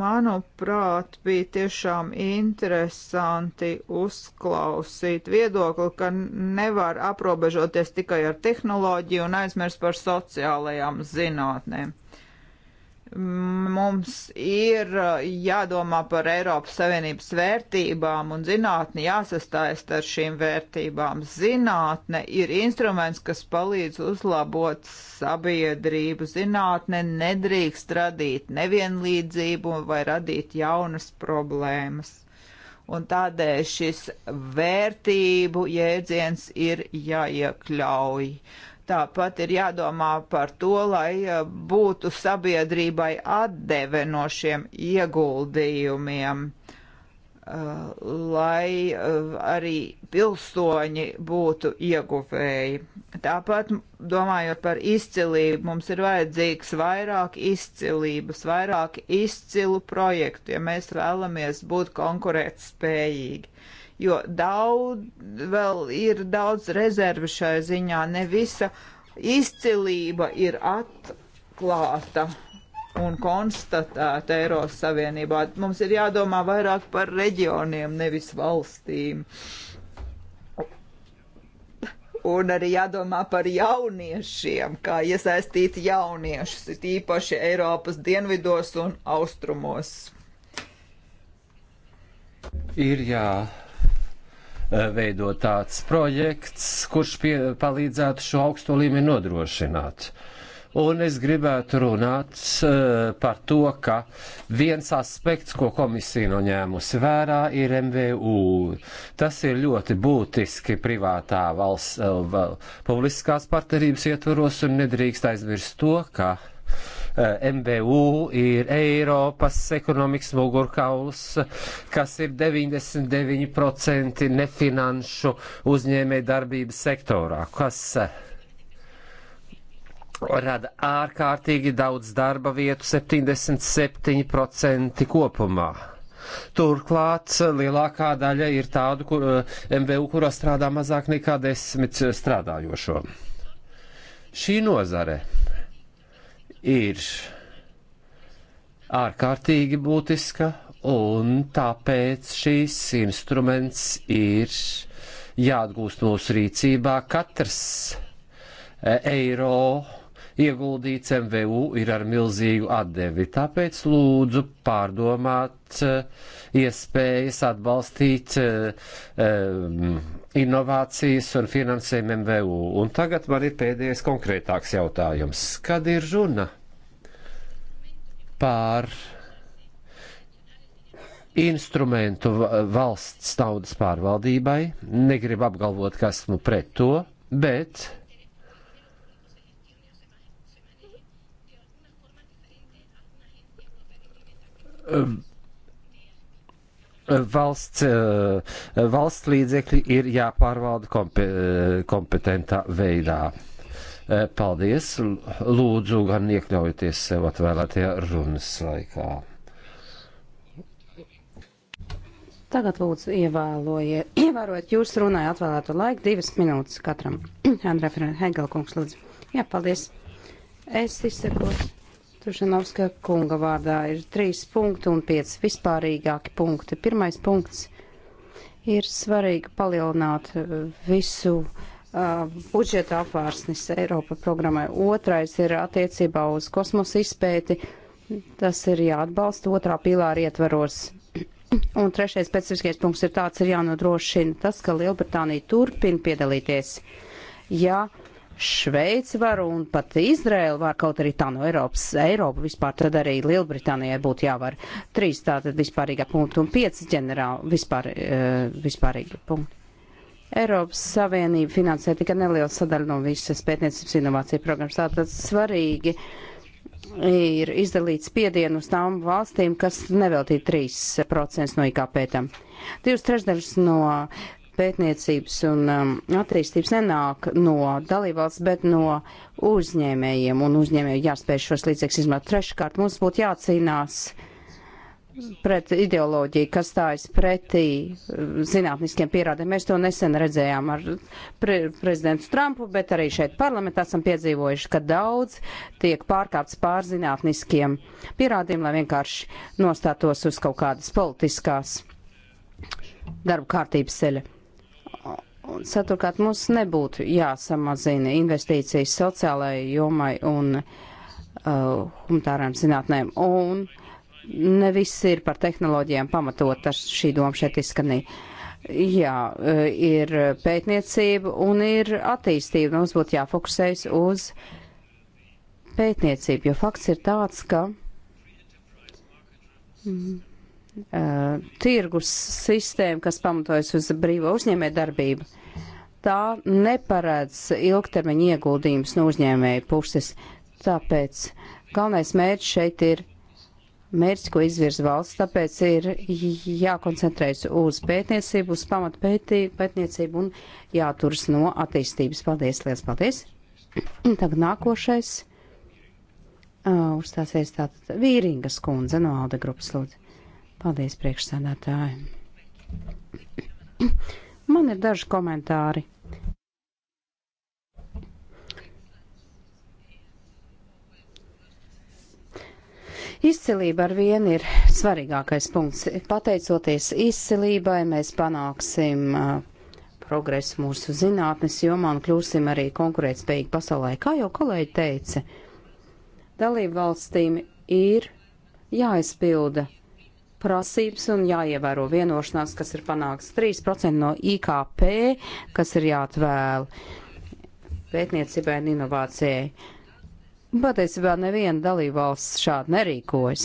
manuprāt, bija tiešām interesanti uzklausīt viedokli, ka nevar aprobežoties tikai ar tehnoloģiju un aizmirst par sociālajām zinātnēm. Mums ir uh, jādomā par Eiropas Savienības vērtībām un zinātni jāsastāst ar šīm vērtībām. Zinātne ir instruments, kas palīdz uzlabot sabiedrību. Zinātne nedrīkst radīt nevienlīdzību vai radīt jaunas problēmas. Un tādēļ šis vērtību jēdziens ir jāiekļauj. Uh, Tāpat ir jādomā par to, lai eh, būtu sabiedrībai atdeve no šiem ieguldījumiem, eh, lai eh, arī pilsoņi būtu ieguvēji. Tāpat, domājot par izcilību, mums ir vajadzīgs vairāk izcilības, vairāk izcilu projektu, ja mēs vēlamies būt konkurētspējīgi. spējīgi jo daudz, vēl ir daudz rezervu šai ziņā. Ne visa izcilība ir atklāta un konstatēta Eiropas Savienībā. Mums ir jādomā vairāk par reģioniem, nevis valstīm. Un arī jādomā par jauniešiem, kā iesaistīt jauniešus, tīpaši Eiropas dienvidos un austrumos. Ir jā, Eh, veidot tāds projekts, kurš pie, palīdzētu šo augsto līmeni nodrošināt. Un es gribētu runāt uh, par to, ka viens aspekts, ko komisija noņēmusi vērā, ir MVU. Tas ir ļoti būtiski privātā valsts uh, eh, publiskās partnerības ietvaros un nedrīkst aizmirst to, ka uh, Eh, MBU ir Eiropas ekonomikas mugurkauls, kas ir 99% nefinanšu uzņēmē darbības sektorā, kas eh, rada ārkārtīgi daudz darba vietu, 77% kopumā. Turklāt eh, lielākā daļa ir tādu kur, MBU, kurā strādā mazāk nekā desmit strādājošo. Šī nozare ir ārkārtīgi būtiska, un tāpēc šīs instruments ir jāatgūst mūsu rīcībā. Katrs e, eiro ieguldīts MVU ir ar milzīgu atdevi, tāpēc lūdzu pārdomāt e, iespējas atbalstīt um, inovācijas un finansējumu MVU. Un tagad man ir pēdējais konkrētāks jautājums. Kad ir runa pār instrumentu valsts naudas pārvaldībai, negribu apgalvot, ka esmu pret to, bet um, valsts, eh, valsts līdzekļi ir jāpārvalda kompe, kompetentā veidā. Eh, paldies! Lūdzu, gan iekļaujieties sev atvēlētajā runas laikā. Tagad lūdzu ievēlojiet, ievērojiet jūsu runai atvēlēto laiku divas minūtes katram. Andrē Hegelkungs, lūdzu. Jā, paldies. Es izsekos Tušanovska kunga vārdā ir trīs punkti un pieci vispārīgāki punkti. Pirmais punkts ir svarīgi palielināt uh, visu uh, budžeta apvārsnis Eiropa programmai. Otrais ir attiecībā uz kosmosa izpēti. Tas ir jāatbalsta otrā pīlāra ietvaros. Un trešais specifiskais punkts ir tāds, ir jānodrošina tas, ka Lielbritānija turpina piedalīties. Ja uh, Šveici varu un pat Izraēlu var, kaut arī tā no Eiropas, Eiropa vispār tad arī Lielbritānijai būtu jāvar. Trīs tātad vispārīgā punkta un pieci ģenerāli vispār, e, vispārīgi punkti. Eiropas Savienība finansē tikai nelielu sadaļu no visas pētniecības inovācija programmas. Tātad svarīgi ir izdalīt spiedienu uz tām valstīm, kas neveltīja 3% no IKP tam. Divas trešdaļas no uh, pētniecības un um, attīstības nenāk no dalībvalsts, bet no uzņēmējiem, un uzņēmēji jāspēj šos līdzekļus izmantot. Treškārt, mums būtu jācīnās pret ideoloģiju, kas stājas pretī um, zinātniskiem pierādēm. Mēs to nesen redzējām ar pre prezidentu Trumpu, bet arī šeit parlamentā esam piedzīvojuši, ka daudz tiek pārkāpts pār zinātniskiem pierādījumiem, lai vienkārši nostātos uz kaut kādas politiskās darba kārtības ceļa. Un ceturkārt, mums nebūtu jāsamazina investīcijas sociālajai jomai un uh, humanitārām zinātnēm. Un ne viss ir par tehnoloģijām pamatot, tas šī doma šeit izskanīja. Jā, uh, ir pētniecība un ir attīstība. Mums būtu jāfokusējas uz pētniecību, jo fakts ir tāds, ka. Mm, uh, tirgus sistēmu, kas pamatojas uz brīvo uzņēmē darbību, tā neparādz ilgtermiņa ieguldījums no uzņēmēja puses. Tāpēc galvenais mērķis šeit ir mērķis, ko izvirza valsts, tāpēc ir jākoncentrējas uz pētniecību, uz pamatu pētī, pētniecību un jāturas no attīstības. Paldies, liels paldies! Tagad nākošais. Uh, uzstāsies tātad vīringas kundze no Alde grupas lūdzu. Paldies, priekšsēdētāji. Man ir daži komentāri. Izcilība ar vienu ir svarīgākais punkts. Pateicoties izcilībai, mēs panāksim uh, progresu mūsu zinātnes jomā un kļūsim arī konkurētspējīgi pasaulē. Kā jau kolēģi teica, dalību valstīm ir jāizpilda prasības un jāievēro vienošanās, kas ir panāks 3% no IKP, kas ir jāatvēl pētniecībai un inovācijai. Patiesībā neviena dalībvalsts šādi nerīkojas.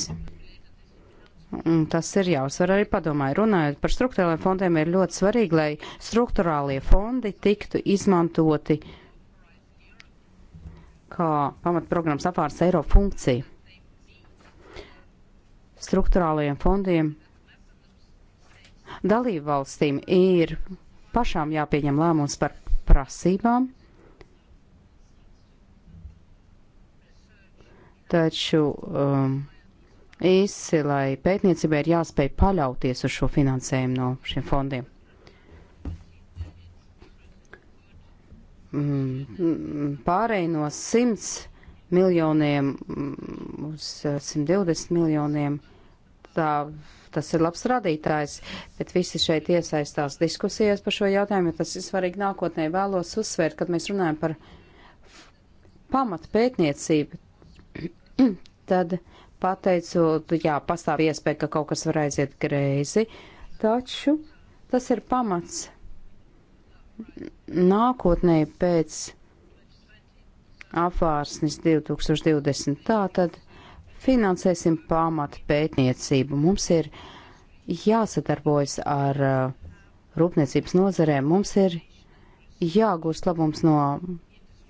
Un tas ir jāuzsver arī padomāju. Runājot par struktūrālajiem fondiem, ir ļoti svarīgi, lai struktūrālie fondi tiktu izmantoti kā pamatprogrammas apvārs eiro funkcija struktūrālajiem fondiem, dalību valstīm ir pašām jāpieņem lēmums par prasībām, taču um, īsi, lai pētniecībai ir jāspēj paļauties uz šo finansējumu no šiem fondiem. Mm, pārēj no 100 miljoniem mm, uz 120 uh, miljoniem. Uh, tā, tas ir labs radītājs, bet visi šeit iesaistās diskusijās par šo jautājumu, jo tas ir svarīgi nākotnē. Vēlos uzsvērt, kad mēs runājam par pamatpētniecību, tad pateicot, jā, pastāv iespēja, ka kaut kas var aiziet greizi, taču tas ir pamats nākotnē pēc apvārsnes 2020. Tātad finansēsim pamatu pētniecību. Mums ir jāsadarbojas ar uh, rūpniecības nozarēm, mums ir jāgūst labums no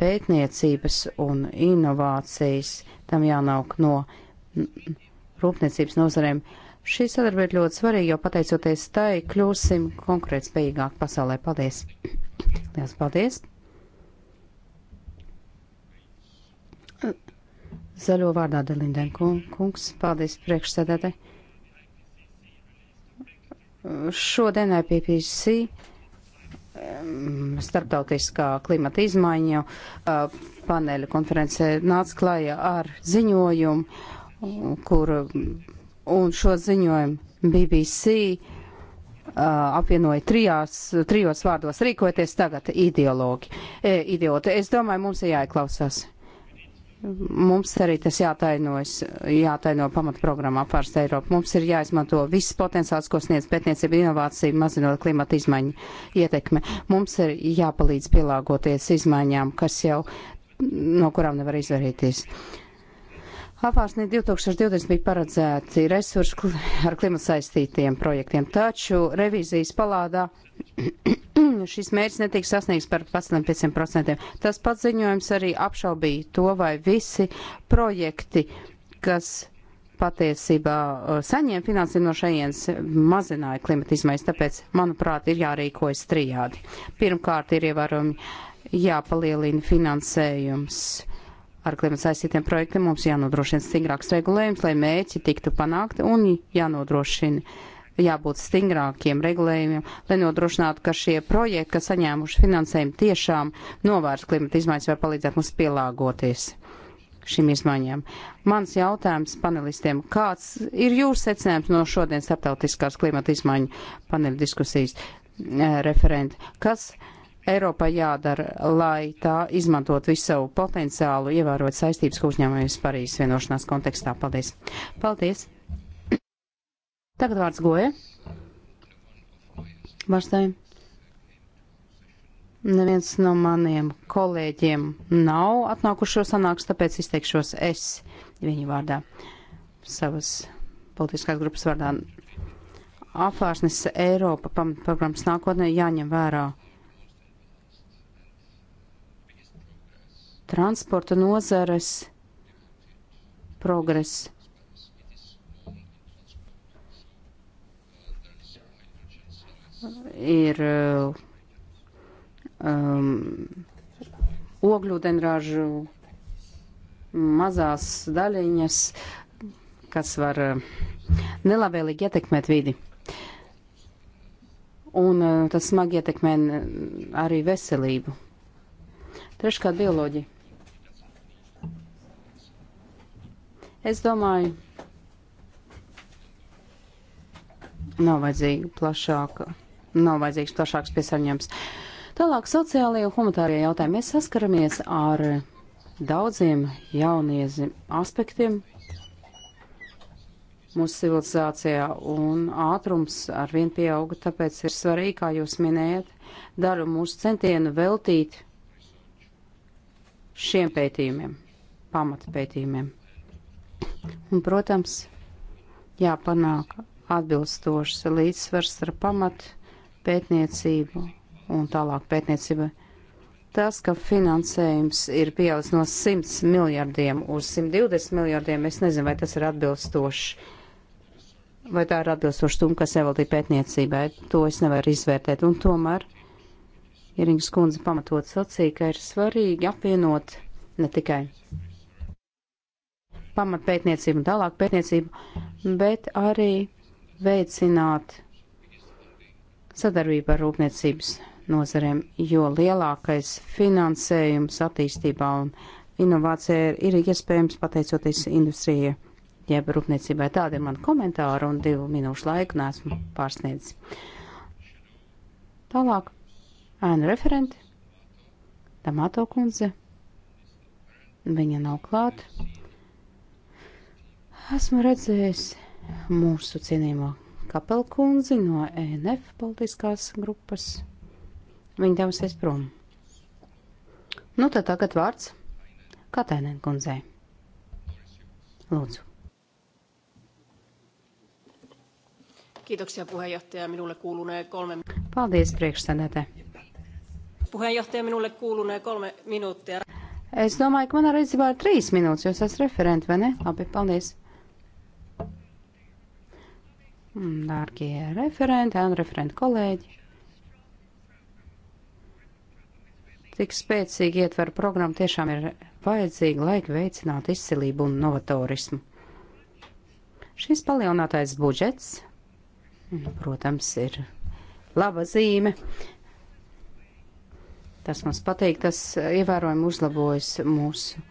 pētniecības un inovācijas, tam jānauk no rūpniecības nozarēm. Šī sadarbība ir ļoti svarīga, jo pateicoties tai kļūsim konkrētspējīgāk pasaulē. Paldies! Lielas paldies! Zaļo vārdā Delinden kungs. Paldies priekšsēdētē. Šodien IPPC mm, starptautiskā klimata izmaiņu paneļa konferencē nāca klājā ar ziņojumu, kur un šo ziņojumu BBC apvienoja trijās, trijos vārdos rīkoties tagad ideologi, e, idioti. Es domāju, mums ir jāieklausās Mums arī tas jātainojas, jātaino pamatprogrammā pārst Eiropu. Mums ir jāizmanto viss potenciāls, ko sniedz pētniecība, inovācija, mazinot klimata izmaiņu ietekme. Mums ir jāpalīdz pielāgoties izmaiņām, kas jau no kurām nevar izvarīties. Apvārsnī 2020 bija paredzēti resursi ar klimata saistītiem projektiem, taču revīzijas palādā šis mērķis netiek sasniegts par 15%. Tas pats ziņojums arī apšaubīja to, vai visi projekti, kas patiesībā uh, saņēma finansējumu no šejienes, mazināja klimata izmaiņas, tāpēc, manuprāt, ir jārīkojas trijādi. Pirmkārt, ir ievērojami jāpalielina finansējums ar klimata saistītiem projektiem, mums jānodrošina stingrāks regulējums, lai mērķi tiktu panākti un jānodrošina jābūt stingrākiem regulējumiem, lai nodrošinātu, ka šie projekti, kas saņēmuši finansējumu, tiešām novērst klimata izmaiņas vai palīdzētu mums pielāgoties šīm izmaiņām. Mans jautājums panelistiem, kāds ir jūsu secinājums no šodienas starptautiskās klimata izmaiņu paneļa diskusijas eh, referenti? Kas Eiropai jādara, lai tā izmantot visu savu potenciālu, ievērot saistības, ko uzņēmējas Parīzes vienošanās kontekstā? Paldies! Paldies! Tagad vārds goja. Varstai. Neviens no maniem kolēģiem nav atnākušo sanāks, tāpēc izteikšos es viņu vārdā, savas politiskās grupas vārdā. Apvārsnes Eiropa pamatprogrammas nākotnē jāņem vērā transporta nozares progress ir um, ogļūdenrāžu mazās daļiņas, kas var uh, nelabvēlīgi ietekmēt vidi. Un uh, tas smagi ietekmē arī veselību. Treškārt, bioloģija. Es domāju, nav vajadzīga plašāka nav vajadzīgs plašāks piesārņojums. Tālāk sociālajie un humanitārie jautājumi. Mēs saskaramies ar daudziem jauniezim aspektiem mūsu civilizācijā, un ātrums ar vien pieauga, tāpēc ir svarīgi, kā jūs minējat, daru mūsu centienu veltīt šiem pētījumiem, pamatpētījumiem. Un, protams, jāpanāk atbilstošs līdzsvars ar pamatu pētniecību un tālāk pētniecība. Tas, ka finansējums ir pieaudzis no 100 miljardiem uz 120 miljardiem, es nezinu, vai tas ir atbilstoši. Vai tā ir atbilstoši tam, kas ievēltīja pētniecībai, to es nevaru izvērtēt. Un tomēr Irīgas kundze pamatot sacīja, ka ir svarīgi apvienot ne tikai pamatpētniecību un tālāk pētniecību, bet arī veicināt sadarbību ar rūpniecības nozarēm, jo lielākais finansējums attīstībā un inovācijā ir iespējams pateicoties industrijai, jeb rūpniecībai. Tādi ir mani komentāri un divu minūšu laiku nesmu pārsniedzis. Tālāk, ēnu referenti, Tamato kundze, viņa nav klāt. Esmu redzējis mūsu cienījumā Kapelkundzi no ENF politiskās grupas. Viņa devusies prom. Nu, tad tagad vārds Katēnēn kundzei. Lūdzu. Kiitoksia puheenjohtaja. Minulle kuulunee kolme... Paldies priekšsēdētē. Puheenjohtaja, minulle kuulunee kolme minuuttia. Es domāju, ka man arī ir trīs minūtes, jo es esmu referenti, vai ne? Labi, paldies. Dārgie referenti un referenti kolēģi, tik spēcīgi ietver programma tiešām ir vajadzīga, lai veicinātu izcilību un novatorismu. Šis palielinātais budžets, protams, ir laba zīme. Tas mums patīk, tas ievērojami uzlabojas mūsu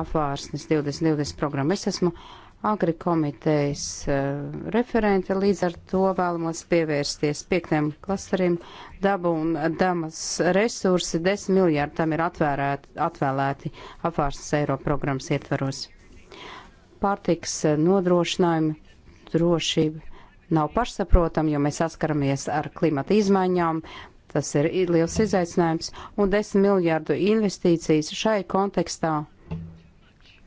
apvārsnes 2020 programmu. Es esmu agri komitejas eh, referente, līdz ar to vēlamos pievērsties piektajam klasterim dabu un damas resursi, 10 miljārdi tam ir atvērēt, atvēlēti apvārstas eiro programmas ietvaros. Pārtiks eh, nodrošinājumi, drošība nav pašsaprotami, jo mēs saskaramies ar klimata izmaiņām, Tas ir liels izaicinājums, un 10 miljārdu investīcijas šai kontekstā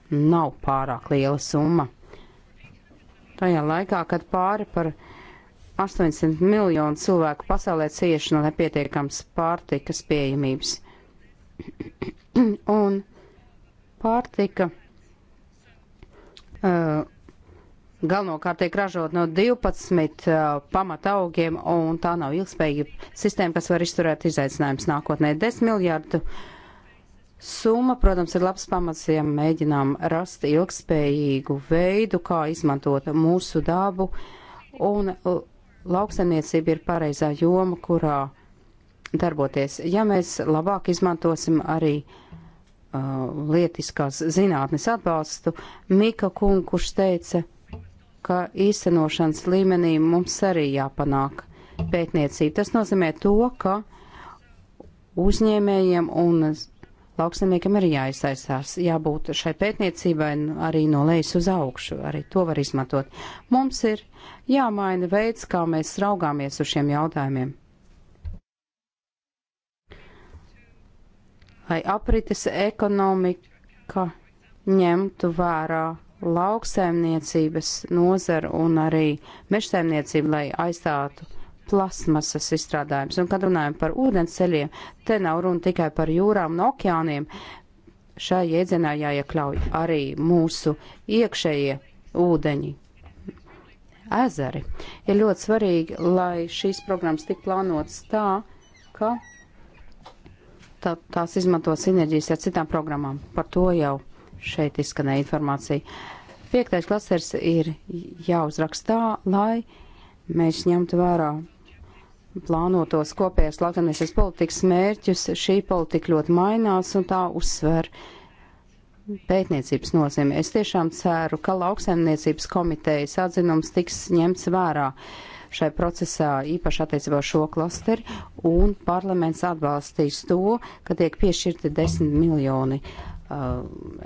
nav pārāk liela summa tajā laikā, kad pāri par 800 miljonu cilvēku pasaulē cieši no nepietiekams pārtikas pieejamības. Un pārtika uh, galvenokārt tiek ražot no 12 uh, pamata augiem, un tā nav ilgspējīga sistēma, kas var izturēt izaicinājums nākotnē. 10 miljārdu uh, Summa, protams, ir labs pamats, ja mēģinām rast ilgspējīgu veidu, kā izmantot mūsu dabu, un lauksaimniecība ir pareizā joma, kurā darboties. Ja mēs labāk izmantosim arī uh, lietiskās zinātnes atbalstu, Mika Kung, kurš teica, ka īstenošanas līmenī mums arī jāpanāk pētniecība. Tas nozīmē to, ka uzņēmējiem un lauksamniekam arī jāiesaistās, jābūt šai pētniecībai arī no lejas uz augšu, arī to var izmantot. Mums ir jāmaina veids, kā mēs raugāmies uz šiem jautājumiem. Lai aprites ekonomika ņemtu vērā lauksaimniecības nozaru un arī mežsaimniecību, lai aizstātu plasmasas izstrādājums. Un, kad runājam par ūdens ceļiem, te nav runa tikai par jūrām un okeāniem. Šai jēdzienā jāiekļauj arī mūsu iekšējie ūdeņi, ezeri. Ir ļoti svarīgi, lai šīs programmas tik plānotas tā, ka tā, tās izmanto sinerģijas ar citām programmām. Par to jau šeit izskanēja informācija. Piektais klasers ir jāuzrakstā, lai mēs ņemtu vērā plānotos kopējās lauksaimniecības politikas mērķus, šī politika ļoti mainās un tā uzsver pētniecības nozīmi. Es tiešām ceru, ka lauksaimniecības komitejas atzinums tiks ņemts vērā šai procesā, īpaši attiecībā uz šo klasteri, un parlaments atbalstīs to, ka tiek piešķirti 10 miljoni uh,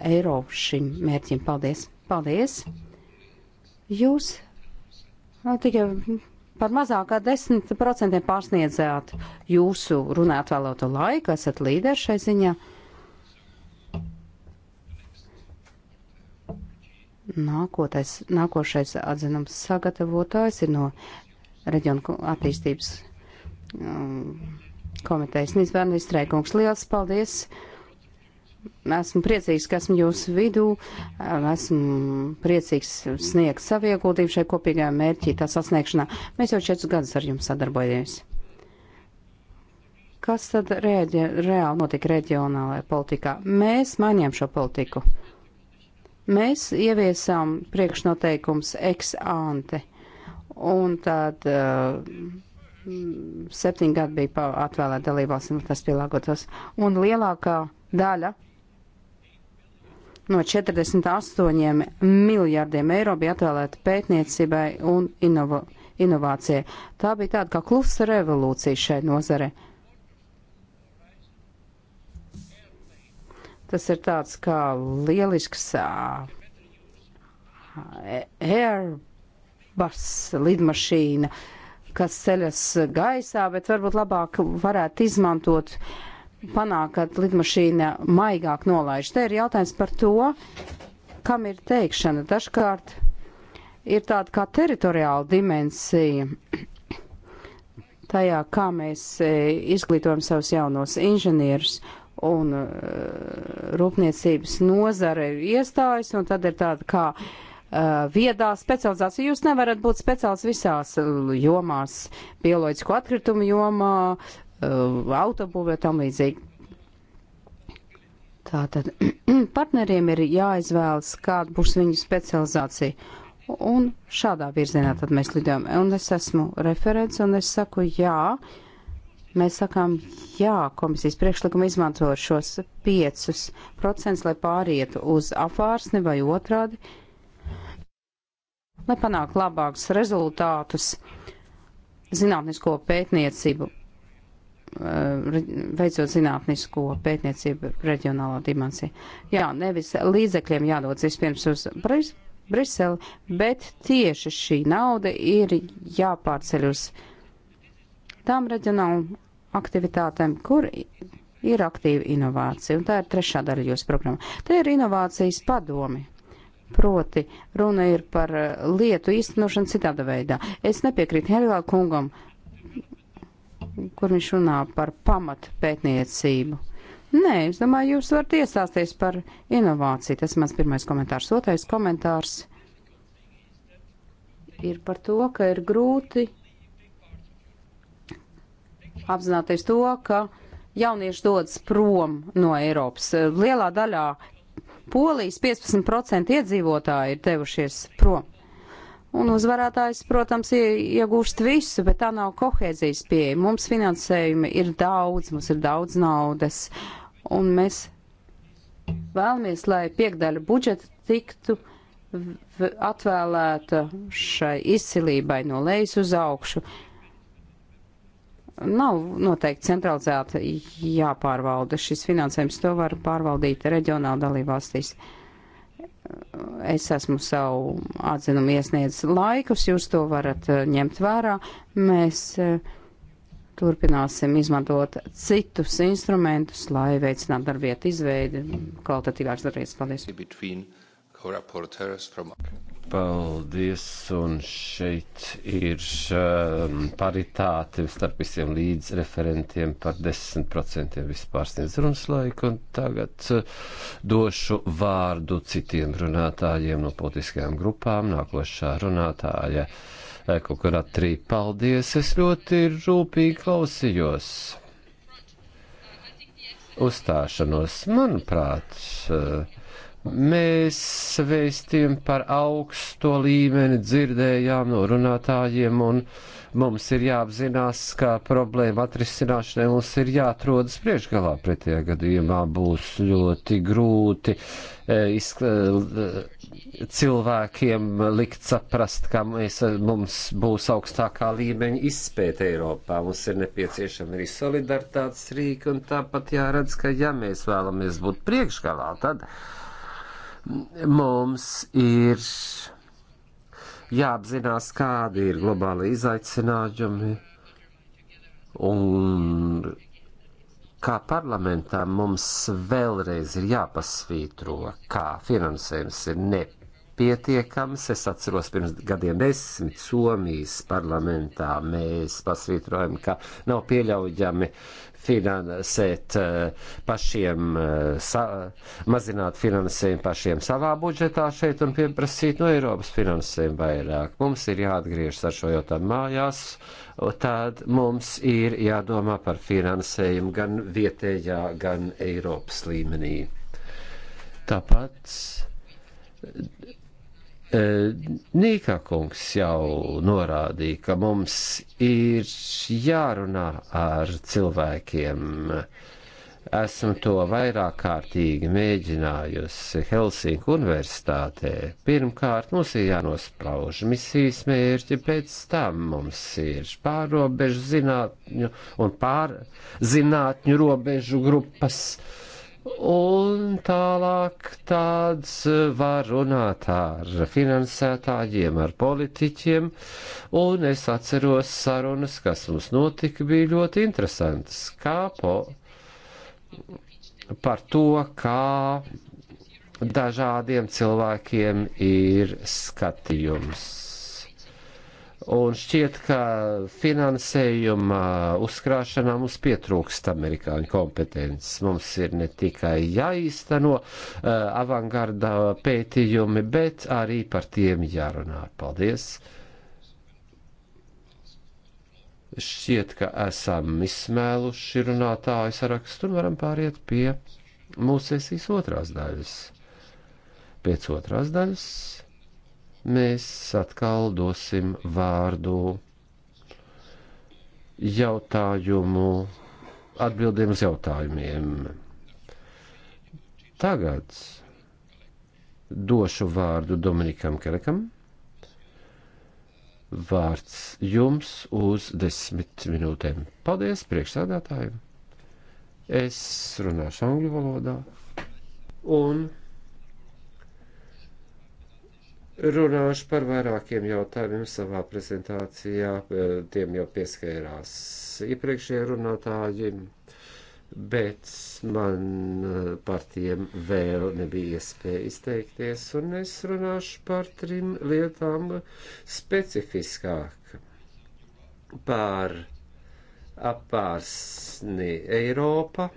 eiro šim mērķim. Paldies! Paldies! Jūs uh, Tikai par mazāk kā 10% pārsniedzāt jūsu runāt vēlēto laiku, esat līderi šai ziņā. Nākotais, nākošais atzinums sagatavotājs ir no reģionu attīstības um, komitejas Nīsbērnijas Streikungs. Liels paldies! Uh, Esmu priecīgs, ka esmu jūsu vidū, esmu priecīgs sniegt savu ieguldījumu šai kopīgajā mērķī tā sasniegšanā. Mēs jau četrus gadus ar jums sadarbojamies. Kas tad rēģi, reāli notika reģionālajā politikā? Mēs mainījām šo politiku. Mēs ieviesām priekšnoteikums ex ante, un tad uh, septiņi gadi bija atvēlēti dalībvalstīm, tas pielāgotos, un lielākā daļa no 48 miljārdiem eiro bija atvēlēta pētniecībai un inova, inovācijai. Tā bija tāda kā klusa revolūcija šai nozare. Tas ir tāds kā lielisks Airbus lidmašīna, kas ceļas gaisā, bet varbūt labāk varētu izmantot uh, panākt, ka lidmašīna maigāk nolaiž. Te ir jautājums par to, kam ir teikšana. Dažkārt ir tāda kā teritoriāla dimensija tajā, kā mēs e, izglītojam savus jaunos inženierus un e, rūpniecības nozare ir iestājas, un tad ir tāda kā uh, viedā specializācija. Jūs nevarat būt speciāls visās jomās - bioloģisko atkritumu jomā, Uh, autobūvē tam līdzīgi. Tātad partneriem ir jāizvēlas, kāda būs viņu specializācija. Un šādā virzienā tad mēs lidojam. Un es esmu referents un es saku jā. Mēs sakām, jā, komisijas priekšlikuma izmanto šos 5%, lai pārietu uz apvārsni vai otrādi, lai panāktu labākus rezultātus zinātnisko pētniecību Eh, veicot zinātnisko pētniecību reģionālā dimensija. Jā, nevis līdzekļiem jādodas vispirms uz Bris Briseli, bet tieši šī nauda ir jāpārceļ uz tām reģionālām aktivitātēm, kur ir aktīva inovācija, un tā ir trešā daļa jūsu programmā. Te ir inovācijas padomi. Proti, runa ir par eh, lietu īstenošanu citāda veidā. Es nepiekrītu Hervāla kungam, uh, kur viņš runā par pamatu pētniecību. Nē, es domāju, jūs varat iestāsties par inovāciju. Tas ir mans pirmais komentārs. Otrais komentārs ir par to, ka ir grūti apzināties to, ka jaunieši dodas prom no Eiropas. Lielā daļā Polijas 15% iedzīvotāji ir devušies prom Un uzvarētājs, protams, iegūst visu, bet tā nav kohēzijas pieeja. Mums finansējumi ir daudz, mums ir daudz naudas, un mēs vēlamies, lai piekdaļa budžeta tiktu atvēlēta šai izcilībai no lejas uz augšu. Nav noteikti centralizēta jāpārvalda šis finansējums, to var pārvaldīt reģionāli dalībvalstīs. valstīs. Es esmu savu atzinumu iesniedzis laikus, jūs to varat eh, ņemt vērā. Mēs eh, turpināsim izmantot citus instrumentus, lai veicinātu darbvietu izveidi, kvalitatīvāks darbvietas. Paldies! Paldies, un šeit ir um, paritāte starp visiem līdzreferentiem par 10% vispār sniedz runas laiku, un tagad uh, došu vārdu citiem runātājiem no politiskajām grupām. Nākošā runātāja uh, Kukuratri, paldies, es ļoti rūpīgi klausījos uzstāšanos, manuprāt, uh, Mēs vēstījumu par augsto līmeni dzirdējām no runātājiem, un mums ir jāapzinās, ka problēma atrisināšanai mums ir jāatrodas priekšgalā. Pretējā gadījumā būs ļoti grūti e, e, cilvēkiem likt saprast, ka mēs, e, mums būs augstākā līmeņa izpēta Eiropā. Mums ir nepieciešama arī solidaritātes rīka, un tāpat jāredz, ka ja mēs vēlamies būt priekšgalā, tad. Mums ir jāapzinās, kādi ir globāli izaicinājumi un kā parlamentā mums vēlreiz ir jāpasvītro, kā finansējums ir nepietiekams. Es atceros, pirms gadiem desmit Somijas parlamentā mēs pasvītrojam, ka nav pieļaujami finansēt eh, pašiem, eh, sa, mazināt finansējumu pašiem savā budžetā šeit un pieprasīt no Eiropas finansējumu vairāk. Mums ir jāatgriežas ar šo jautājumu mājās, tad mums ir jādomā par finansējumu gan vietējā, gan Eiropas līmenī. Tāpat E, Nīkā kungs jau norādīja, ka mums ir jārunā ar cilvēkiem. Esmu to vairāk kārtīgi mēģinājusi Helsinku universitātē. Pirmkārt, mums ir jānosprauž misijas mērķi, pēc tam mums ir pārobežu zinātņu un pārzinātņu robežu grupas. Uh, Un tālāk tāds var runāt ar finansētājiem, ar politiķiem, un es atceros sarunas, kas mums notika, bija ļoti interesantas. Kā po, par to, kā dažādiem cilvēkiem ir skatījums. Un šķiet, ka finansējuma uzkrāšanā mums pietrūkst amerikāņu kompetences. Mums ir ne tikai jāīsteno uh, eh, avangarda pētījumi, bet arī par tiem jārunā. Paldies! Šķiet, ka esam izsmēluši runātāju sarakstu un varam pāriet pie mūsu sesijas otrās daļas. Pēc otrās daļas mēs atkal dosim vārdu jautājumu, atbildiem uz jautājumiem. Tagad došu vārdu Dominikam Kelekam. Vārds jums uz desmit minūtēm. Paldies priekšsādātājiem! Es runāšu angļu valodā un runāšu par vairākiem jautājumiem savā prezentācijā, eh, tiem jau pieskārās iepriekšējie runātāji, bet man eh, par tiem vēl nebija iespēja izteikties, un es runāšu par trim lietām specifiskāk. Par apārsni Eiropa,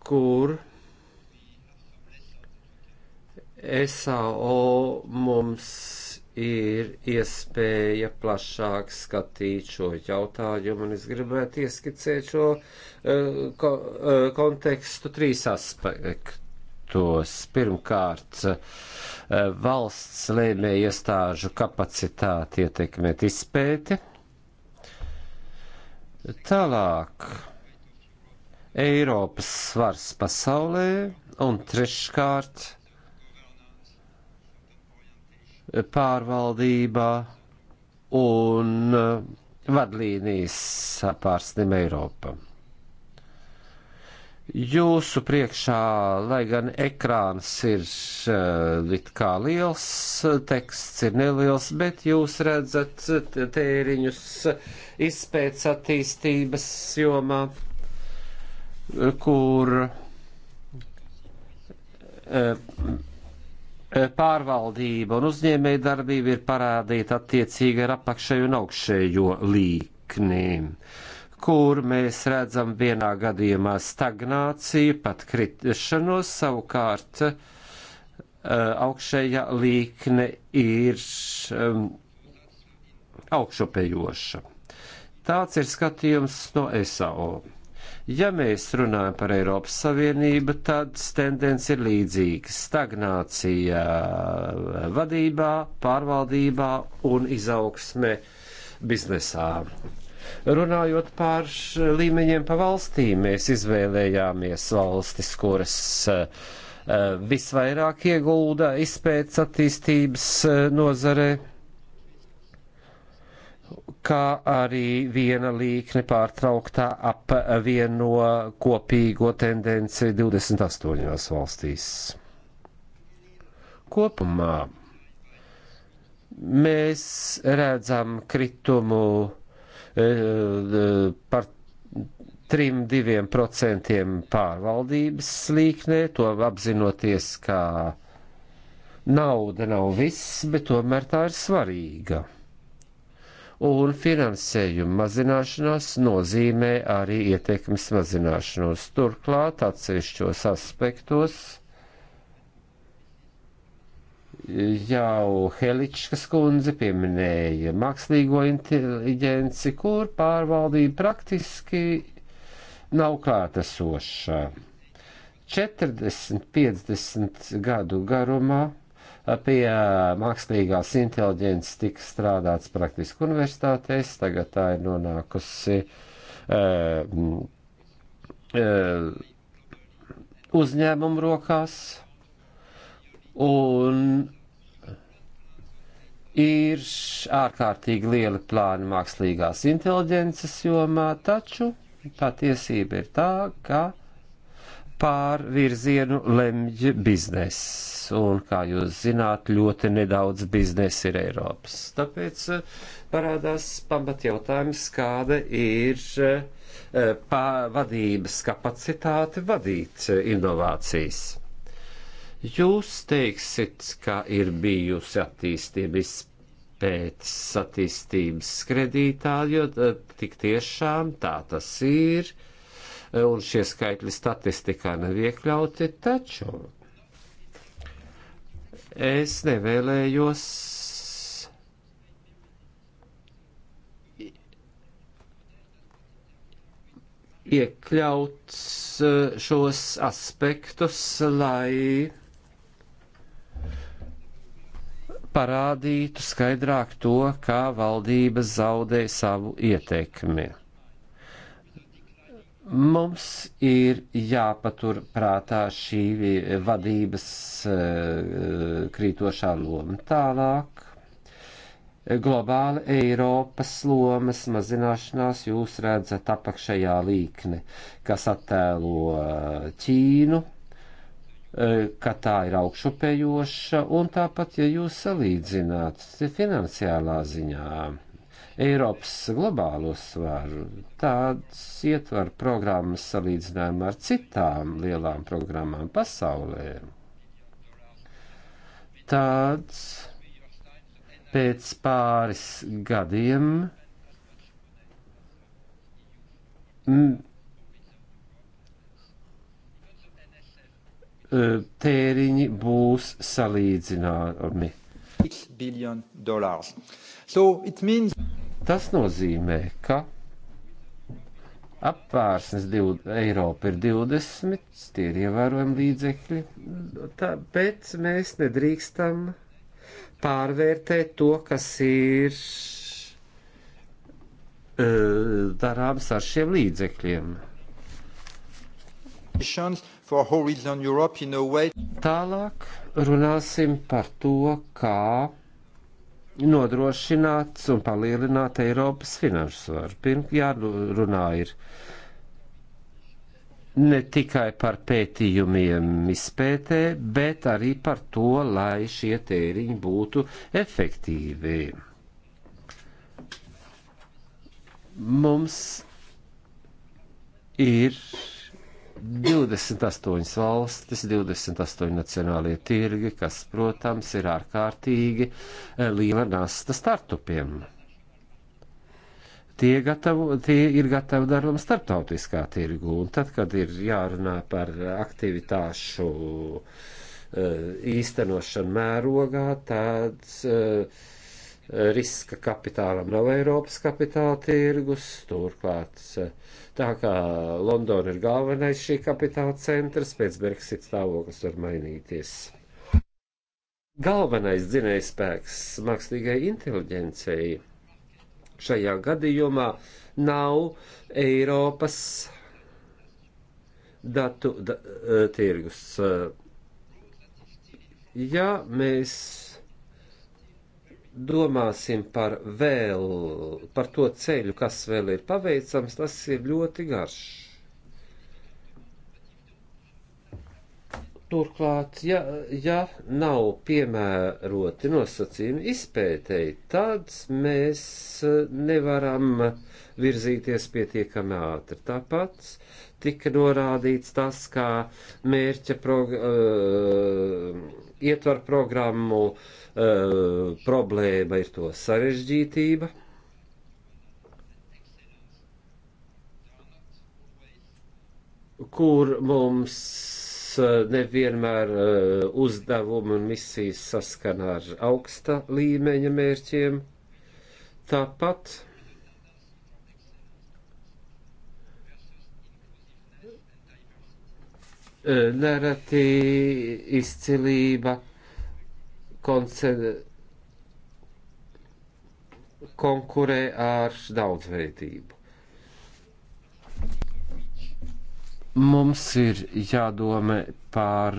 kur SAO mums ir iespēja plašāk skatīt šo jautājumu, un es gribētu ieskicēt šo uh, ko, uh, kontekstu trīs aspektos. Pirmkārt, uh, valsts lēmēja iestāžu kapacitāti ietekmēt izpēti. Tālāk, Eiropas svars pasaulē, un treškārt, pārvaldība un eh, vadlīnijas pārsnim Eiropa. Jūsu priekšā, lai gan ekrāns ir eh, it kā liels, teksts ir neliels, bet jūs redzat tēriņus izpēc attīstības jomā, eh, kur Eh, pārvaldība un uzņēmēja darbība ir parādīta attiecīgi ar apakšējo un augšējo līknīm, kur mēs redzam vienā gadījumā stagnāciju, pat kritišanos, savukārt eh, augšējā līkne ir ehm, augšupējoša. Tāds ir skatījums no SAO. Ja mēs runājam par Eiropas Savienību, tad tendence ir līdzīga - stagnācija vadībā, pārvaldībā un izaugsme biznesā. Runājot par līmeņiem pa valstīm, mēs izvēlējāmies valstis, kuras eh, visvairāk iegulda izpētes attīstības eh, nozarei kā arī viena līkne pārtrauktā apvieno kopīgo tendenci 28 valstīs. Kopumā mēs redzam kritumu eh, eh, par 3-2% pārvaldības līknē, to apzinoties, ka nauda nav viss, bet tomēr tā ir svarīga un finansējuma mazināšanās nozīmē arī ietekmes mazināšanos. Turklāt atsevišķos aspektos jau Heličkas kundze pieminēja mākslīgo inteliģenci, kur pārvaldība praktiski nav klātesoša. 40-50 gadu garumā pie mākslīgās inteliģences tika strādāts praktiski universitātēs, tagad tā ir nonākusi uh, uh, uzņēmumu rokās un ir ārkārtīgi lieli plāni mākslīgās inteliģences jomā, taču patiesība ir tā, ka pār virzienu lemj bizness. Un, kā jūs zināt, ļoti nedaudz biznesa ir Eiropas. Tāpēc eh, parādās pamat jautājums, kāda ir eh, vadības kapacitāte vadīt eh, inovācijas. Jūs teiksiet, ka ir bijusi attīstība pēc attīstības kredītā, jo tik tiešām tā tas ir. Uh, un šie skaitļi statistikā nav iekļauti, taču es nevēlējos iekļaut eh, šos aspektus, lai parādītu skaidrāk to, kā valdības zaudē savu ietekmi. Mums ir jāpatur prātā šī vadības e, krītošā loma tālāk. Globāli Eiropas lomas mazināšanās jūs redzat apakšējā līkne, kas attēlo e, Ķīnu, e, ka tā ir augšupējoša, un tāpat, ja jūs salīdzināt finansiālā ziņā Eiropas globālo svaru. Tāds ietver programmas salīdzinājumā ar citām lielām programmām pasaulē. Tāds pēc pāris gadiem e, tēriņi būs salīdzināmi. So means... Tas nozīmē, ka apvērsnes div, Eiropa ir 20, tie ir ievērojami līdzekļi, tāpēc mēs nedrīkstam pārvērtēt to, kas ir uh, darāms ar šiem līdzekļiem. Tālāk runāsim par to, kā nodrošināt un palielināt Eiropas finanšu svaru. Pirmkārt, jārunā ir ne tikai par pētījumiem izpētē, bet arī par to, lai šie tēriņi būtu efektīvi. Mums ir 28 valstis, 28 nacionālie tirgi, kas, protams, ir ārkārtīgi eh, liela nasta startupiem. Tie, gatavo, tie ir gatavi darbam starptautiskā tirgu, un tad, kad ir jārunā par aktivitāšu eh, īstenošanu mērogā, tāds eh, riska kapitālam nav Eiropas kapitāla tirgus, turklāt Tā kā Londona ir galvenais šī kapitāla centrs, pēc Brexit stāvoklis var mainīties. Galvenais dzinējs spēks mākslīgai inteliģencei šajā gadījumā nav Eiropas datu da, eh, tirgus. Eh, ja mēs domāsim par vēl, par to ceļu, kas vēl ir paveicams, tas ir ļoti garš. Turklāt, ja, ja nav piemēroti nosacījumi izpētēji, tad mēs nevaram virzīties pietiekami ātri. Tāpat tika norādīts tas, kā mērķa prog uh, eh, ietvar programmu uh, problēma ir to sarežģītība. kur mums eh, nevienmēr uzdevumi un misijas saskan ar augsta līmeņa mērķiem. Tāpat E, nereti izcilība konkurē ar daudzveidību. Mums ir jādomā par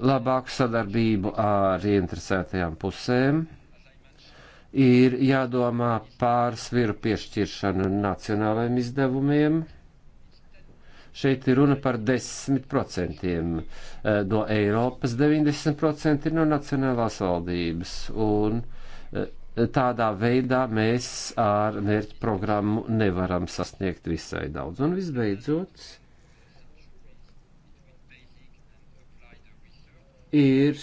labāku sadarbību ar ieinteresētajām pusēm ir jādomā pār sviru piešķiršanu nacionālajiem izdevumiem. Šeit ir runa par 10% eh, no Eiropas, 90% ir no nacionālās valdības. Un eh, tādā veidā mēs ar mērķu programmu nevaram sasniegt visai daudz. Un visbeidzot, ir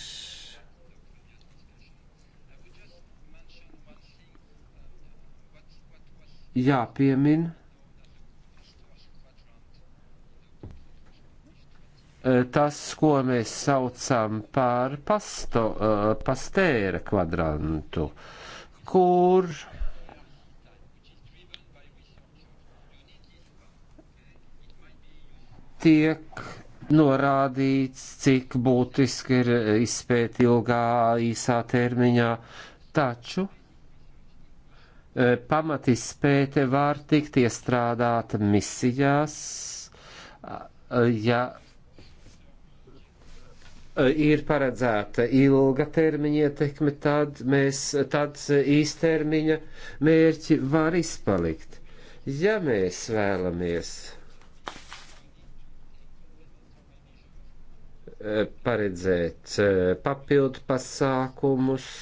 jāpiemin e, tas, ko mēs saucam par pasto, e, pastēra kvadrantu, kur tiek norādīts, cik būtiski ir izpēt ilgā, īsā termiņā, taču E, pamatizpēte var tikt iestrādāta misijās, ja ir paredzēta ilga termiņa ietekme, tad mēs tad īstermiņa mērķi var izpalikt. Ja mēs vēlamies e, paredzēt e, papildu pasākumus,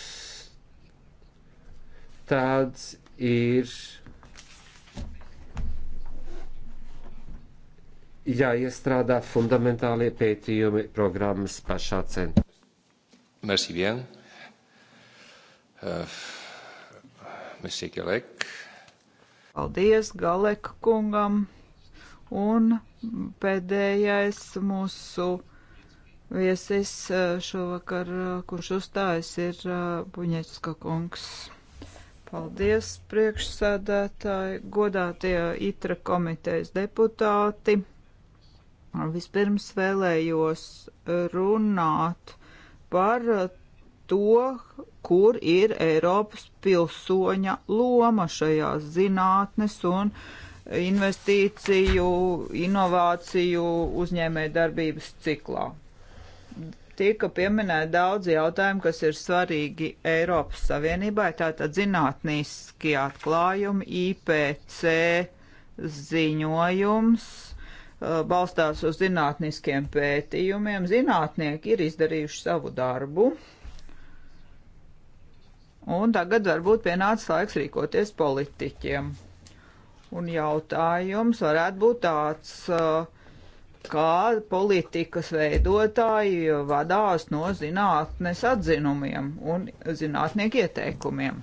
tāds ir jāiestrādā fundamentālie pētījumi programmas pašā centrā. Merci bien. Uh, Merci, Galek. Paldies Galek kungam. Un pēdējais mūsu viesis eh, šovakar, eh, kurš uzstājas, ir eh, Buņecka kungs. Paldies, priekšsēdētāji, godātie itra komitejas deputāti. Vispirms vēlējos runāt par to, kur ir Eiropas pilsoņa loma šajās zinātnes un investīciju, inovāciju uzņēmē darbības ciklā tika pieminēti daudz jautājumu, kas ir svarīgi Eiropas Savienībai, tātad zinātnīski atklājumi, IPC ziņojums balstās uz zinātniskiem pētījumiem. Zinātnieki ir izdarījuši savu darbu. Un tagad varbūt pienācis laiks rīkoties politiķiem. Un jautājums varētu būt tāds, uh, kā politikas veidotāji vadās no zinātnes atzinumiem un zinātnieku ieteikumiem.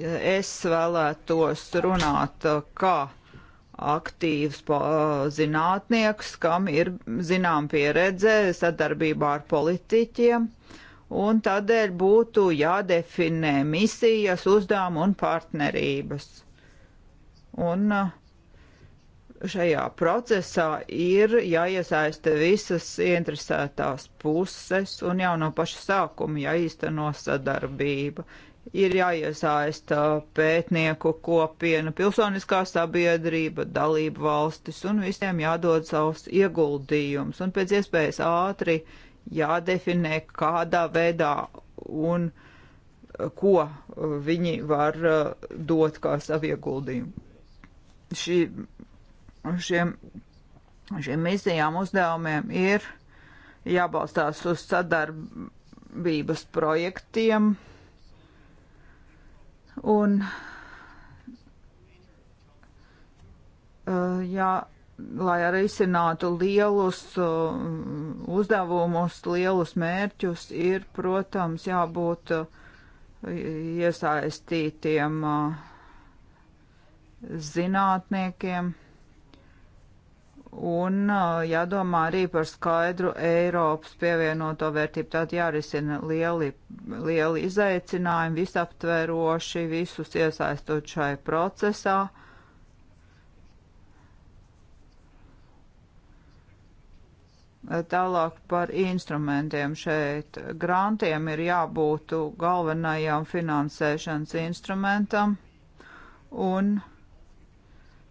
Ja es vēlētos runāt kā aktīvs zinātnieks, kam ir zinām pieredze sadarbībā ar politiķiem, un tādēļ būtu jādefinē misijas, uzdevumi un partnerības. Un uh, šajā procesā ir jāiesaista visas interesētās puses un jau no paša sākuma jāīsteno sadarbība. Ir jāiesaista pētnieku kopiena, pilsoniskā sabiedrība, dalību valstis un visiem jādod savs ieguldījums un pēc iespējas ātri jādefinē, kādā veidā un ko viņi var uh, dot kā savu ieguldījumu. Šī šiem, šiem misijām uzdevumiem ir jābalstās uz sadarbības projektiem un eh, jā, lai arī izcinātu lielus eh, uzdevumus, lielus mērķus, ir, protams, jābūt eh, iesaistītiem zinātniekiem. Un jādomā arī par skaidru Eiropas pievienoto vērtību. Tātad jārisina lieli, lieli izaicinājumi, visaptveroši, visus iesaistot šai procesā. Tālāk par instrumentiem šeit. Grantiem ir jābūt galvenajam finansēšanas instrumentam, un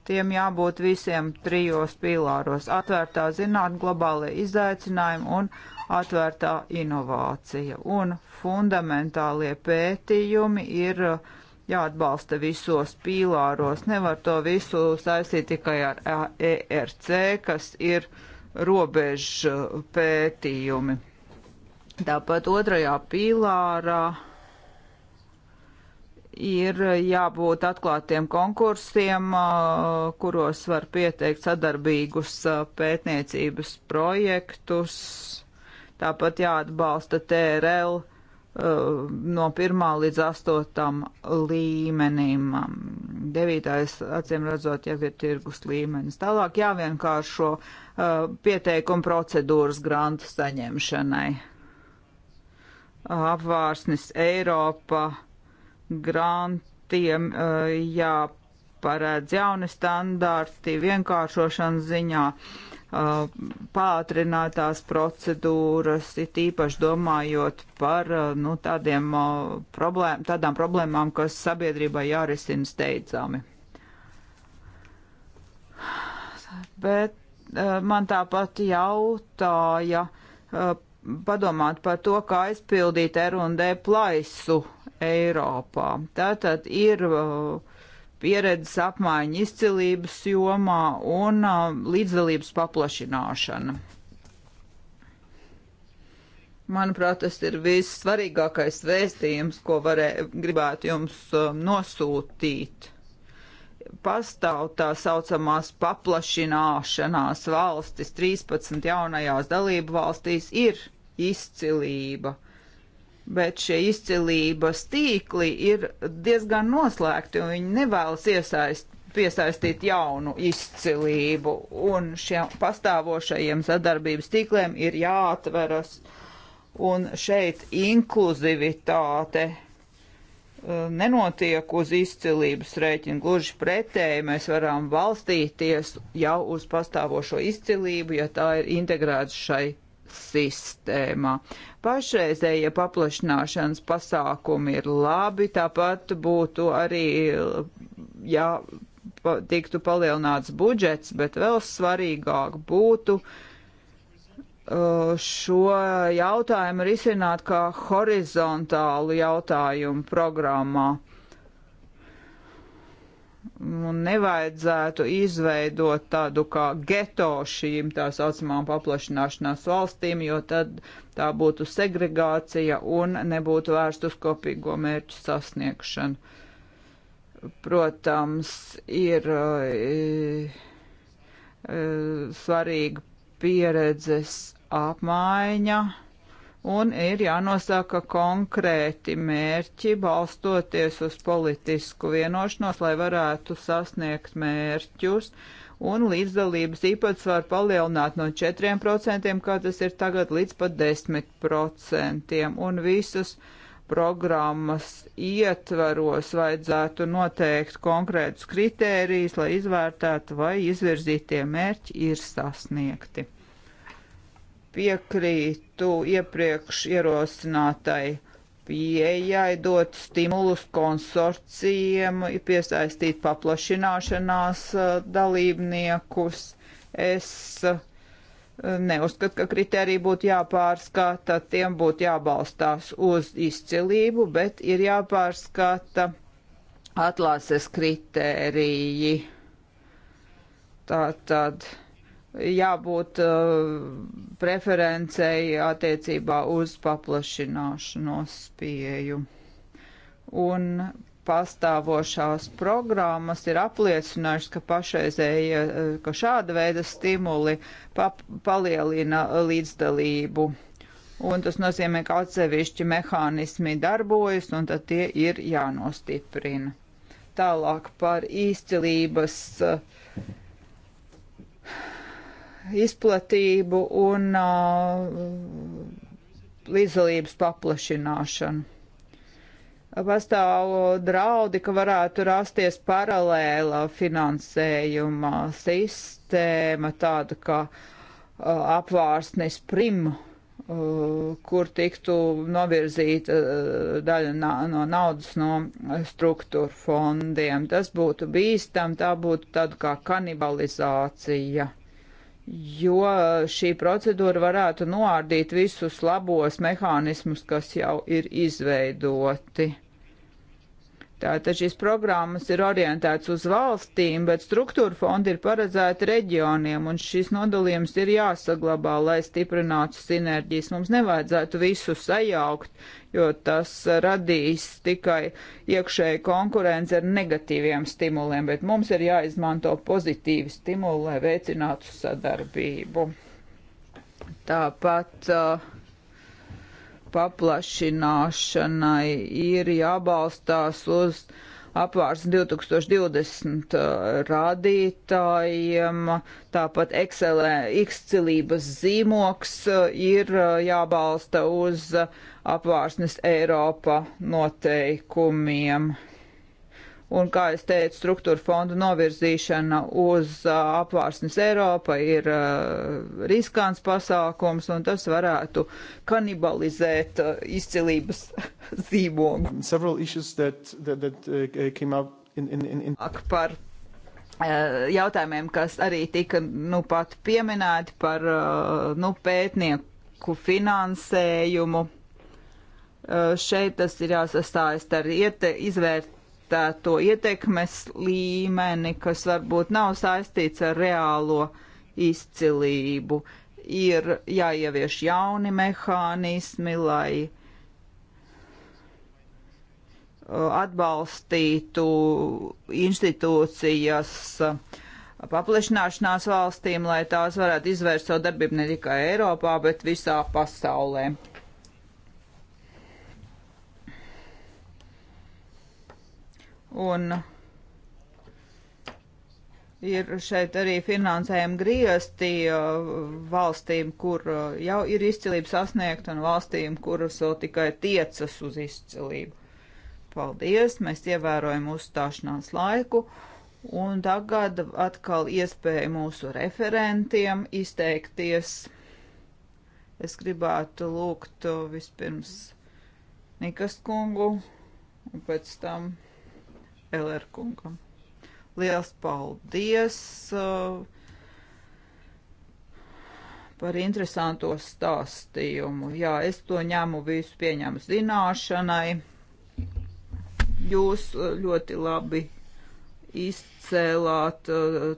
tiem jābūt visiem trijos pīlāros - atvērtā zinātne, globālie izaicinājumi un atvērtā inovācija. Un fundamentālie pētījumi ir uh, jāatbalsta visos pīlāros. Nevar to visu saistīt tikai ar ERC, kas ir robežu uh, pētījumi. Tāpat otrajā pīlārā ir eh, jābūt atklātiem konkursiem, eh, kuros var pieteikt sadarbīgus eh, pētniecības projektus. Tāpat jāatbalsta TRL no 1. līdz 8. līmenim. 9. acīm redzot, jau ir tirgus līmenis. Tālāk jāvienkāršo pieteikumu procedūras grantu saņemšanai. Apvārsnis Eiropa grantiem eh, jāparēdz jauni standarti vienkāršošanas ziņā, eh, pātrinātās procedūras, it īpaši domājot par eh, nu, tādiem, problēm, tādām problēmām, kas sabiedrībai jārisina steidzami. Bet man tāpat jautāja padomāt par to, kā aizpildīt R&D plaisu Eiropā. Tātad ir uh, pieredzes apmaiņa izcilības jomā un uh, līdzdalības paplašināšana. Manuprāt, tas ir vissvarīgākais vēstījums, ko varē, gribētu jums uh, nosūtīt pastāv tā saucamās paplašināšanās valstis, 13 jaunajās dalību valstīs ir izcilība bet šie izcilības tīkli ir diezgan noslēgti un viņi nevēlas iesaist, piesaistīt jaunu izcilību. Un šiem pastāvošajiem sadarbības tīkliem ir jāatveras. Un šeit inkluzivitāte uh, nenotiek uz izcilības rēķina. Gluži pretēji mēs varam valstīties jau uz pastāvošo izcilību, ja tā ir integrēta šai sistēmā. Pašreizējie paplašināšanas pasākumi ir labi, tāpat būtu arī, ja tiktu palielināts budžets, bet vēl svarīgāk būtu uh, šo jautājumu risināt kā horizontālu jautājumu programmā un nevajadzētu izveidot tādu kā geto šīm tā saucamām paplašināšanās valstīm, jo tad tā būtu segregācija un nebūtu vērst uz kopīgo mērķu sasniegšanu. Protams, ir e, e, svarīga pieredzes apmaiņa un ir jānosaka konkrēti mērķi, balstoties uz politisku vienošanos, lai varētu sasniegt mērķus, un līdzdalības īpatsvaru palielināt no 4%, kā tas ir tagad, līdz pat 10%, un visas programmas ietvaros vajadzētu noteikt konkrētus kritērijus, lai izvērtētu, vai izvirzītie mērķi ir sasniegti piekrītu iepriekš ierosinātai pieejai, dot stimulus konsorcijiem, piesaistīt paplašināšanās dalībniekus. Es neuzskatu, ka kriteriji būtu jāpārskata, tiem būtu jābalstās uz izcilību, bet ir jāpārskata atlases kriteriji. Tātad. Tā jābūt uh, preferencei attiecībā uz paplašināšanos pieju. Un pastāvošās programmas ir apliecinājušas, ka pašreizēja, uh, ka šāda veida stimuli pap, palielina līdzdalību. Un tas nozīmē, ka atsevišķi mehānismi darbojas, un tad tie ir jānostiprina. Tālāk par izcilības uh, izplatību un uh, līdzdalības paplašināšanu. Pastāv draudi, ka varētu rasties paralēla finansējuma sistēma, tāda kā uh, apvārsnes prim, uh, kur tiktu novirzīta daļa no naudas no struktūra fondiem. Tas būtu bīstam, tā būtu tāda kā kanibalizācija jo eh, šī procedūra varētu noārdīt visus labos mehānismus, kas jau ir izveidoti. Tātad šīs programmas ir orientētas uz valstīm, bet struktūra fondi ir paredzēti reģioniem, un šis nodalījums ir jāsaglabā, lai stiprinātu sinerģijas. Mums nevajadzētu visu sajaukt, jo tas radīs tikai iekšēji konkurence ar negatīviem stimuliem, bet mums ir jāizmanto pozitīvi stimuli, lai veicinātu sadarbību. Tāpat uh, paplašināšanai ir jābalstās uz apvārs 2020 uh, rādītājiem, tāpat ekselē, izcilības zīmoks uh, ir uh, jābalsta uz apvārsnes Eiropa noteikumiem. Un, kā es teicu, struktūra fondu novirzīšana uz apvārsnes Eiropa ir riskants pasākums, un tas varētu kanibalizēt izcilības zīmogu. That, that, that, in, in, in... Par jautājumiem, kas arī tika nu pat pieminēti par nu, pētnieku finansējumu. Šeit tas ir jāsastājas ar iete, izvērt, izvērtēto ietekmes līmeni, kas varbūt nav saistīts ar reālo izcilību. Ir jāievieš jauni mehānismi, lai uh, atbalstītu institūcijas uh, paplašināšanās valstīm, lai tās varētu izvērst savu darbību ne tikai Eiropā, bet visā pasaulē. Un ir šeit arī finansējuma griezti uh, valstīm, kur uh, jau ir izcilība sasniegta, un valstīm, kuras vēl tikai tiecas uz izcilību. Paldies, mēs ievērojam uzstāšanās laiku. Un tagad atkal iespēja mūsu referentiem izteikties. Es gribētu lūgt uh, vispirms Nikas kungu un pēc tam. Eller kungam. Liels paldies uh, par interesanto stāstījumu. Jā, es to ņemu visu pieņemu zināšanai. Jūs uh, ļoti labi izcēlāt uh,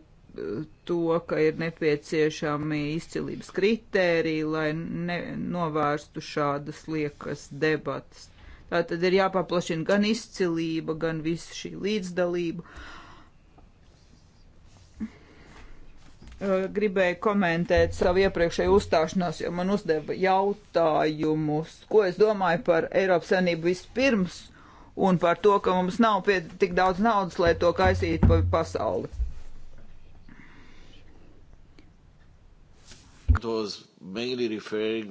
to, ka ir nepieciešami izcilības kritēriji, lai ne, novērstu šādas liekas debatas. Tad ir jāpaplašina gan izcilība, gan visa šī līdzdalība. Gribēju komentēt savu iepriekšēju uzstāšanos, jo man uzdeva jautājumus, ko es domāju par Eiropas Savienību vispirms un par to, ka mums nav pie, tik daudz naudas, lai to kaisītu pa pasauli. Those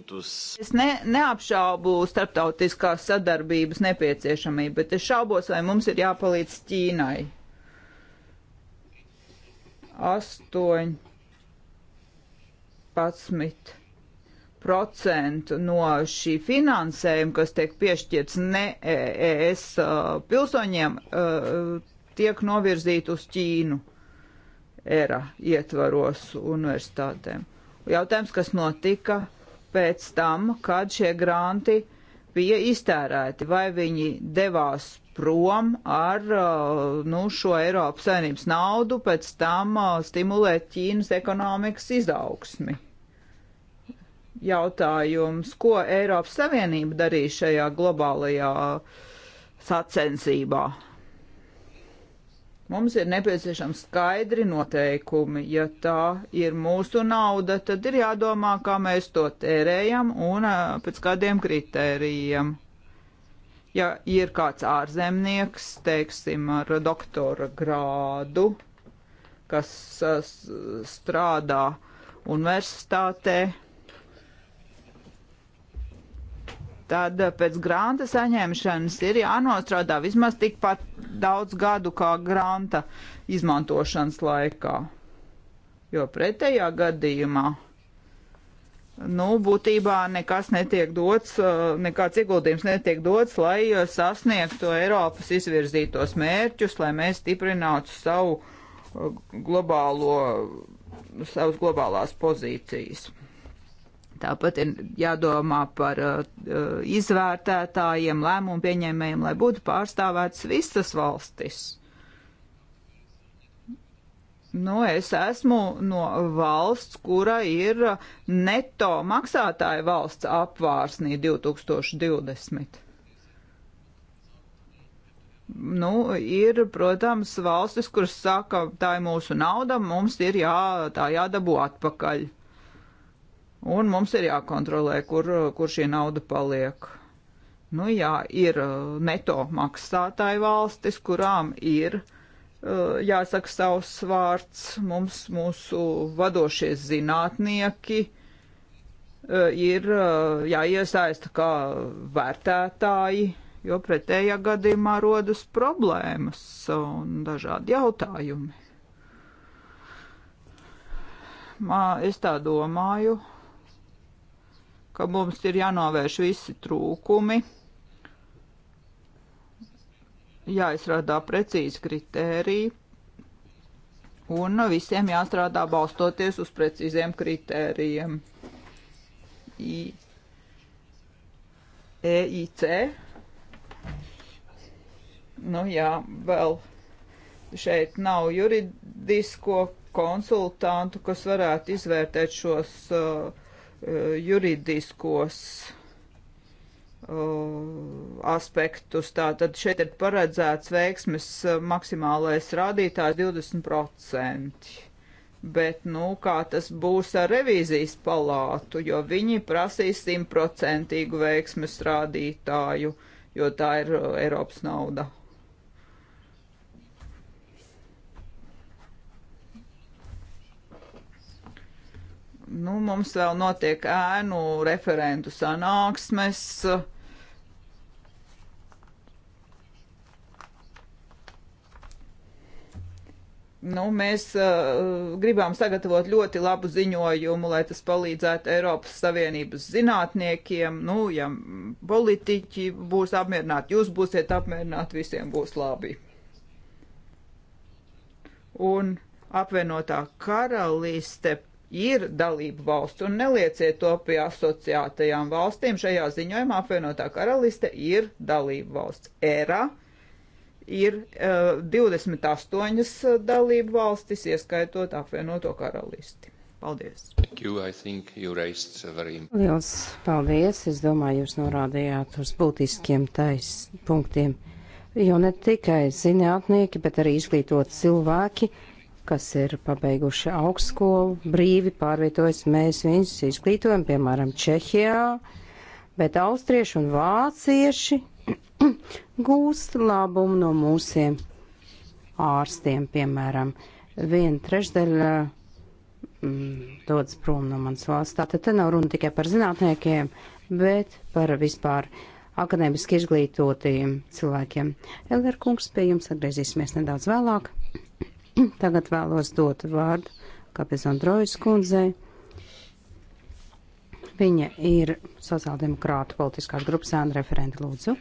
To... Es ne, neapšaubu starptautiskās sadarbības nepieciešamību, bet es šaubos, vai mums ir jāpalīdz Ķīnai. Astoņi. 11 procentu no šī finansējuma, kas tiek piešķirts ne e, e, ES uh, pilsoņiem, uh, tiek novirzīt uz Ķīnu era ietvaros universitātēm jautājums, kas notika pēc tam, kad šie granti bija iztērēti, vai viņi devās prom ar uh, nu, šo Eiropas saimnības naudu, pēc tam uh, stimulēt Ķīnas ekonomikas izaugsmi. Jautājums, ko Eiropas Savienība darīs šajā globālajā sacensībā? Mums ir nepieciešami skaidri noteikumi. Ja tā ir mūsu nauda, tad ir jādomā, kā mēs to tērējam un pēc kādiem kritērijiem. Ja ir kāds ārzemnieks, teiksim, ar doktora grādu, kas strādā universitātē, tad eh, pēc granta saņemšanas ir jānostrādā vismaz tikpat daudz gadu kā granta izmantošanas laikā. Jo pretējā gadījumā, nu, būtībā nekas netiek dots, eh, nekāds ieguldījums netiek dots, lai eh, sasniegtu Eiropas izvirzītos mērķus, lai mēs stiprinātu savu globālo, savas globālās pozīcijas. Tāpat ir jādomā par uh, uh, izvērtētājiem, lēmumu pieņēmējiem, lai būtu pārstāvētas visas valstis. Nu, es esmu no valsts, kura ir neto maksātāja valsts apvārsnī 2020. Nu, ir, protams, valstis, kuras saka, tā ir mūsu nauda, mums ir jā, tā jādabū atpakaļ. Un mums ir jākontrolē, kur, kur šī nauda paliek. Nu jā, ir uh, neto maksātāju valstis, kurām ir uh, jāsaka savs vārds. Mums mūsu vadošie zinātnieki uh, ir jāiesaista kā vērtētāji, jo pretējā gadījumā rodas problēmas un dažādi jautājumi. Mā, es tā domāju ka mums ir jānovērš visi trūkumi, jāizstrādā precīzi kritēriji un visiem jāstrādā balstoties uz precīziem kritērijiem. I, EIC. Nu jā, vēl šeit nav juridisko konsultantu, kas varētu izvērtēt šos uh, Eh, juridiskos eh, aspektus. Tātad šeit ir paredzēts veiksmes eh, maksimālais rādītājs 20%. Bet, nu, kā tas būs ar revīzijas palātu, jo viņi prasīs simtprocentīgu veiksmes rādītāju, jo tā ir Eiropas nauda. Nu, mums vēl notiek ēnu referentu sanāksmes. Nu, mēs uh, gribam sagatavot ļoti labu ziņojumu, lai tas palīdzētu Eiropas Savienības zinātniekiem. Nu, ja politiķi būs apmierināti, jūs būsiet apmierināti, visiem būs labi. Un apvienotā karaliste ir dalību valsts, un nelieciet to pie asociētajām valstīm. Šajā ziņojumā apvienotā karaliste ir dalību valsts. ERA ir uh, eh, 28 dalību valstis, ieskaitot apvienoto karalisti. Paldies! You, you very... Liels paldies! Es domāju, jūs norādījāt uz būtiskiem tais punktiem, jo ne tikai zinātnieki, bet arī izglītot cilvēki kas ir pabeiguši augstskolu, brīvi pārvietojas. Mēs viņus izglītojam, piemēram, Čehijā, bet austrieši un vācieši gūst labumu no mūsiem ārstiem, piemēram. Viena trešdaļa mm, dodas prom no manas valsts. Tātad te nav runa tikai par zinātniekiem, bet par vispār akadēmiski izglītotiem cilvēkiem. Elver kungs, pie jums atgriezīsimies nedaudz vēlāk. Tagad vēlos dot vārdu Kapizon Drojas kundzei. Viņa ir sociāldemokrātu politiskās grupas ēna referenta lūdzu.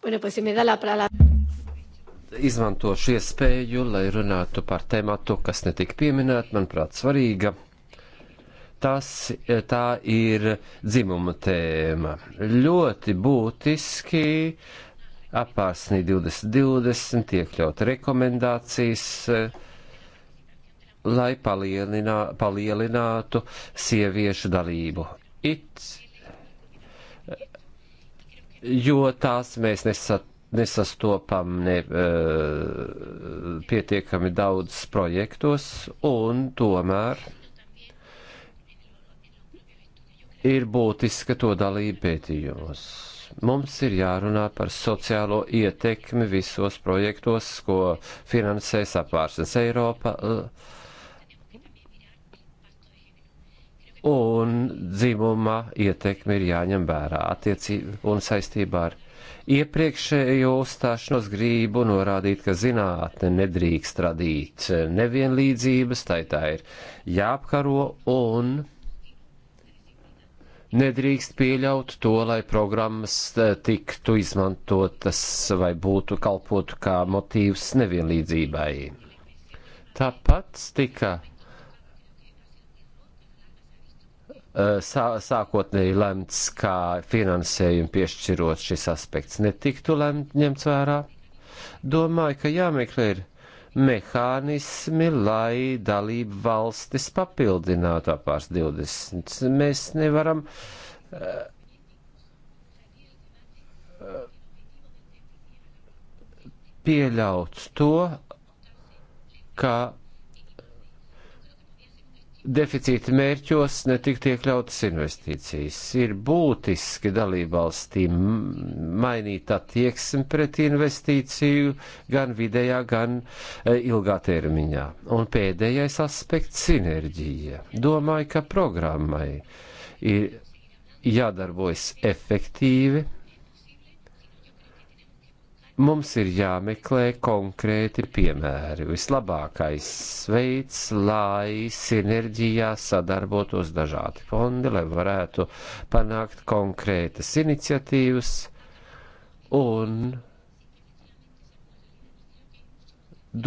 Bueno, pues si me da la palabra izmantošu iespēju, lai runātu par tēmatu, kas netika pieminēta, manuprāt, svarīga. Tas, tā ir dzimuma tēma. Ļoti būtiski apārsnī 2020 iekļaut rekomendācijas, eh, lai palielinā, palielinātu sieviešu dalību. It, eh, jo tās mēs nesat, nesastopam ne, eh, pietiekami daudz projektos, un tomēr ir būtiska to dalība pētījumos. Mums ir jārunā par sociālo ietekmi visos projektos, ko finansēs apvārsnes Eiropa. Un dzimuma ietekmi ir jāņem vērā attiecībā un saistībā ar iepriekšējo uzstāšanos gribu norādīt, ka zinātne nedrīkst radīt nevienlīdzības, tai tā ir jāapkaro un nedrīkst pieļaut to, lai programmas eh, tiktu izmantotas vai būtu kalpotu kā motīvs nevienlīdzībai. Tāpat tika eh, sā, sākotnēji lemts, kā finansējumu piešķirot šis aspekts netiktu lemt, ņemts vērā. Domāju, ka jāmeklē ir mehānismi, lai dalību valstis papildinātu apārs 20. Mēs nevaram. Uh, uh, pieļaut to, ka deficīta mērķos netiktu iekļautas investīcijas. Ir būtiski dalībvalstīm mainīt attieksmi pret investīciju gan vidējā, gan e, ilgā termiņā. Un pēdējais aspekts - sinerģija. Domāju, ka programmai ir jādarbojas efektīvi Mums ir jāmeklē konkrēti piemēri. Vislabākais veids, lai sinerģijā sadarbotos dažādi fondi, lai varētu panākt konkrētas iniciatīvas un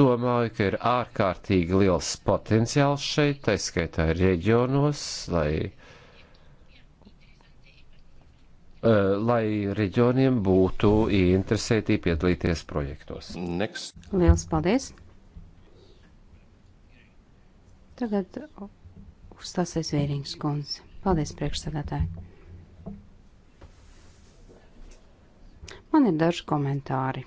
domāju, ka ir ārkārtīgi liels potenciāls šeit, taiskaitā reģionos, lai Eh, lai reģioniem būtu interesēti piedalīties projektos. Next. Liels paldies! Tagad uzstāsies Vērīgs kundze. Paldies, priekšsēdētāji! Man ir daži komentāri.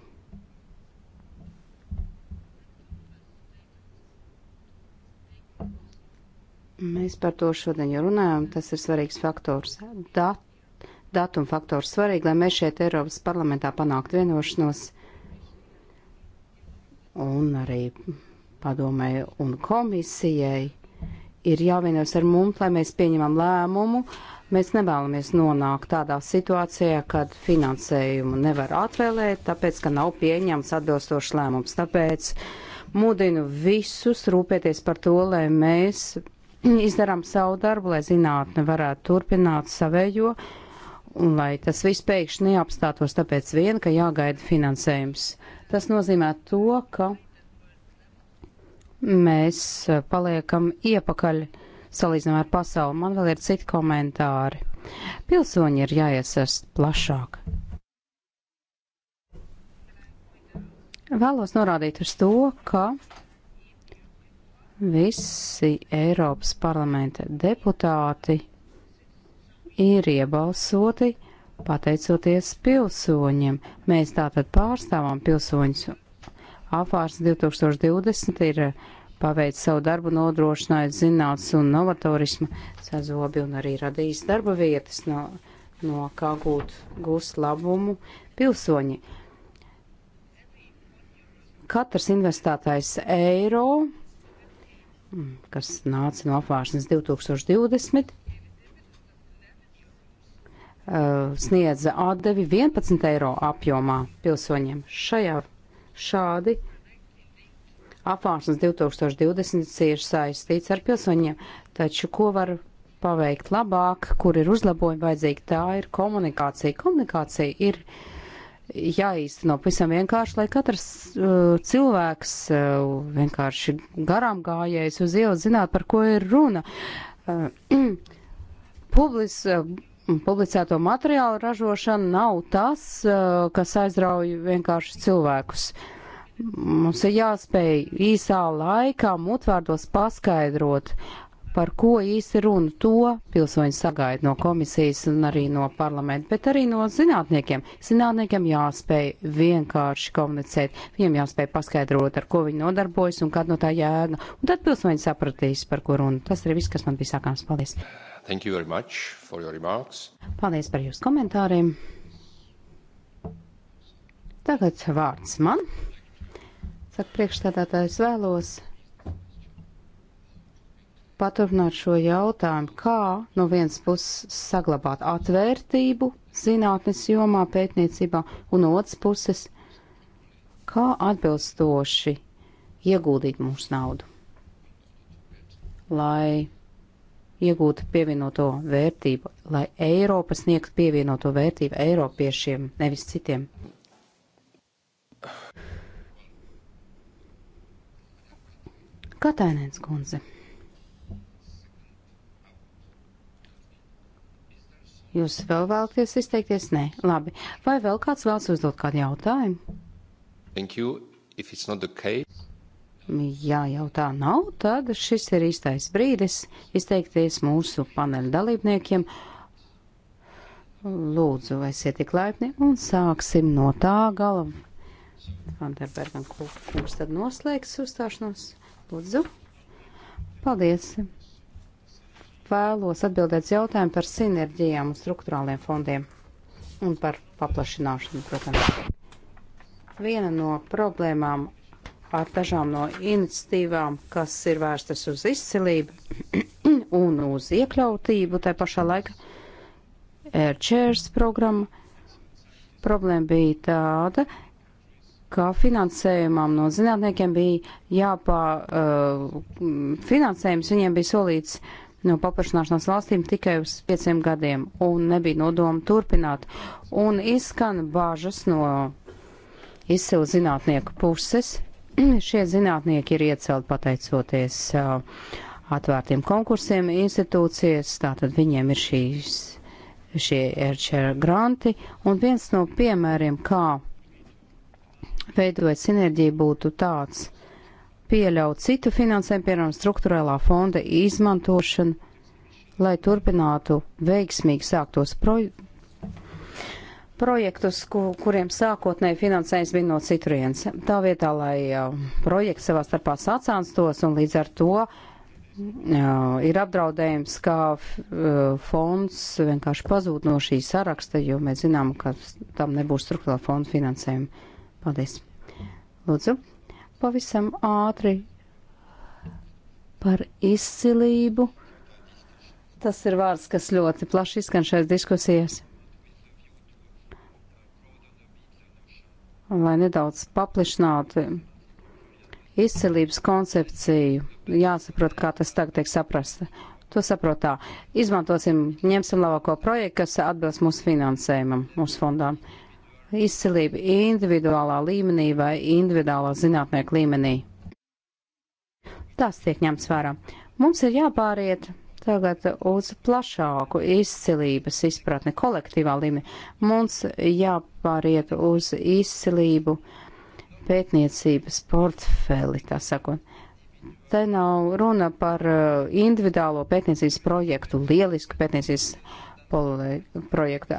Mēs par to šodien jau runājam, tas ir svarīgs faktors. Dat datuma faktors svarīgi, lai mēs šeit Eiropas parlamentā panāktu vienošanos un arī padomē un komisijai ir jāvienos ar mums, lai mēs pieņemam lēmumu. Mēs nevēlamies nonākt tādā situācijā, kad finansējumu nevar atvēlēt, tāpēc, ka nav pieņemts atbilstošs lēmums. Tāpēc mudinu visus rūpēties par to, lai mēs izdarām savu darbu, lai zinātne varētu turpināt savējo. Jo un lai tas viss pēkšņi neapstātos tāpēc vien, ka jāgaida finansējums. Tas nozīmē to, ka mēs eh, paliekam iepakaļ salīdzinām ar pasauli. Man vēl ir citi komentāri. Pilsoņi ir jāiesaist plašāk. Vēlos norādīt uz to, ka visi Eiropas parlamenta deputāti ir iebalsoti pateicoties pilsoņiem. Mēs tātad pārstāvam pilsoņus. Afārs 2020 ir paveic savu darbu, nodrošinājis zinātnes un novatorismu sazobi un arī radījis darba vietas, no, no kā gūt, gūst labumu pilsoņi. Katrs investētājs eiro, kas nāca no apvāršanas 2020, Uh, sniedza atdevi 11 eiro apjomā pilsoņiem. Šajā šādi apvārsnes 2020 cieši saistīts ar pilsoņiem, taču ko var paveikt labāk, kur ir uzlabojumi vajadzīgi, tā ir komunikācija. Komunikācija ir jāīsteno pavisam vienkārši, lai katrs uh, cilvēks uh, vienkārši garām gājējis uz ielas zinātu, par ko ir runa. Uh, publis, uh, Mm, publicēto materiālu ražošana nav tas, eh, kas aizrauj vienkārši cilvēkus. Mums ir jāspēj īsā laikā mutvārdos paskaidrot, par ko īsti runa to pilsoņi sagaida no komisijas un arī no parlamenta, bet arī no zinātniekiem. Zinātniekiem jāspēj vienkārši komunicēt, viņiem jāspēj paskaidrot, ar ko viņi nodarbojas un kāda no tā jēga. Un tad pilsoņi sapratīs, par ko runa. Tas ir viss, kas man bija sākāms. Paldies! Thank you very much for your remarks. Paldies par jūsu komentāriem. Tagad vārds man. Saka priekšstādātājs vēlos paturpināt šo jautājumu, kā no vienas puses saglabāt atvērtību zinātnes jomā, pētniecībā, un no otras puses, kā atbilstoši ieguldīt mūsu naudu, lai iegūt pievienoto vērtību, lai Eiropa sniegtu pievienoto vērtību Eiropiešiem, nevis citiem. Katainēns kundze. Jūs vēl vēlaties izteikties? Nē, labi. Vai vēl kāds vēlas uzdot kādu jautājumu? Thank you. If it's not the case. Ja jau tā nav, tad šis ir īstais brīdis izteikties mūsu paneļa dalībniekiem. Lūdzu, esiet tik laipni un sāksim no tā gala. Vanderbergan kungs tad noslēgs uzstāšanos. Lūdzu. Paldies. Vēlos atbildēt jautājumu par sinerģijām un struktūrāliem fondiem un par paplašināšanu, protams. Viena no problēmām ar dažām no iniciatīvām, kas ir vērstas uz izcilību un uz iekļautību. Tā pašā laikā Air Chairs programma problēma bija tāda, ka finansējumam no zinātniekiem bija jāpā, uh, finansējums viņiem bija solīts no paplašināšanās valstīm tikai uz pieciem gadiem un nebija nodoma turpināt. Un izskan bāžas no izcilu zinātnieku puses, Šie zinātnieki ir iecelt pateicoties uh, atvērtiem konkursiem institūcijas, tātad viņiem ir šīs, šie RCR granti, un viens no piemēriem, kā veidojot sinerģiju, būtu tāds pieļaut citu finansējumu, piemēram, struktūrālā fonda izmantošanu, lai turpinātu veiksmīgi sāktos pro projektus, ku, kuriem sākotnēji finansējums bija no citurienes. Tā vietā, lai uh, projekti savā starpā sacenstos un līdz ar to uh, ir apdraudējums, ka uh, fonds vienkārši pazūd no šī saraksta, jo mēs zinām, ka tam nebūs struktūrā fonda finansējuma. Paldies. Lūdzu, pavisam ātri par izcilību. Tas ir vārds, kas ļoti plaši izskan šajās diskusijās. lai nedaudz paplišinātu izcelības koncepciju, jāsaprot, kā tas tagad tiek saprasta. To saprot tā. Izmantosim, ņemsim labāko projektu, kas atbilst mūsu finansējumam, mūsu fondām. Izcelība individuālā līmenī vai individuālā zinātnieku līmenī. Tas tiek ņemts vērā. Mums ir jāpāriet tagad uz plašāku izcilības izpratni kolektīvā līmenī. Mums jāpāriet uz izcilību pētniecības portfeli, tā sakot. Te nav runa par uh, individuālo pētniecības projektu, lielisku pētniecības projektu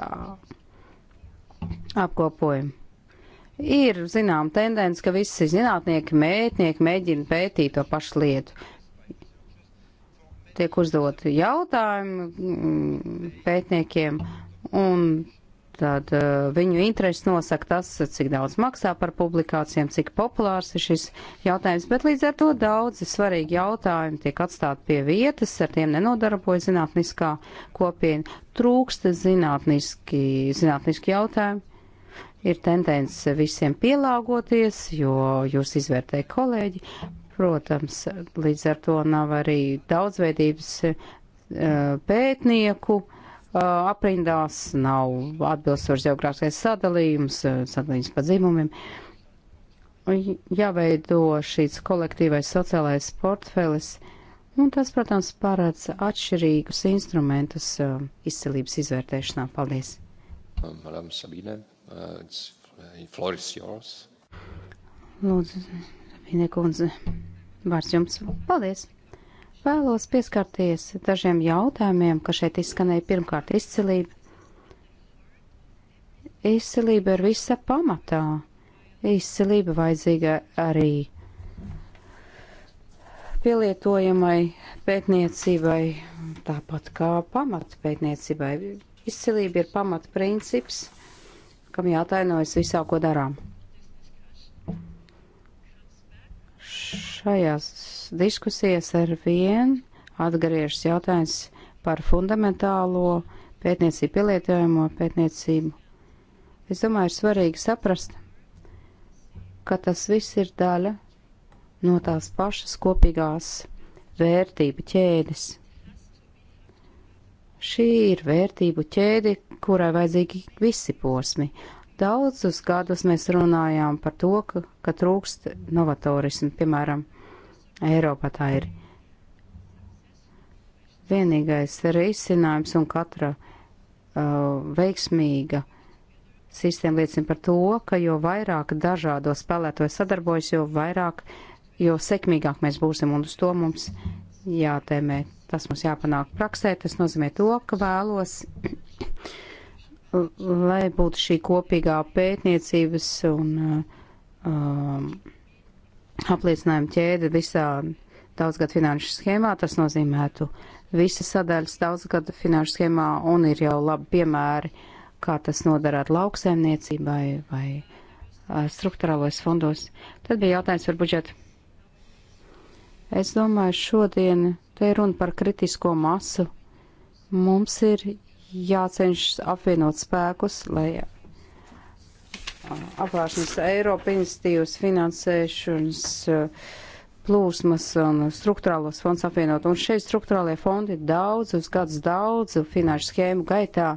apkopojumu. Ir zinām tendence, ka visi zinātnieki, mētnieki mēģina pētīt to pašu lietu tiek uzdot jautājumi mm, pētniekiem, un tad eh, viņu interesi nosaka tas, cik daudz maksā par publikācijām, cik populārs ir šis jautājums, bet līdz ar to daudzi svarīgi jautājumi tiek atstāti pie vietas, ar tiem nenodarbojas zinātniskā kopiena, trūksta zinātniski, zinātniski jautājumi ir tendence visiem pielāgoties, jo jūs izvērtēja kolēģi, Protams, līdz ar to nav arī daudzveidības eh, pētnieku eh, aprindās, nav atbilstošs geogrāfiskais sadalījums, eh, sadalījums pa dzimumiem. Jāveido šīs kolektīvais sociālais portfelis, un tas, protams, paredz atšķirīgus instrumentus izcelības izvērtēšanā. Paldies! Madam Sabine, uh, it's, uh, floor is yours. Lūdzu. Viņa kundze, vārds jums. Paldies! Vēlos pieskarties dažiem jautājumiem, ka šeit izskanēja pirmkārt izcilība. Izcilība ir visa pamatā. Izcilība vajadzīga arī pielietojamai pētniecībai, tāpat kā pamatpētniecībai. Izcilība ir pamatprincips, kam jātainojas visā, ko darām. šajās diskusijas ar vien atgriežas jautājums par fundamentālo pētniecību, pielietojumu pētniecību. Es domāju, ir svarīgi saprast, ka tas viss ir daļa no tās pašas kopīgās vērtību ķēdes. Šī ir vērtību ķēde, kurai vajadzīgi visi posmi, Daudzus gadus mēs runājām par to, ka, ka trūkst novatorismu, piemēram, Eiropā tā ir. Vienīgais risinājums un katra uh, veiksmīga sistēma liecina par to, ka jo vairāk dažādo spēlētoju sadarbojas, jo vairāk, jo sekmīgāk mēs būsim un uz to mums jātēmē. Tas mums jāpanāk praksē, tas nozīmē to, ka vēlos lai būtu šī kopīgā pētniecības un uh, um, apliecinājuma ķēde visā daudzgad finanšu schēmā, tas nozīmētu visas sadaļas daudzgad finanšu schēmā un ir jau labi piemēri, kā tas nodarāt lauksaimniecībai vai uh, struktūrālos fondos. Tad bija jautājums par budžetu. Es domāju, šodien te ir runa par kritisko masu. Mums ir jācenšas apvienot spēkus, lai apvāršanas Eiropa institīvas finansēšanas plūsmas un struktūrālos fonds apvienot. Un šeit struktūrālie fondi daudzus gadus daudzu finanšu schēmu gaitā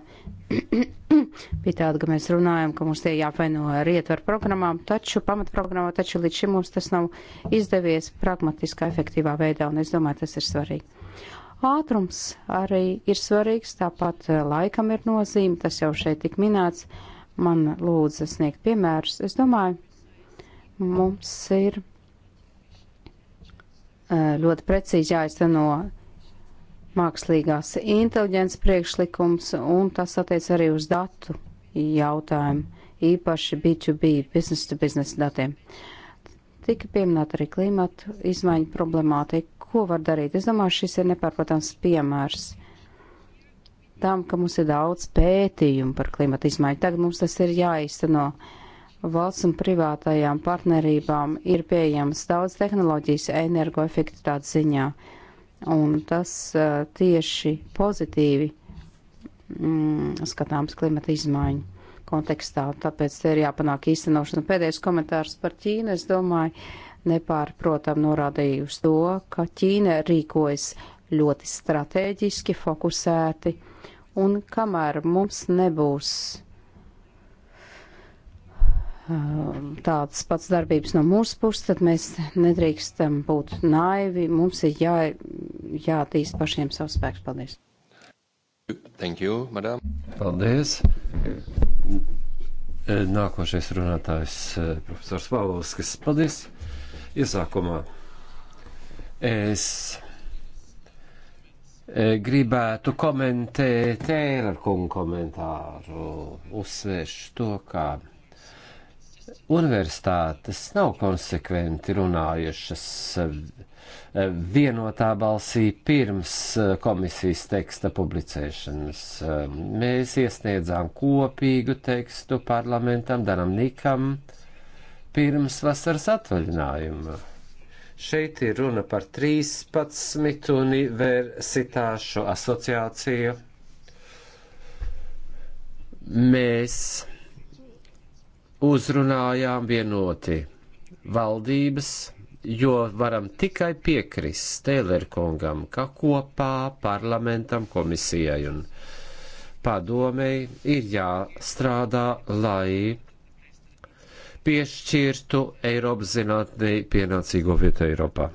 bija tāda, ka mēs runājam, ka mums tie jāapvaino ar ietveru programmām, taču pamatprogrammā, taču līdz šim mums tas nav izdevies pragmatiskā, efektīvā veidā, un es domāju, tas ir svarīgi. Ātrums arī ir svarīgs, tāpat eh, laikam ir nozīme, tas jau šeit tik minēts. Man lūdza sniegt piemērus. Es domāju, mums ir eh, ļoti precīzi jāizteno mākslīgās inteliģences priekšlikums, un tas attiec arī uz datu jautājumu, īpaši B2B, business to business datiem. Tika pieminēta arī klimatu izmaiņu problemātika, ko var darīt. Es domāju, šis ir nepārprotams piemērs tam, ka mums ir daudz pētījumu par klimata izmaiņu. Tagad mums tas ir jāizteno. Valsts un privātajām partnerībām ir pieejams daudz tehnoloģijas energoefektivitātes ziņā, un tas uh, tieši pozitīvi mm, skatāms klimata izmaiņu kontekstā, tāpēc te ir jāpanāk īstenošana. Pēdējais komentārs par Ķīnu, es domāju, uh, nepārprotam norādīja uz to, ka Ķīna rīkojas ļoti strateģiski, fokusēti, un kamēr mums nebūs um, tāds pats darbības no mūsu puses, tad mēs nedrīkstam būt naivi. Mums ir jā, jātīst pašiem savs spēks. Paldies! Thank you, madam! Paldies! Nākošais runātājs eh, profesors Pavlovskis. Paldies! iesākumā. Es e, gribētu komentēt Tēlera kungu komentāru, uzsvēršu to, ka universitātes nav konsekventi runājušas e, vienotā balsī pirms e, komisijas teksta publicēšanas. Mēs iesniedzām kopīgu tekstu parlamentam, Danam Nikam, uh, pirms vasaras atvaļinājuma. Šeit ir runa par 13 universitāšu asociāciju. Mēs uzrunājām vienoti valdības, jo varam tikai piekrist Stēlerkungam, ka kopā parlamentam, komisijai un padomei ir jāstrādā, lai piešķirtu Eiropas zinātnē pienācīgo vietu Eiropā.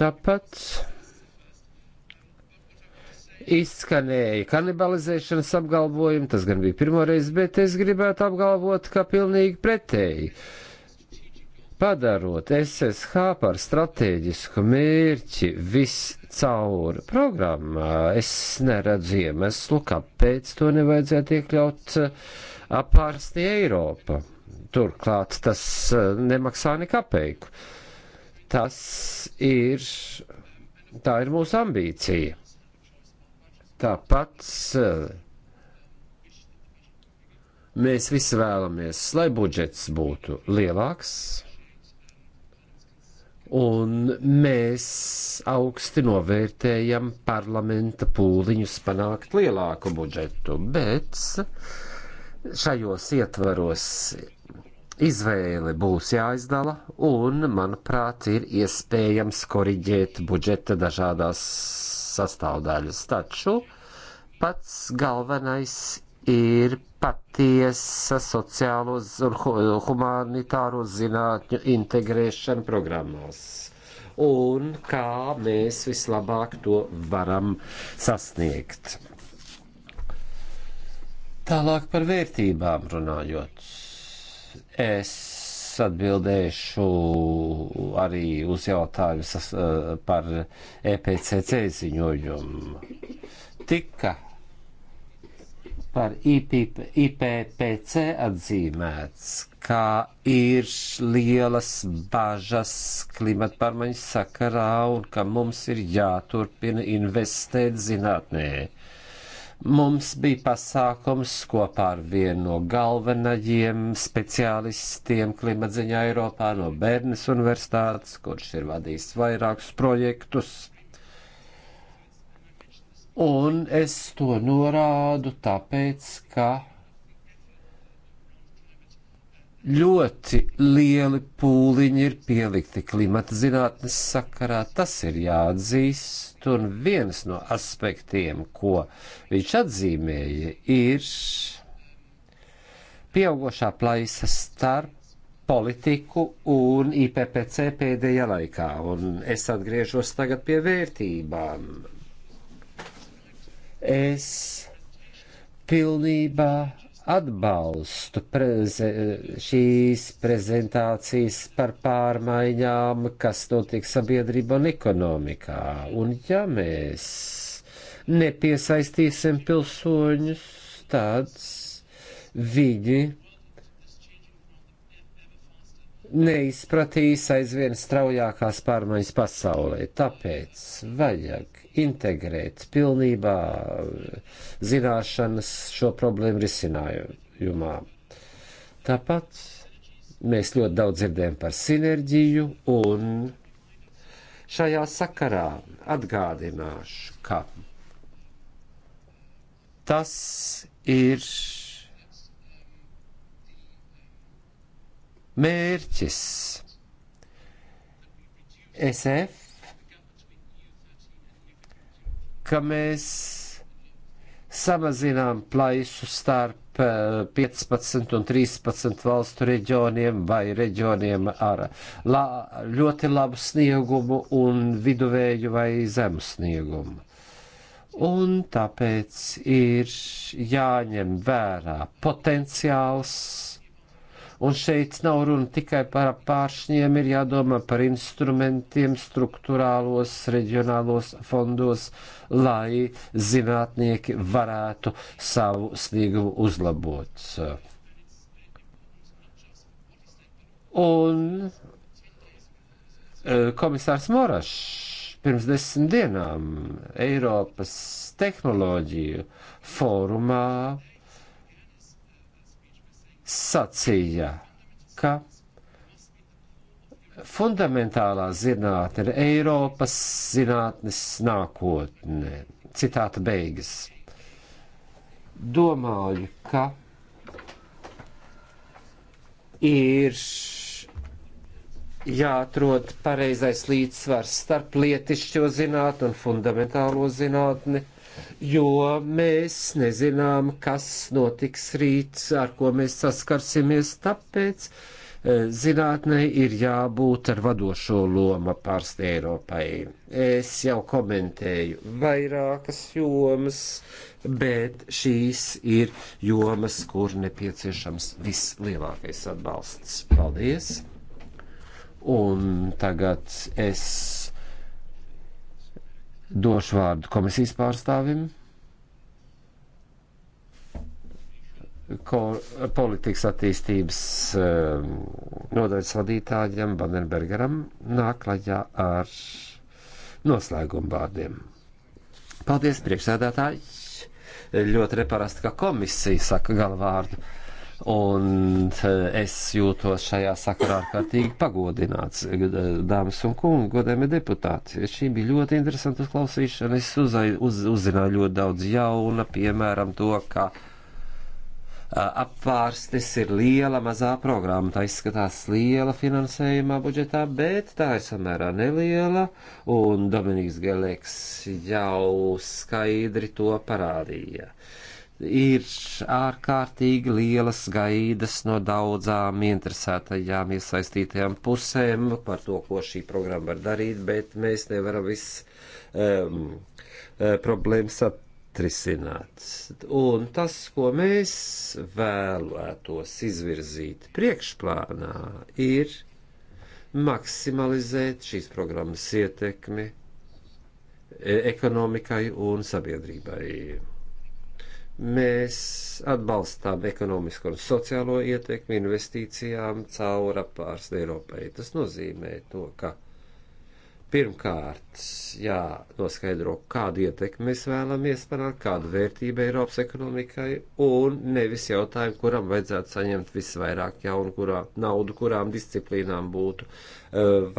Tāpat izskanēja kanibalizēšanas apgalvojumi, tas gan bija pirmoreiz, bet es gribētu apgalvot, ka pilnīgi pretēji. Padarot SSH par strateģisku mērķi viscaur programmā, es neredzu iemeslu, kāpēc to nevajadzētu iekļaut uh, apvārsti Eiropa. Turklāt tas eh, nemaksā nekapeiku. Tas ir, tā ir mūsu ambīcija. Tāpat eh, mēs visi vēlamies, lai budžets būtu lielāks, un mēs augsti novērtējam parlamenta pūliņus panākt lielāku budžetu, bet šajos ietvaros izvēle būs jāizdala, un, manuprāt, ir iespējams koriģēt budžeta dažādās sastāvdaļas. Taču pats galvenais ir patiesa sociālo un humanitāro zinātņu integrēšana programmās. Un kā mēs vislabāk to varam sasniegt. Tālāk par vērtībām runājot. Es atbildēšu arī uz jautājumu eh, par EPCC ziņojumu. Tika par IP, IPPC atzīmēts, kā ir lielas bažas klimata pārmaiņas sakarā un ka mums ir jāturpina investēt zinātnē. Mums bija pasākums kopā ar vienu no galvenajiem speciālistiem klimatziņā Eiropā no Bērnes universitātes, kurš ir vadījis vairākus projektus. Un es to norādu tāpēc, ka ļoti lieli pūliņi ir pielikti klimata zinātnes sakarā. Tas ir jāatzīst, un viens no aspektiem, ko viņš atzīmēja, ir pieaugošā plaisa starp politiku un IPPC pēdējā laikā, un es atgriežos tagad pie vērtībām. Es pilnībā atbalstu preze, šīs prezentācijas par pārmaiņām, kas notiek sabiedrībā un ekonomikā. Un ja mēs nepiesaistīsim pilsoņus, tad viņi neizpratīs aizvien straujākās pārmaiņas pasaulē. Tāpēc vajag integrēt pilnībā zināšanas šo problēmu risinājumā. Tāpat mēs ļoti daudz dzirdējam par sinerģiju un šajā sakarā atgādināšu, ka tas ir mērķis SF ka mēs samazinām plaisu starp 15 eh, un 13 valstu reģioniem vai reģioniem ar la, ļoti labu sniegumu un viduvēju vai zemu sniegumu. Un tāpēc ir jāņem vērā potenciāls Un šeit nav runa tikai par pāršņiem, ir jādomā par instrumentiem struktūrālos, reģionālos fondos, lai zinātnieki varētu savu sniegumu uzlabot. Un eh, komisārs Morašs pirms desmit dienām Eiropas tehnoloģiju fórumā sacīja, ka fundamentālā zinātne ir Eiropas zinātnes nākotne. Citāta beigas. Domāju, ka ir jāatrod pareizais līdzsvars starp lietišķo zinātni un fundamentālo zinātni jo mēs nezinām, kas notiks rīt, ar ko mēs saskarsimies, tāpēc e, zinātnē ir jābūt ar vadošo loma pārst Eiropai. Es jau komentēju vairākas jomas, bet šīs ir jomas, kur nepieciešams vislielākais atbalsts. Paldies! Un tagad es Došu vārdu komisijas pārstāvim. Ko, politikas attīstības ehm, nodaļas vadītājam Vandenbergeram nāk klajā ar noslēgumu vārdiem. Paldies, priekšsēdētāji! Ļoti reparasti, ka komisija saka galvārdu. Un eh, es jūtos šajā sakarā ārkārtīgi pagodināts, eh, dāmas un kungi, godējami deputāti. Šī bija ļoti interesanta klausīšana. Es uzai, uz, uzzināju ļoti daudz jauna, piemēram, to, ka eh, apvārstis ir liela mazā programma. Tā izskatās liela finansējumā budžetā, bet tā ir samērā neliela, un Dominiks Geleks jau skaidri to parādīja. Uh, ir ārkārtīgi lielas gaidas no daudzām interesētajām iesaistītajām pusēm par to, ko šī programma var darīt, bet mēs nevaram viss um, problēmas atrisināt. Un tas, ko mēs vēlētos izvirzīt priekšplānā, ir maksimalizēt šīs programmas ietekmi e-, ekonomikai un sabiedrībai Mēs atbalstām ekonomisko un sociālo ietekmi investīcijām caur apārsni Eiropai. Tas nozīmē to, ka Pirmkārt, jānoskaidro, kādu ietekmi mēs vēlamies panākt, kādu vērtību Eiropas ekonomikai, un nevis jautājumu, kuram vajadzētu saņemt visvairāk jaunu kurā, naudu, kurām disciplīnām būtu uh,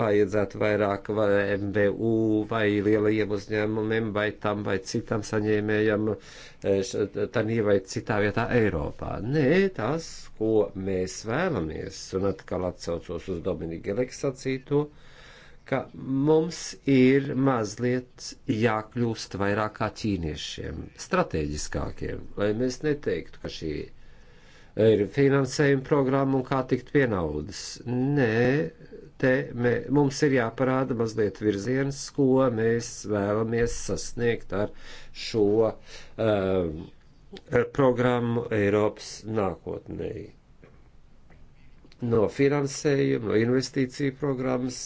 vajadzētu vairāk vai MBU vai lielajiem uzņēmumiem vai tam vai citam saņēmējam eh, tanī vai citā vietā Eiropā. Nē, tas, ko mēs vēlamies, un atkal atsaucos uz Dominika Leksa sacīto, uh, ka mums ir mazliet jākļūst vairāk kā ķīniešiem, strateģiskākiem, lai mēs neteiktu, ka šī ir finansējuma programma un kā tikt pie naudas. Nē, te mē, mums ir jāparāda mazliet virziens, ko mēs vēlamies sasniegt ar šo um, programmu Eiropas nākotnēji no finansējuma, no investīciju programmas,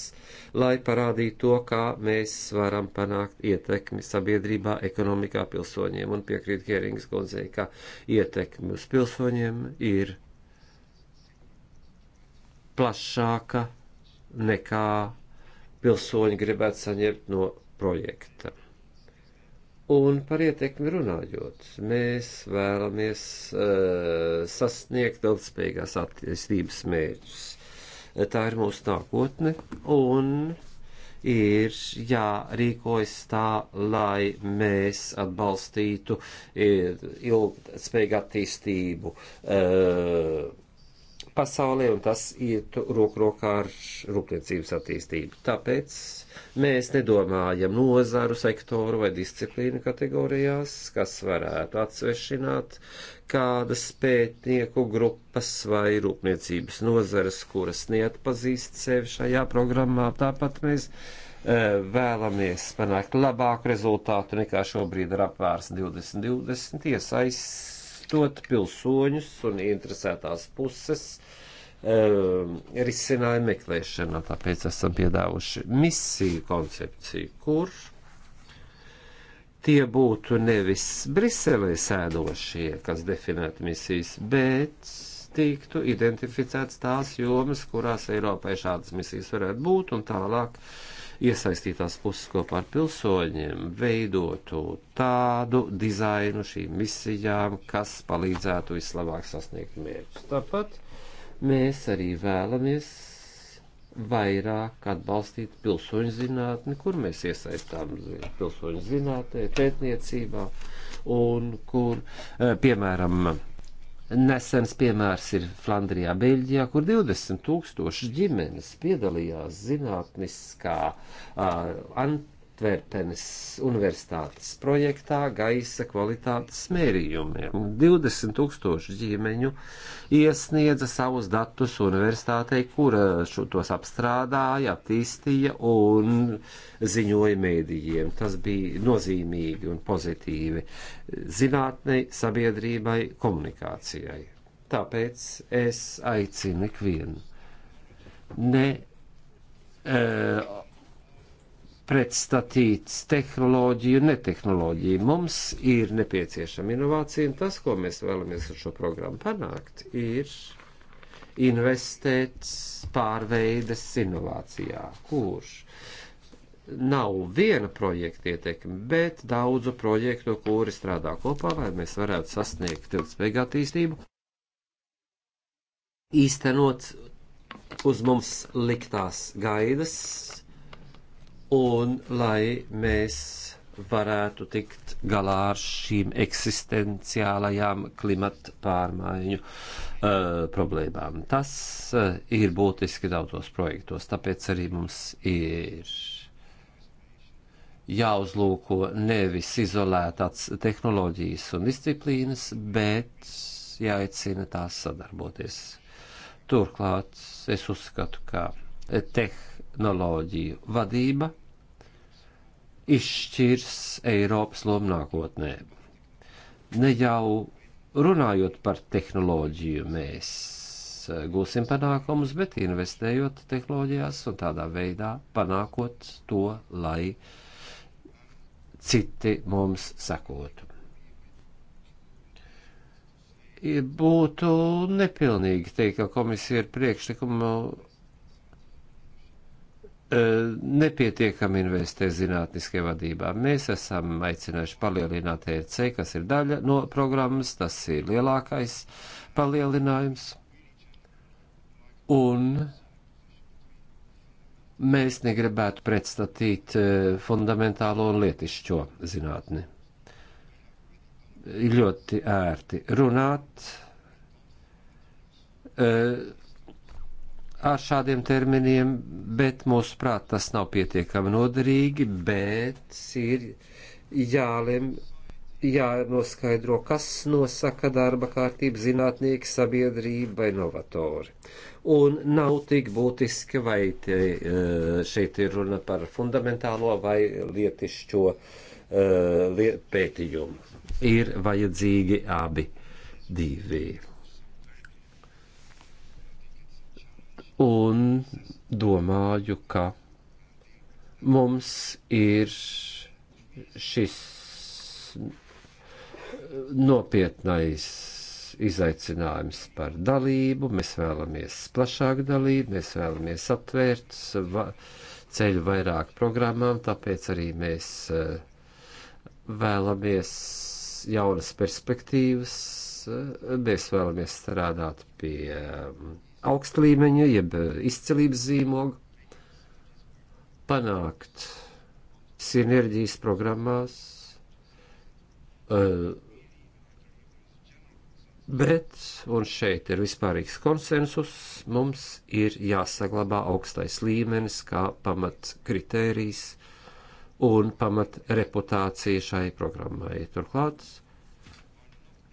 lai parādītu to, kā mēs varam panākt ietekmi sabiedrībā, ekonomikā, pilsoņiem. Un piekrīt Kierings kundzei, ka ietekmi uz pilsoņiem ir plašāka nekā pilsoņi gribētu saņemt no projekta. Un par ietekmi runājot, mēs vēlamies uh, sasniegt ilgspējīgās attīstības mērķus. Tā ir mūsu nākotne un ir jārīkojas tā, lai mēs atbalstītu eh, ilgspējīgu attīstību. Uh, pasaulē, un tas iet roku rokā ar rūpniecības attīstību. Tāpēc mēs nedomājam nozaru sektoru vai disciplīnu kategorijās, kas varētu atsvešināt kādas pētnieku grupas vai rūpniecības nozares, kuras neatpazīst sevi šajā programmā. Tāpat mēs eh, vēlamies panākt labāku rezultātu nekā šobrīd ar apvērs 2020 iesaist iesaistot pilsoņus un interesētās puses um, risinājumu meklēšanā. Tāpēc esam piedāvuši misiju koncepciju, kur tie būtu nevis Briselē sēdošie, kas definētu misijas, bet tiktu identificēts tās jomas, kurās Eiropai šādas misijas varētu būt un tālāk. Uh, iesaistītās puses kopā ar pilsoņiem veidotu tādu dizainu šīm misijām, kas palīdzētu vislabāk sasniegt mērķus. Tāpat mēs arī vēlamies vairāk atbalstīt pilsoņu zinātni, kur mēs iesaistām pilsoņu zinātnē, pētniecībā un kur, eh, piemēram, Nesens piemērs ir Flandrijā, Beļģijā, kur 20 tūkstoši ģimenes piedalījās zinātniskā uh, Antverpenes universitātes projektā gaisa kvalitātes mērījumiem. 20 tūkstoši ģimeņu iesniedza savus datus universitātei, kura šo, tos apstrādāja, attīstīja un ziņoja mēdījiem. Tas bija nozīmīgi un pozitīvi zinātnei, sabiedrībai, komunikācijai. Tāpēc es aicinu ikvienu. Ne, e, pretstatīt tehnoloģiju un netehnoloģiju. Mums ir nepieciešama inovācija, un tas, ko mēs vēlamies ar šo programmu panākt, ir investēt pārveides inovācijā, kurš nav viena projekta ietekme, bet daudzu projektu, kuri strādā kopā, lai mēs varētu sasniegt ilgspējīgu attīstību, īstenot uz mums liktās gaidas un lai mēs varētu tikt galā ar šīm eksistenciālajām klimata pārmaiņu uh, problēmām. Tas uh, ir būtiski daudzos projektos, tāpēc arī mums ir jāuzlūko nevis izolētāts tehnoloģijas un disciplīnas, bet jāicina tās sadarboties. Turklāt es uzskatu, ka tehnoloģiju vadība izšķirs Eiropas lomu nākotnē. Ne jau runājot par tehnoloģiju mēs eh, gūsim panākumus, bet investējot tehnoloģijās un tādā veidā panākot to, lai citi mums sekotu. Būtu nepilnīgi teikt, ka komisija ir priekšlikumu Eh, nepietiekami investē zinātniskajā vadībā. Mēs esam aicinājuši palielināt ERC, kas ir daļa no programmas, tas ir lielākais palielinājums. Un mēs negribētu pretstatīt eh, fundamentālo un lietišķo zinātni. Ir ļoti ērti runāt eh, ar šādiem terminiem, bet mūsu prāt tas nav pietiekami noderīgi, bet ir jālem, jānoskaidro, kas nosaka darba kārtību zinātnieki, sabiedrība, inovatori. Un nav tik būtiski, vai te, eh, šeit ir runa par fundamentālo vai lietišķo eh, pētījumu. Ir vajadzīgi abi divi. Un domāju, ka mums ir šis nopietnais izaicinājums par dalību, mēs vēlamies plašāku dalību, mēs vēlamies atvērt va ceļu vairāk programmām, tāpēc arī mēs eh, vēlamies jaunas perspektīvas, eh, mēs vēlamies strādāt pie augsta līmeņa, jeb eh, izcelības zīmogu, panākt sinerģijas programmās, eh, bet, un šeit ir vispārīgs konsensus, mums ir jāsaglabā augstais līmenis kā pamat kritērijs un pamat reputācija šai programmai. Turklāt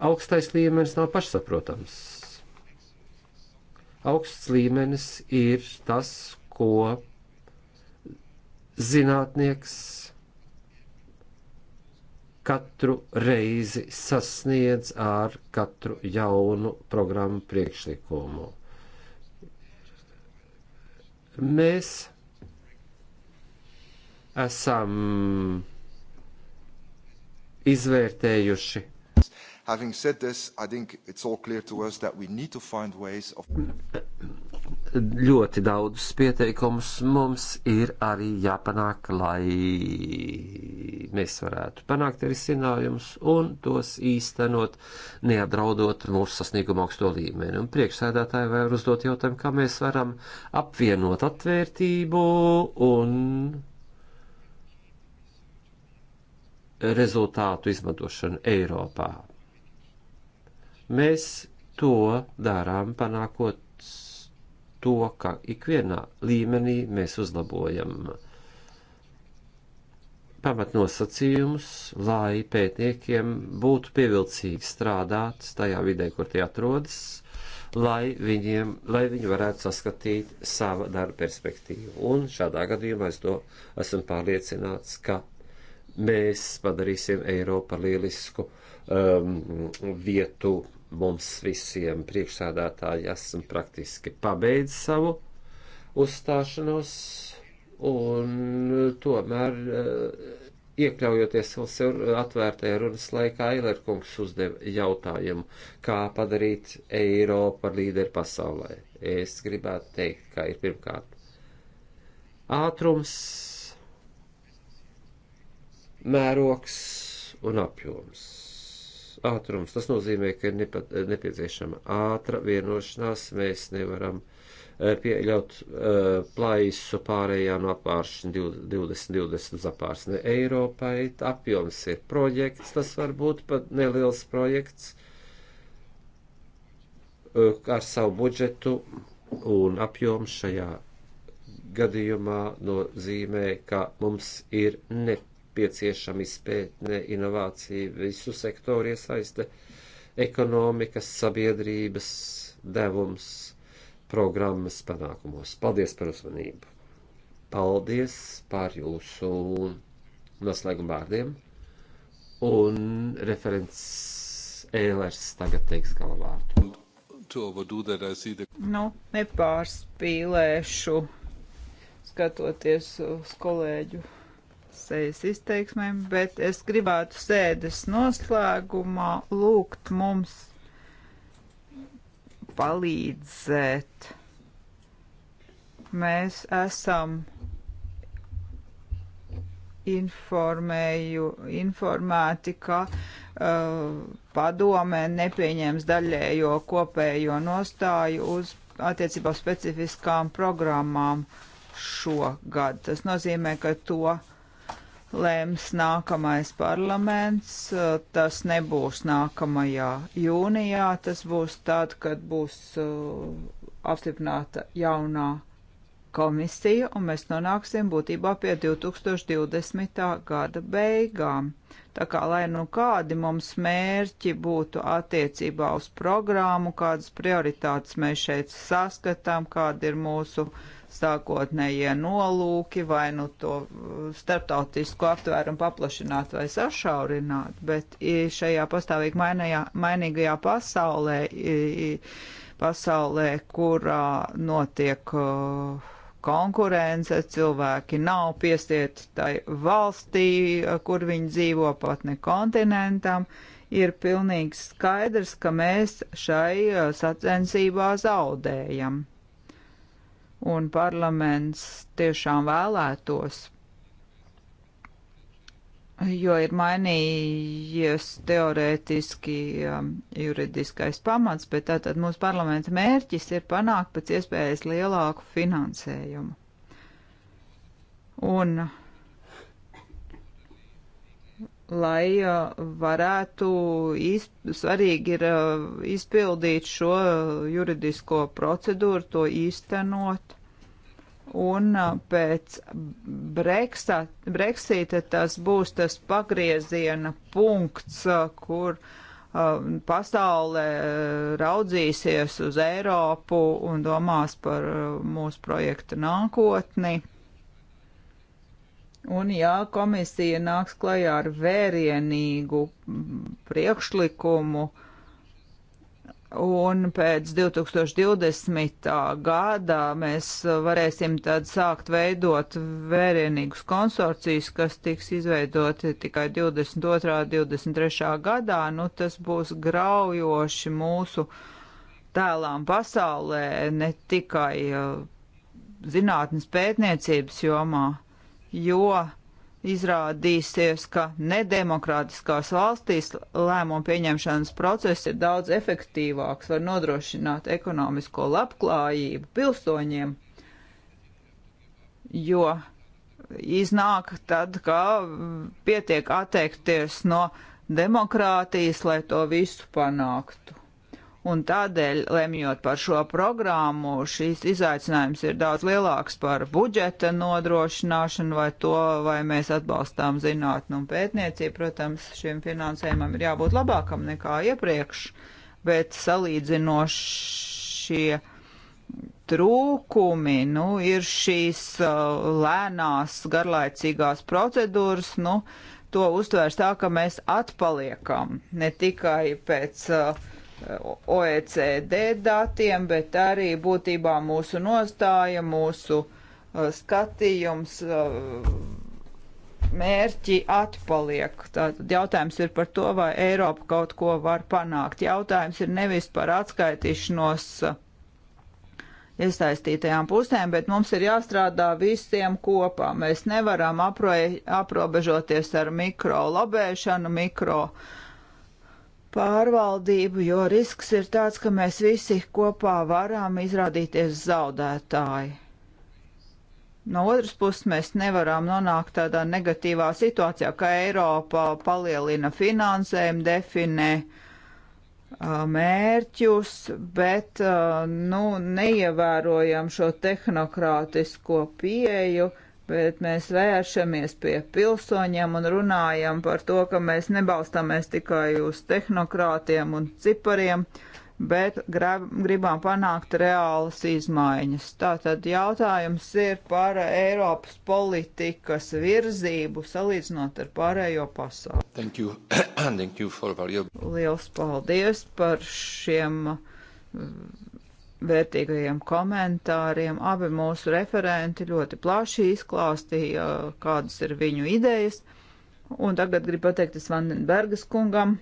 augstais līmenis nav pašsaprotams Augsts līmenis ir tas, ko zinātnieks katru reizi sasniedz ar katru jaunu programmu priekšlikumu. Mēs esam izvērtējuši Having said this, I think it's all clear to us that we need to find ways of. Ļoti daudz pieteikumus mums ir arī jāpanāk, lai mēs varētu panākt risinājumus un tos īstenot, neapdraudot mūsu sasniegumu augsto līmeni. Un priekšsēdētāji var uzdot jautājumu, kā mēs varam apvienot atvērtību un rezultātu izmantošanu Eiropā. Mēs to darām panākot to, ka ikvienā līmenī mēs uzlabojam pamatnosacījumus, lai pētniekiem būtu pievilcīgi strādāt tajā vidē, kur tie atrodas, lai, viņiem, lai viņi varētu saskatīt savu darbu perspektīvu. Un šādā gadījumā es to esmu pārliecināts, ka mēs padarīsim Eiropu par lielisku um, vietu mums visiem priekšsādātāji esam praktiski pabeidz savu uzstāšanos un tomēr eh, iekļaujoties vēl sev atvērtajā runas laikā, Eilerkungs uzdeva jautājumu, kā padarīt Eiropu par līderi pasaulē. Es gribētu teikt, ka ir pirmkārt ātrums, mērogs un apjoms ātrums. Tas nozīmē, ka ir nepa, nepieciešama ātra vienošanās. Mēs nevaram e, pieļaut uh, plaisu pārējā no apāršņa 2020 uz apārsni Eiropai. Apjoms ir projekts, tas var būt pat neliels projekts uh, ar savu budžetu un apjoms šajā gadījumā nozīmē, ka mums ir nepieciešama nepieciešama izpētne, inovācija, visu sektoru iesaiste, ekonomikas, sabiedrības, devums, programmas panākumos. Paldies par uzmanību! Paldies par jūsu noslēgumu vārdiem! Un referents Ēlers tagad teiks galvārdu. Nu, nepārspīlēšu skatoties uz kolēģu sejas izteiksmēm, bet es gribētu sēdes noslēgumā lūgt mums palīdzēt. Mēs esam informēju, informēti, ka uh, padome nepieņems daļējo kopējo nostāju uz attiecībā specifiskām programmām šogad. Tas nozīmē, ka to uh, lēms nākamais parlaments. Eh, tas nebūs nākamajā jūnijā, tas būs tad, kad būs uh, apstiprināta jaunā komisija, un mēs nonāksim būtībā pie 2020. gada beigām. Tā kā lai nu kādi mums mērķi būtu attiecībā uz programmu, kādas prioritātes mēs šeit saskatām, kādi ir mūsu uh, sākotnējie nolūki, vai nu to uh, starptautisko aptvērumu paplašināt vai sašaurināt, bet šajā pastāvīgi mainajā, mainīgajā pasaulē, pasaulē, kurā notiek uh, konkurence, cilvēki nav piestieti tai valstī, uh, kur viņi dzīvo, pat ne kontinentam, ir pilnīgi skaidrs, ka mēs šai sacensībā zaudējam un parlaments tiešām vēlētos jo ir mainījies teorētiski um, juridiskais pamats, bet tātad mūsu parlamenta mērķis ir panākt pēc iespējas lielāku finansējumu. Un lai uh, varētu, izp... svarīgi ir uh, izpildīt šo uh, juridisko procedūru, to īstenot. Un pēc Brexita tas būs tas pagrieziena punkts, kur pasaule raudzīsies uz Eiropu un domās par mūsu projekta nākotni Un ja komisija nāks klajā ar vērienīgu mm, priekšlikumu, un pēc 2020. gadā mēs varēsim tad sākt veidot vērienīgus konsorcijus, kas tiks izveidoti tikai 22. un 23. gadā, nu tas būs graujoši mūsu tēlām pasaulē, ne tikai uh, zinātnes pētniecības jomā jo izrādīsies, ka nedemokrātiskās valstīs lēmumu pieņemšanas process ir daudz efektīvāks, var nodrošināt ekonomisko labklājību pilsoņiem, jo iznāk tad, ka pietiek atteikties no demokrātijas, lai to visu panāktu. Un tādēļ, lemjot par šo programmu, šīs izaicinājums ir daudz lielāks par budžeta nodrošināšanu vai to, vai mēs atbalstām zinātnu un pētniecību. Protams, šiem finansējumam ir jābūt labākam nekā iepriekš, bet salīdzinošie trūkumi, nu, ir šīs uh, lēnās, garlaicīgās procedūras, nu, to uztvērs tā, ka mēs atpaliekam ne tikai pēc uh, OECD datiem, bet arī būtībā mūsu nostāja, mūsu uh, skatījums, uh, mērķi atpaliek. Tātad jautājums ir par to, vai Eiropa kaut ko var panākt. Jautājums ir nevis par atskaitīšanos uh, iesaistītajām pusēm, bet mums ir jāstrādā visiem kopā. Mēs nevaram aprobežoties ar mikro lobēšanu, mikro uh, pārvaldību, jo risks ir tāds, ka mēs visi kopā varam izrādīties zaudētāji. No otras puses, mēs nevaram nonākt tādā negatīvā situācijā, ka Eiropa palielina finansējumu, definē uh, mērķus, bet uh, nu, neievērojam šo tehnokrātisko pieeju bet mēs vēršamies pie pilsoņiem un runājam par to, ka mēs nebalstāmies tikai uz tehnokrātiem un cipariem, bet grab, gribam panākt reālas izmaiņas. Tātad jautājums ir par Eiropas politikas virzību salīdzinot ar pārējo pasauli. Thank you. Thank you for your... Liels paldies par šiem vērtīgajiem komentāriem. Abi mūsu referenti ļoti plaši izklāstīja, kādas ir viņu idejas. Un tagad gribu pateikties Vandenbergas kungam,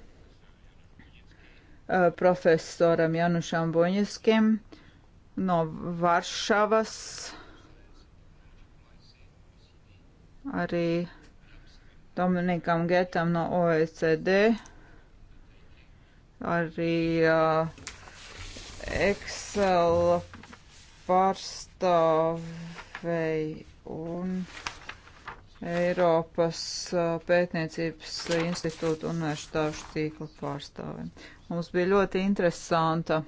eh, profesoram Janušam Boņiskim no Varšavas. Arī Dominikam Getam no OECD. Arī uh, Excel pārstāvei un Eiropas pētniecības institūta universitāšu tīkla pārstāvei. Mums bija ļoti interesanta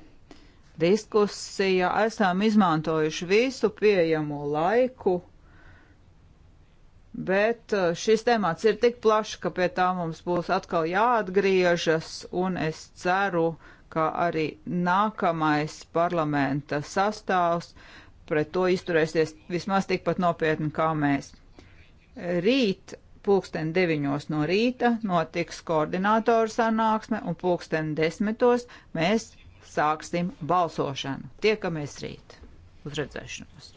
diskusija. Esam izmantojuši visu pieejamo laiku, bet šis temats ir tik plašs, ka pie tā mums būs atkal jāatgriežas, un es ceru, ka kā arī nākamais parlamenta sastāvs pret to izturēsies vismaz tikpat nopietni kā mēs. Rīt pulksten 9 no rīta notiks koordinātoru sanāksme un pulksten 10 mēs sāksim balsošanu. Tiekamies rīt. Uz redzēšanos!